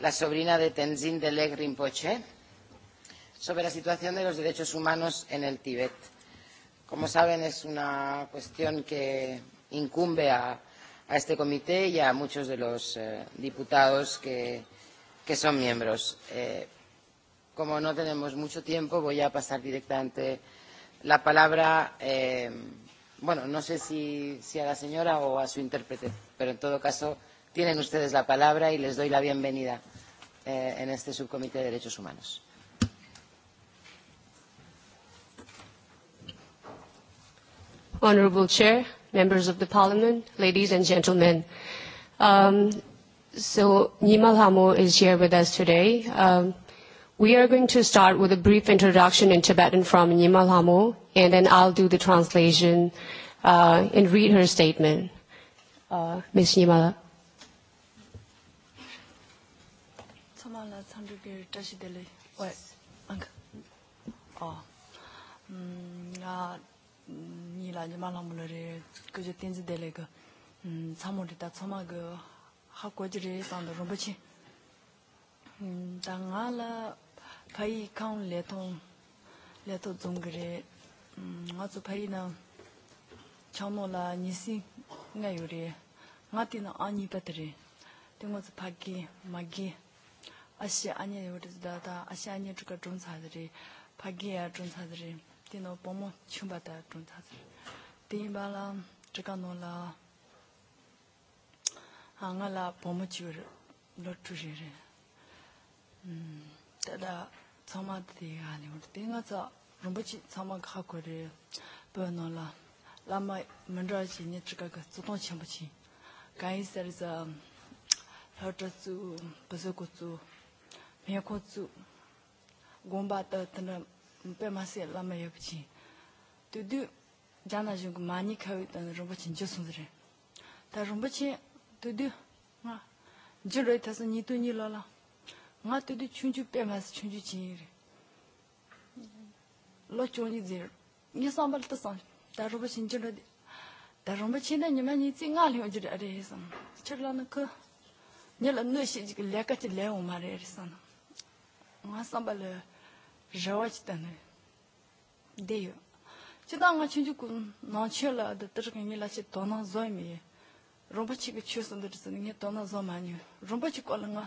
la sobrina de Tenzin Leg Rinpoche sobre la situación de los derechos humanos en el Tíbet. Como saben, es una cuestión que incumbe a, a este comité y a muchos de los eh, diputados que, que son miembros. Eh, como no tenemos mucho tiempo, voy a pasar directamente la palabra eh, Bueno, no sé si, si a la señora o a su intérprete, pero en todo caso tienen ustedes la palabra y les doy la bienvenida eh, en este subcomité de derechos humanos. Honorable Chair, members of the Parliament, ladies and gentlemen. Um, so Nimal Hamo is here with us today. Um, We are going to start with a brief introduction in Tibetan from Nyimal Hamo, and then I'll do the translation uh, and read her statement. Uh, Ms. Oh. Mm, mm, nyimal. nila nyimal da nga la pai kaun le tong zungre mm, nga pai na chamo la nisi nga yure nga ti na ani patre te ngo zu phagi magi ashi ani yure da da ashi ani chu ka zung sa de ya zung sa de pomo chu ba da zung sa la chu no la nga pomo chu lo chu tada tsama di gani wad nga tsa rumbachi tsama kha kore no la lama mandra chi nye chika ka tsutong chenpa chi kanyi za lhata tsu paso ko tsu miya ko tsu gomba ta tanda lama jana mani kawi tanda rumbachi nje sunzire ta rumbachi la nga tedi çüncü pemez çüncü çiğir. Lo chunju zir. Ni sambal ta Ta Darroba chinju lo di. Darroba çinci ni men ni zi nga liyo jiri ari hisan. na kı. Ni la nı shi jiki leka ti leyo mara san. Nga sambal jawa çitanı. Deyo. Çita nga chunju ku chio la da tırkı ni la çi tonan zoymi. Rumba çiki çıyorsun dırısını ni tonan zoymanyo. Rumba çi kola nga.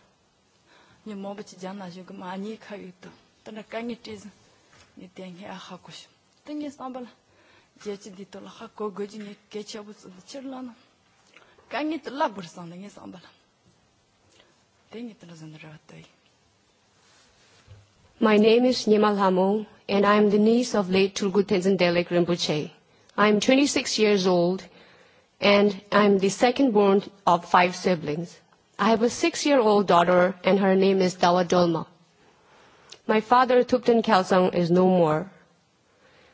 ni mobi ti jana ju ga mani ka ito tana ka ni tiz ni tiang he aha kush tangi sambal je chi di to la kha ko go ji ni ke che bu su chir la na ka ni la bur san ni sambal tangi to la zan ra tai My name is Nyamal Hamo, and I am the niece of late Tulgu Tenzin Delek Rinpoche. I am 26 years old, and I am the second born of five siblings. I have a six-year-old daughter, and her name is Dawa Dolma. My father, Tupten Kalsang, is no more.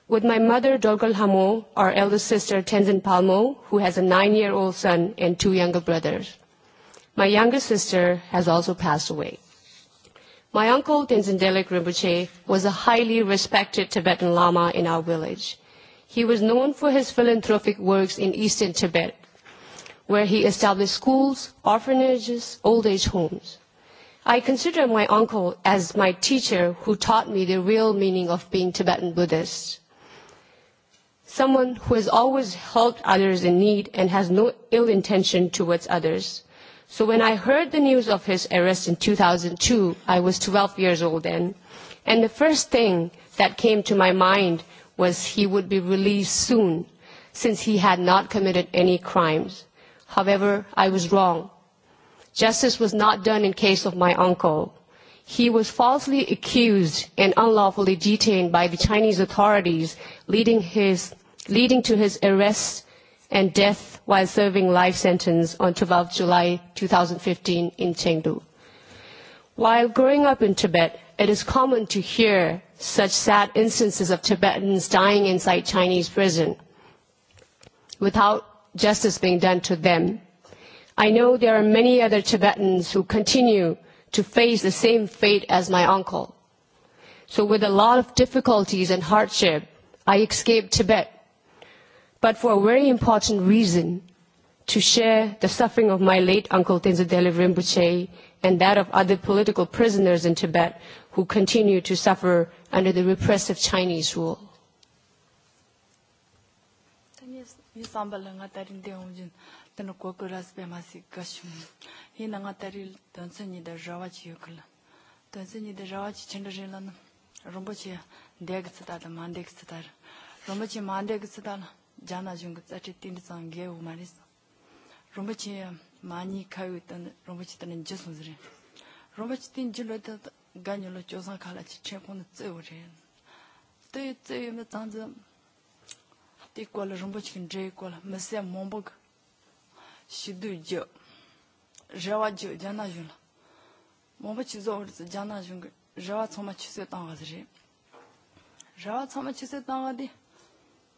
With my mother, Dolgal Hamo, our eldest sister, Tenzin Palmo, who has a nine-year-old son and two younger brothers. My younger sister has also passed away. My uncle, Tenzin Delek Rinpoche, was a highly respected Tibetan Lama in our village. He was known for his philanthropic works in eastern Tibet, where he established schools, orphanages, old age homes. I consider my uncle as my teacher who taught me the real meaning of being Tibetan Buddhist. Someone who has always helped others in need and has no ill intention towards others. So when I heard the news of his arrest in 2002, I was 12 years old then, and the first thing that came to my mind was he would be released soon, since he had not committed any crimes. However, I was wrong. Justice was not done in case of my uncle. He was falsely accused and unlawfully detained by the Chinese authorities, leading, his, leading to his arrest and death while serving life sentence on 12 July 2015 in Chengdu. While growing up in Tibet, it is common to hear such sad instances of Tibetans dying inside Chinese prison without justice being done to them. I know there are many other Tibetans who continue to face the same fate as my uncle. So with a lot of difficulties and hardship, I escaped Tibet, but for a very important reason, to share the suffering of my late uncle Tenzadele Rinpoche and that of other political prisoners in Tibet who continue to suffer under the repressive Chinese rule. sambal nga tarin de unjin tan ko ko ras be ma si kashum hi na nga taril tan sen ni da rawa chi yukla tan sen ni da rawa chi chen de lan rombo chi de ga da man de ga chi man de ga jana jung ga ta tin ge u ma ris chi ma ni ka yu chi tan ji sun zre chi tin ji lo ta lo jo kala chi chen ko tse u re te tse me tang ti kwal rumbo chikin dre kwal mese mombog shidu jo rewa jo jana jun mombo chizo urzi jana tsoma chise tanga zri rewa tsoma chise tanga di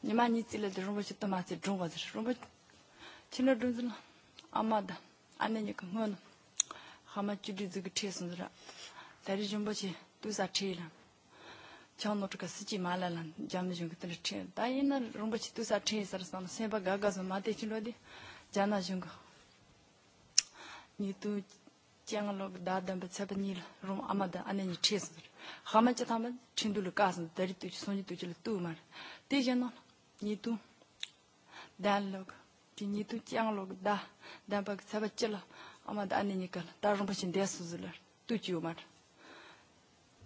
nima ni tsile di rumbo chita mati drungwa zri rumbo chino drungzila amada ane nyika ngon khama chudi zigi chesun zira dari rumbo chi duza chelan ċannu tuka siċi malalan ġanna Jung t-reċċi. Da jina rumba ċitu sa ċi sar san seba gaga zu mati ċi lodi ġanna ġunga. Nitu ċianga log da dan bet seba nil rum amada ane ni ċi sar. Xamen ċa tamad ċindu lu kasan dari tu ċi soni tu ċi tu mar. Ti ġanna nitu dan log ti nitu ċianga log da dan bet seba ċila amada ane ni kal da rumba ċin desu zular tu ċi umar.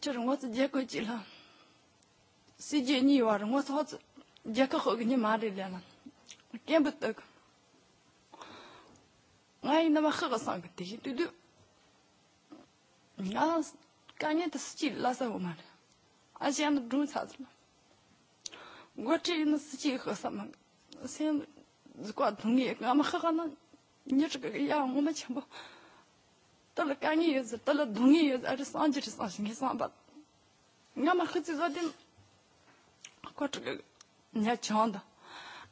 这种我自己过去了，谁接你玩？我操，杰克好给你妈的了，见不得。哎，那么喝个三个的，对对。啊，感觉他自己拉萨我妈的，而且那种啥子了，我这那自己喝什么？现在光同意，俺们喝个那，你这个样我们全部。tala kangi yezir, tala dungi yezir, aris anjir bat. Nga ma khitsi zadin, kwachiga nya chanda,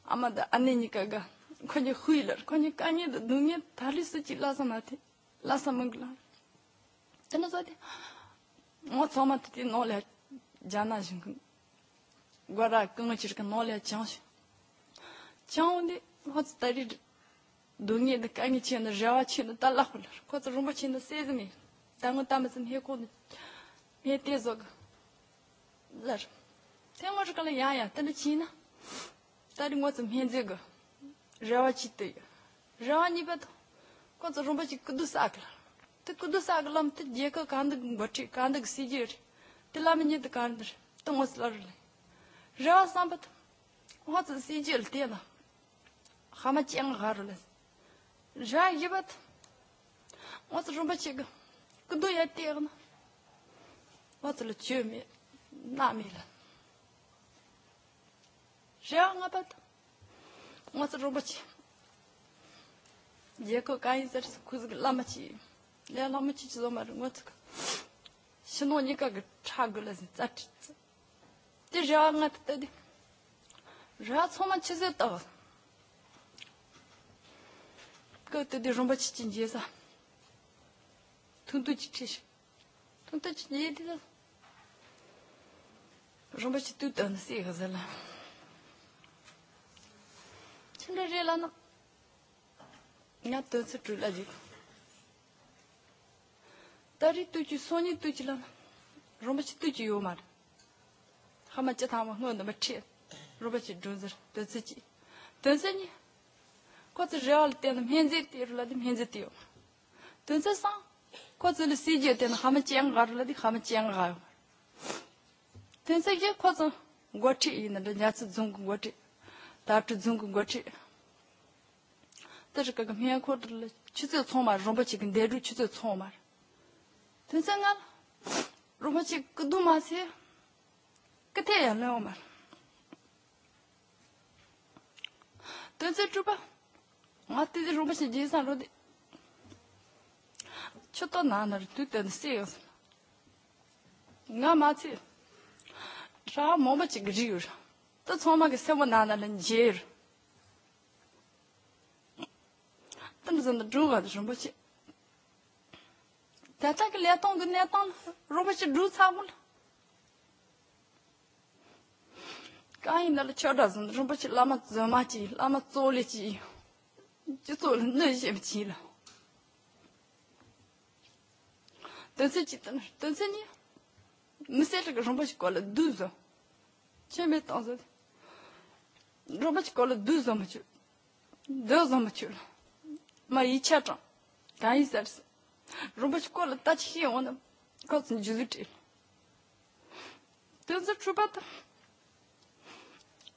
ama da ane nikaga, kwenye huilar, kwenye kangi da dungi tali suchi lasa mati, lasa mungla. Tana zadin, mo tsoma titi nolya jana shinkun, gwara kunga chirka nolya chanshin. Chaundi, hotsi dünyadaki en içinde java çini dalla kular. Kozu ruma çini sezmi. Tanı tamızın hekodu. Miyete zog. Lar. Sen var şakalı ya ya. Tanı çini. Tari ngozum henzego. Java çiti. Java nibet. Kozu ruma çi kudu saklar. Tı kudu saklam tı diyeka kandı bachi kandı sijir. Tı lamı nidi kandır. Tı ngozlarlı. Java sambat. Ngozum sijir tiyana. Хама чен гарулес. جايبت وطرجم بتشيق قدو يتيغن وطلت يومي نعميلا جاغبت وطرجم بتشيق Jeko kajzer kuz lamachi. Le lamachi chizomar ngotk. Shino nika chagula zat. Ti jaa ngat tadi. Jaa soma chizet awas. 그것들이 롬바치진지에서 돈도 지치시 돈도 지치서 롬바치 뚜던 씨가살라 친구들이라나 나 돈스 줄라지고 다리 뚜지 손이 뚜지라나 롬바치 뚜지 요말 하마치 다마 너너 마치 롬바치 존스 돈스지 돈스니 kod real të mhenzi të rëla të mhenzi të jo. Të sa, kod lë si gjë të në hamë që janë gërë lë të hamë që janë gërë. Të nëse gjë kod ngwati i në dënja të dzungë ngwati, ta të dzungë ngwati. Të shë këgëm hien kod lë që të comar, rëmbë që kënderu që të comar. Të nëse nga, rëmbë që këdu masje, këtë e janë le omar. Të nëse që ba, 待ってて、ロムシ、じいさん、ロディ。ちょっとな、なる、と言ってんすよ。が、まち。ra moma ci gżir. To co ma gsewa na na lędzier. Ten zan druga dżum bo ci. Ta tak leton gn leton roba ci dżu samul. Kain na le choda zan dżum bo ci lama zama ci lama zoli ci. 就做人那些不起了。但是记得呢，但是你，没在这个上班去搞了 douze ans，前面当时，上班去搞了 douze ans 嘛去，douze ans 嘛去了，嘛一千张，干一三十，上班去搞了大七万呢，告诉你就是这了。但是出版的，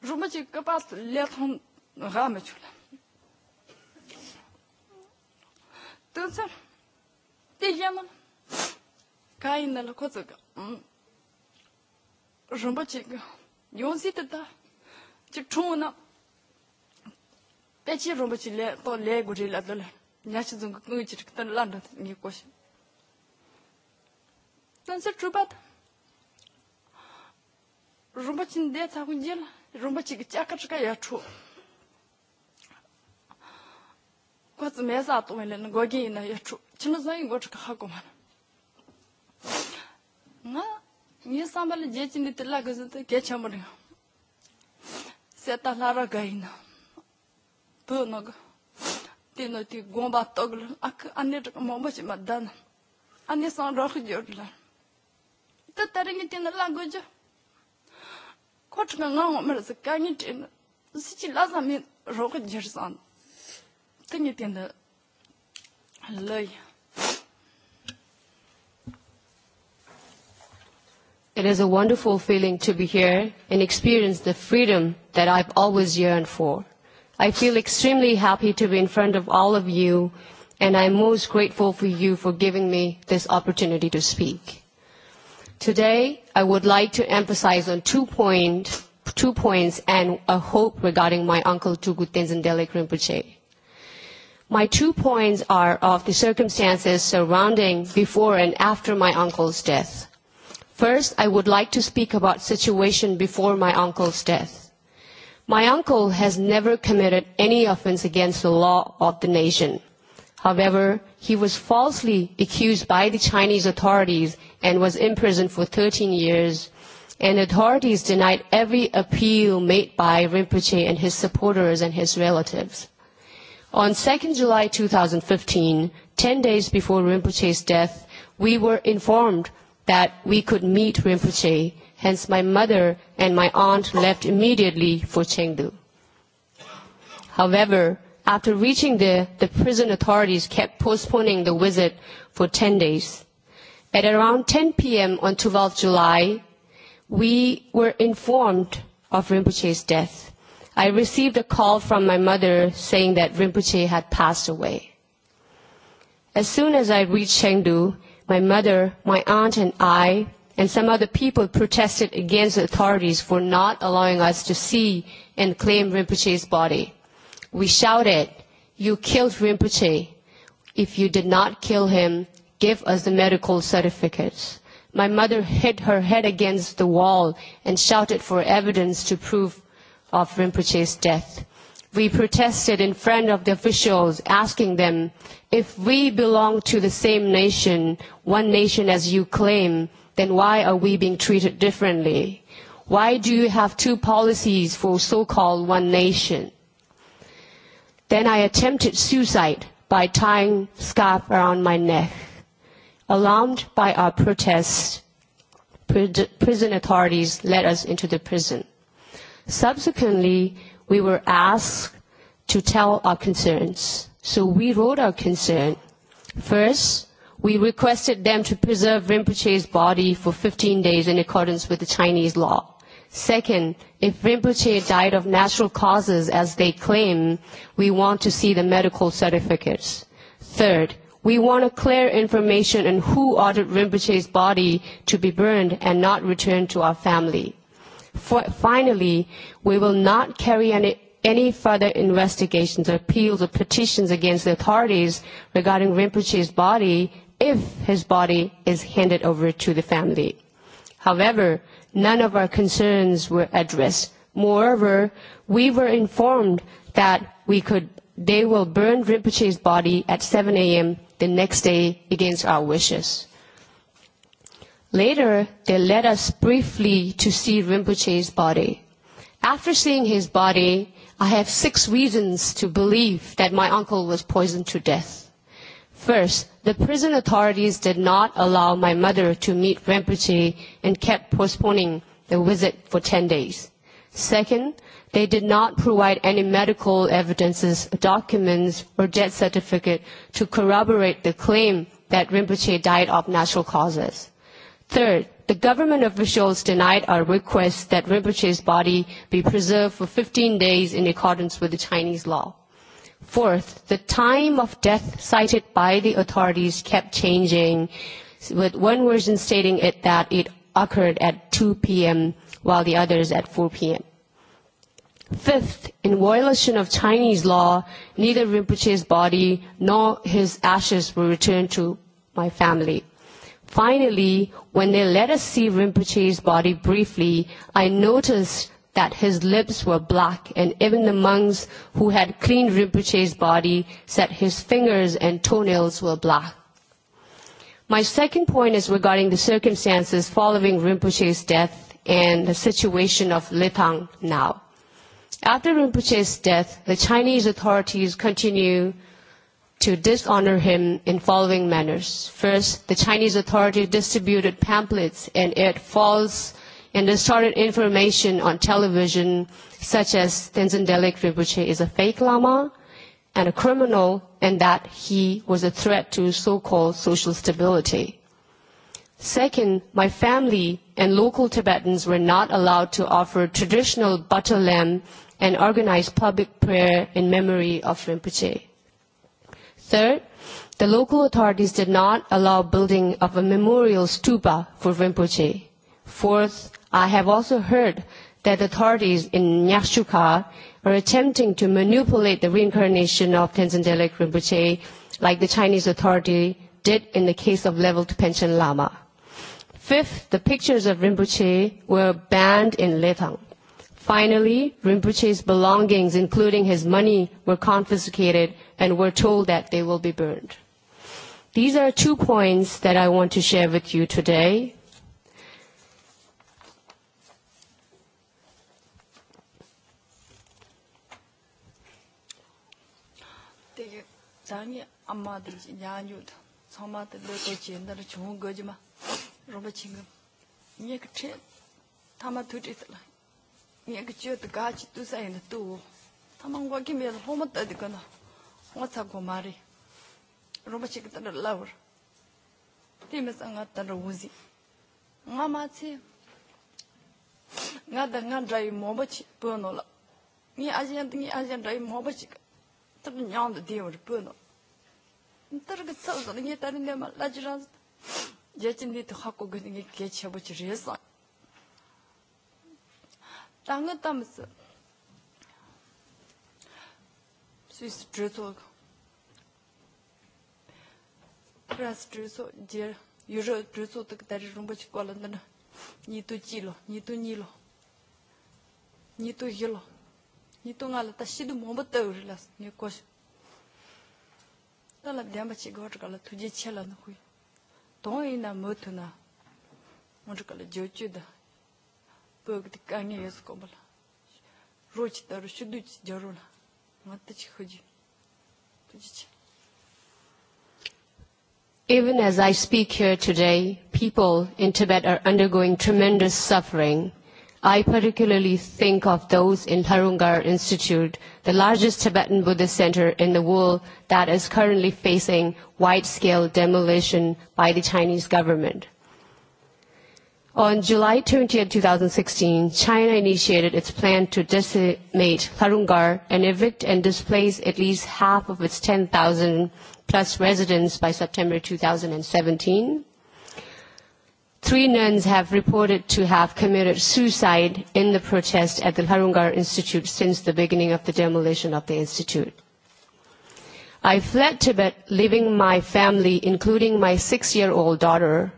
上班去搞把两趟俺们去了。Tunsar, diġemon, kajna la kozuga, hmm. rumba ċiga, jonsi tata, ċiċuna, peċi rumba le, to le guri la għadlole, njaċi zunga kungi ċiċi ktan landa ngi koshi. Tunsar ċubat, rumba ċindeta kunjela, rumba ċiga ċaka ċaka jaċu. kwa tsu me sa tu me le ngo gi na ye chu chin sa ngo chu ka ko ma na ni sa ma le je chin de la ga te ke se ta la ra ga no ga ti ti gomba tog ak ane mo ba chi ma dan ane sa ro khu jo la ta ta ti na la go nga ngo ma se ka ni ti si chi la sa It is a wonderful feeling to be here and experience the freedom that I've always yearned for. I feel extremely happy to be in front of all of you and I'm most grateful for you for giving me this opportunity to speak. Today, I would like to emphasize on two, point, two points and a hope regarding my uncle Tugu Tenzin Delek Rinpoche. My two points are of the circumstances surrounding before and after my uncle's death. First, I would like to speak about situation before my uncle's death. My uncle has never committed any offense against the law of the nation. However, he was falsely accused by the Chinese authorities and was imprisoned for 13 years, and authorities denied every appeal made by Rinpoche and his supporters and his relatives. On 2nd July 2015, 10 days before Rinpoche's death, we were informed that we could meet Rinpoche. Hence, my mother and my aunt left immediately for Chengdu. However, after reaching there, the prison authorities kept postponing the visit for 10 days. At around 10 p.m. on 12th July, we were informed of Rinpoche's death. I received a call from my mother saying that Rinpoche had passed away. As soon as I reached Chengdu, my mother, my aunt and I, and some other people protested against the authorities for not allowing us to see and claim Rinpoche's body. We shouted, you killed Rinpoche. If you did not kill him, give us the medical certificates. My mother hit her head against the wall and shouted for evidence to prove of Rinpoche's death. We protested in front of the officials, asking them, if we belong to the same nation, one nation as you claim, then why are we being treated differently? Why do you have two policies for so-called one nation? Then I attempted suicide by tying scarf around my neck. Alarmed by our protests, prison authorities led us into the prison. Subsequently, we were asked to tell our concerns. So we wrote our concern. First, we requested them to preserve Rinpoche's body for 15 days in accordance with the Chinese law. Second, if Rinpoche died of natural causes as they claim, we want to see the medical certificates. Third, we want a clear information on who ordered Rinpoche's body to be burned and not returned to our family. For, finally, we will not carry any, any further investigations, or appeals, or petitions against the authorities regarding Rinpoche's body if his body is handed over to the family. However, none of our concerns were addressed. Moreover, we were informed that we could, they will burn Rinpoche's body at 7 a.m. the next day against our wishes. Later, they led us briefly to see Rinpoche's body. After seeing his body, I have six reasons to believe that my uncle was poisoned to death. First, the prison authorities did not allow my mother to meet Rinpoche and kept postponing the visit for 10 days. Second, they did not provide any medical evidences, documents, or death certificate to corroborate the claim that Rinpoche died of natural causes. Third, the government officials denied our request that Rinpoche's body be preserved for 15 days in accordance with the Chinese law. Fourth, the time of death cited by the authorities kept changing, with one version stating it that it occurred at 2 p.m., while the others at 4 p.m. Fifth, in violation of Chinese law, neither Rinpoche's body nor his ashes were returned to my family. Finally, when they let us see Rinpoche's body briefly, I noticed that his lips were black, and even the monks who had cleaned Rinpoche's body said his fingers and toenails were black. My second point is regarding the circumstances following Rinpoche's death and the situation of Litang now. After Rinpoche's death, the Chinese authorities continue to dishonor him in following manners. First, the Chinese authority distributed pamphlets and aired false and distorted information on television, such as Tenzin Delik Rinpoche is a fake lama and a criminal, and that he was a threat to so-called social stability. Second, my family and local Tibetans were not allowed to offer traditional butter lamb and organize public prayer in memory of Rinpoche. Third, the local authorities did not allow building of a memorial stupa for Rinpoche. Fourth, I have also heard that authorities in Nyakshuka are attempting to manipulate the reincarnation of Tenzin Delek Rinpoche like the Chinese authority did in the case of leveled pension lama. Fifth, the pictures of Rinpoche were banned in Letang. Finally, Rinpoche's belongings, including his money, were confiscated and were told that they will be burned. These are two points that I want to share with you today. 也个觉得家己都在那多，他们我给面子好么得的个呢，我才过马的，如果这个得了了，你们三个得了无锡，我妈去，我得我这摸不起不弄了，你阿姐你阿姐这摸不起个，这个娘的地方是不弄，你得这个臭子你得你嘛垃圾上，也今天都好过个你给钱不去热上。 당근 담스 스위스 드르소 프랑스 드르소 제 유저 드르소 특다리 rumba치 콜란다 니토 칠로 니토 닐로 니토 힐로 니토 ngal ta shidu momba tawrilas ni kosh tala dyamba chi kala gala tuje chela mutuna mon gala бүгд гани яскобл. Руч дару шидуч жаруна. Матач ходи. Пудич. Even as I speak here today, people in Tibet are undergoing tremendous suffering. I particularly think of those in Harungar Institute, the largest Tibetan Buddhist center in the world that is currently facing wide-scale demolition by the Chinese government. On July 20, 2016, China initiated its plan to decimate Harungar and evict and displace at least half of its 10,000 plus residents by September 2017. Three nuns have reported to have committed suicide in the protest at the Harungar Institute since the beginning of the demolition of the institute. I fled Tibet, leaving my family, including my six-year-old daughter,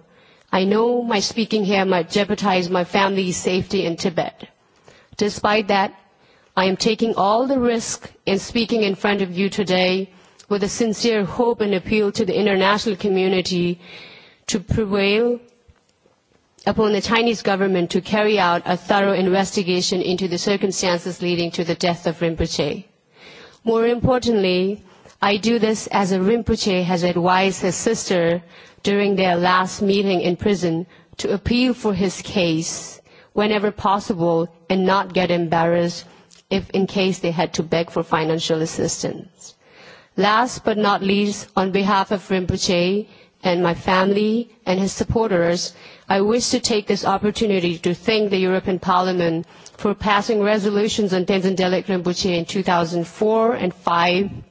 I know my speaking here might jeopardize my family's safety in Tibet. Despite that, I am taking all the risk in speaking in front of you today with a sincere hope and appeal to the international community to prevail upon the Chinese government to carry out a thorough investigation into the circumstances leading to the death of Rinpoche. More importantly, I do this as a Rinpoche has advised his sister during their last meeting in prison to appeal for his case whenever possible and not get embarrassed if in case they had to beg for financial assistance. Last but not least, on behalf of Rinpoche and my family and his supporters, I wish to take this opportunity to thank the European Parliament for passing resolutions on Tenzin Delek Rinpoche in 2004 and 2005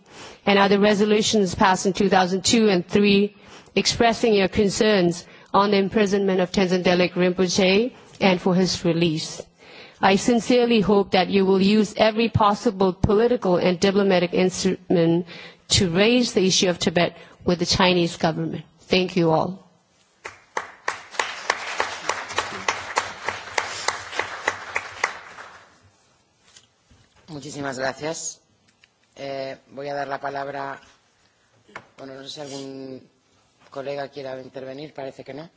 and other resolutions passed in 2002 and 3 expressing your concerns on the imprisonment of Tenzin Delek Rinpoche and for his release. I sincerely hope that you will use every possible political and diplomatic instrument to raise the issue of Tibet with the Chinese government. Thank you all. Muchísimas gracias. Eh, voy a dar la palabra. Bueno, no sé si algún colega quiera intervenir, parece que no.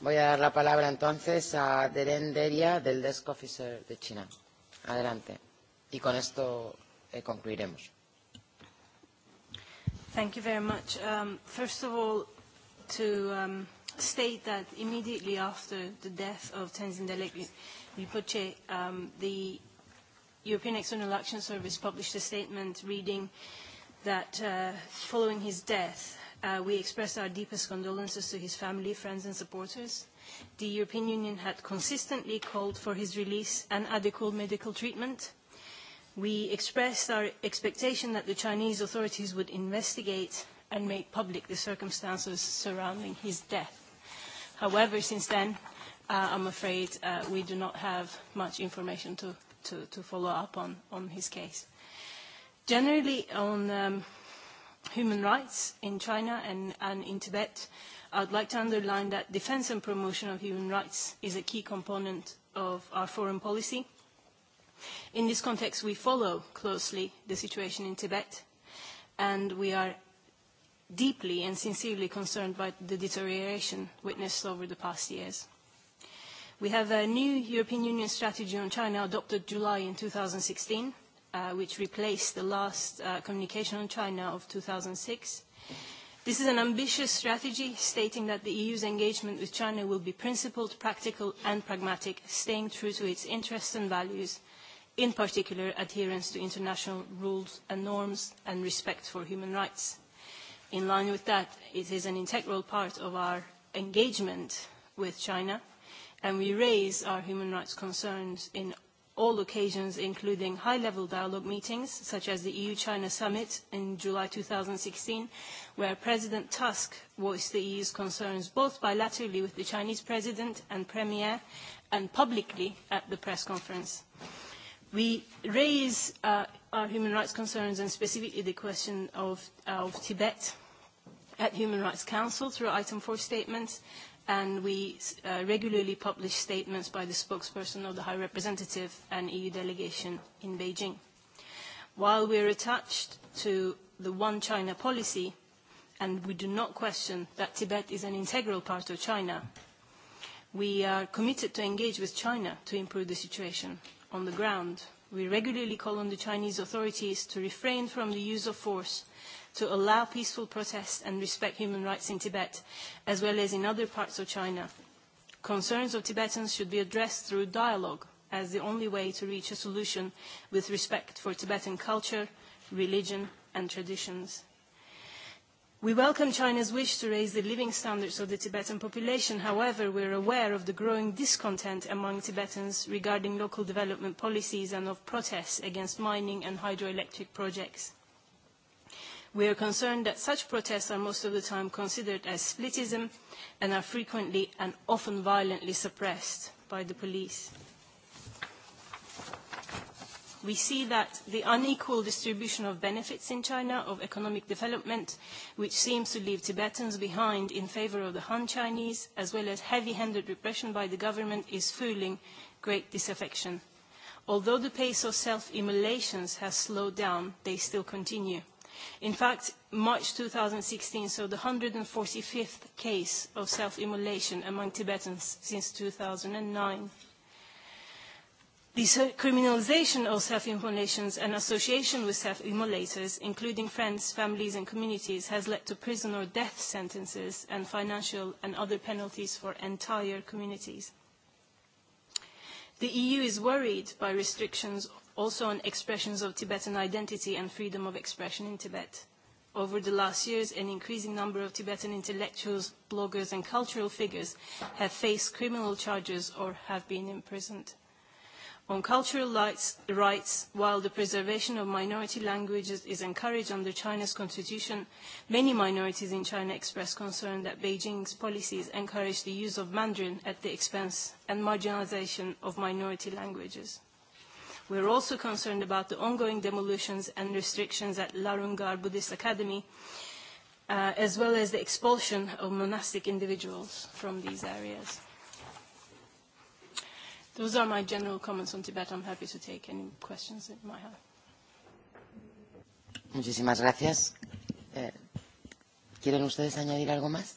Voy a dar la palabra entonces a Deren Deria, del Desk Officer de China. Adelante. Y con esto eh, concluiremos. Thank you very much. Um, first of all, to um, state that immediately after the death of Tenzin Delek Rinpoche, um, the European External Action Service published a statement reading that uh, following his death, uh, we express our deepest condolences to his family, friends and supporters. The European Union had consistently called for his release and adequate medical treatment. We expressed our expectation that the Chinese authorities would investigate and make public the circumstances surrounding his death. However, since then, uh, I'm afraid uh, we do not have much information to to, to follow up on, on his case. Generally on um, human rights in China and, and in Tibet, I would like to underline that defense and promotion of human rights is a key component of our foreign policy. In this context, we follow closely the situation in Tibet, and we are deeply and sincerely concerned by the deterioration witnessed over the past years. We have a new European Union strategy on China adopted July in 2016, uh, which replaced the last uh, communication on China of 2006. This is an ambitious strategy stating that the EU's engagement with China will be principled, practical and pragmatic, staying true to its interests and values, in particular adherence to international rules and norms and respect for human rights. In line with that, it is an integral part of our engagement with China – and we raise our human rights concerns in all occasions, including high-level dialogue meetings, such as the EU-China Summit in July 2016, where President Tusk voiced the EU's concerns both bilaterally with the Chinese President and Premier and publicly at the press conference. We raise uh, our human rights concerns and specifically the question of, uh, of Tibet at Human Rights Council through item four statements and we uh, regularly publish statements by the spokesperson of the High Representative and EU delegation in Beijing. While we are attached to the One China policy, and we do not question that Tibet is an integral part of China, we are committed to engage with China to improve the situation on the ground. We regularly call on the Chinese authorities to refrain from the use of force to allow peaceful protests and respect human rights in Tibet, as well as in other parts of China. Concerns of Tibetans should be addressed through dialogue as the only way to reach a solution with respect for Tibetan culture, religion and traditions. We welcome China's wish to raise the living standards of the Tibetan population. However, we are aware of the growing discontent among Tibetans regarding local development policies and of protests against mining and hydroelectric projects. We are concerned that such protests are most of the time considered as splitism and are frequently and often violently suppressed by the police. We see that the unequal distribution of benefits in China of economic development, which seems to leave Tibetans behind in favor of the Han Chinese, as well as heavy-handed repression by the government, is fueling great disaffection. Although the pace of self-immolations has slowed down, they still continue. In fact, March 2016 saw so the 145th case of self-immolation among Tibetans since 2009. The criminalization of self-immolations and association with self-immolators, including friends, families and communities, has led to prison or death sentences and financial and other penalties for entire communities. The EU is worried by restrictions also on expressions of Tibetan identity and freedom of expression in Tibet. Over the last years, an increasing number of Tibetan intellectuals, bloggers and cultural figures have faced criminal charges or have been imprisoned. On cultural rights, rights, while the preservation of minority languages is encouraged under China's constitution, many minorities in China express concern that Beijing's policies encourage the use of Mandarin at the expense and marginalization of minority languages. We are also concerned about the ongoing demolitions and restrictions at Larungar Buddhist Academy, uh, as well as the expulsion of monastic individuals from these areas. Those are my general comments on Tibet. I'm happy to take any questions that you might have. Muchísimas gracias. Eh, ¿Quieren ustedes añadir algo más?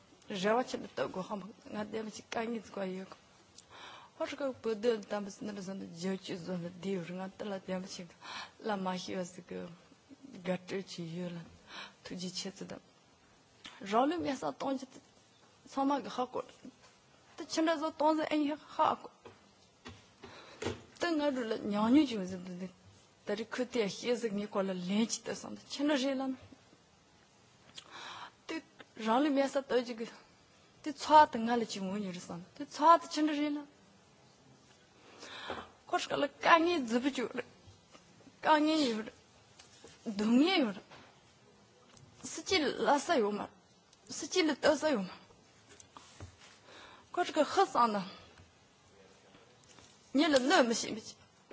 жавача битта гохам надема чиканит кайек Horka budil tam snarsan jochi zon diur nga tala tam chik la mahi wasik gatter chi yulan tuji chetda. Rolim yasa tonje sama gakor. Ta chinda zo tonje en hak. Ta ngaru la nyanyu ji wazid de tari khuti ya hizik ni kola lench ta sam chinda jelan. Ti rolim yasa tojig Ti tswa ta nga la chi ngu yir san. Ti tswa ta chin ri la. Kosh ka la ka ngi zibu ju ri. Ka ngi yu ri. Dung ngi yu ri. Si chi la sa yu ma. Si chi la ta sa yu ma. Kosh ka kha san da. Nyi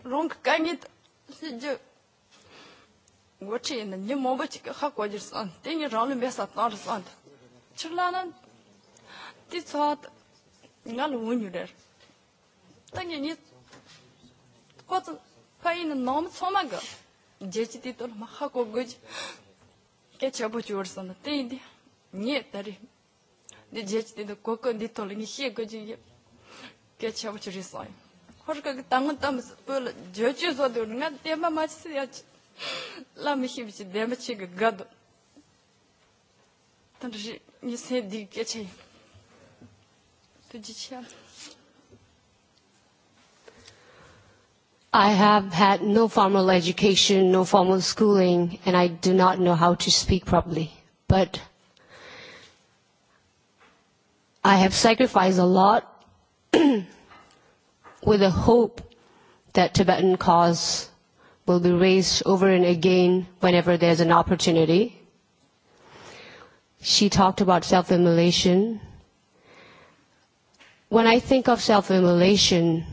Rong ka ta. Si ju. Ngwa chi yin da nyi mo kwa jir san. Ti ngi rang sa ta san. Chir ti sot nga lunjuder. Tangi njit, kotën ka i në nëmë ti të në më hako ke që apo që indi, njët të Di gjë ti të kokën di të lë një shie ke që apo që rrisojnë. Hoxka gë tangën të mësë pëllë, gjë që sot ma që di ke I have had no formal education, no formal schooling, and I do not know how to speak properly. But I have sacrificed a lot with the hope that Tibetan cause will be raised over and again whenever there's an opportunity. She talked about self-immolation When I think of self-immolation,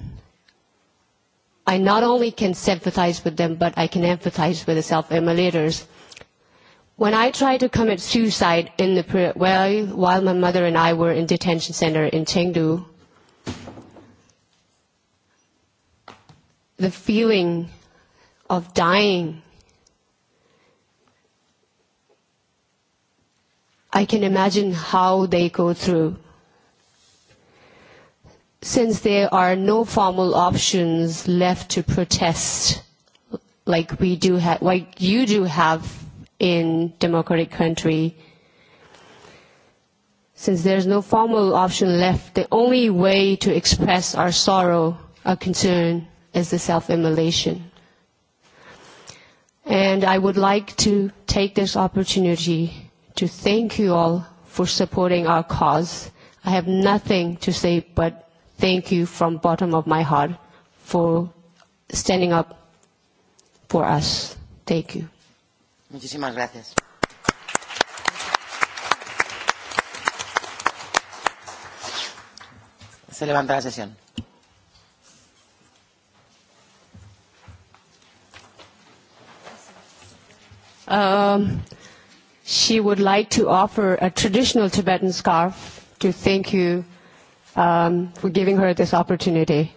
I not only can sympathize with them, but I can empathize with the self-immolators. When I tried to commit suicide in the well, while my mother and I were in detention center in Chengdu, the feeling of dying, I can imagine how they go through since there are no formal options left to protest like we do have like you do have in democratic country since there's no formal option left the only way to express our sorrow our concern is the self-immolation and i would like to take this opportunity to thank you all for supporting our cause i have nothing to say but thank you from bottom of my heart for standing up for us. Thank you. Muchísimas gracias. Se levanta la sesión. Um, she would like to offer a traditional Tibetan scarf to thank you um, for giving her this opportunity.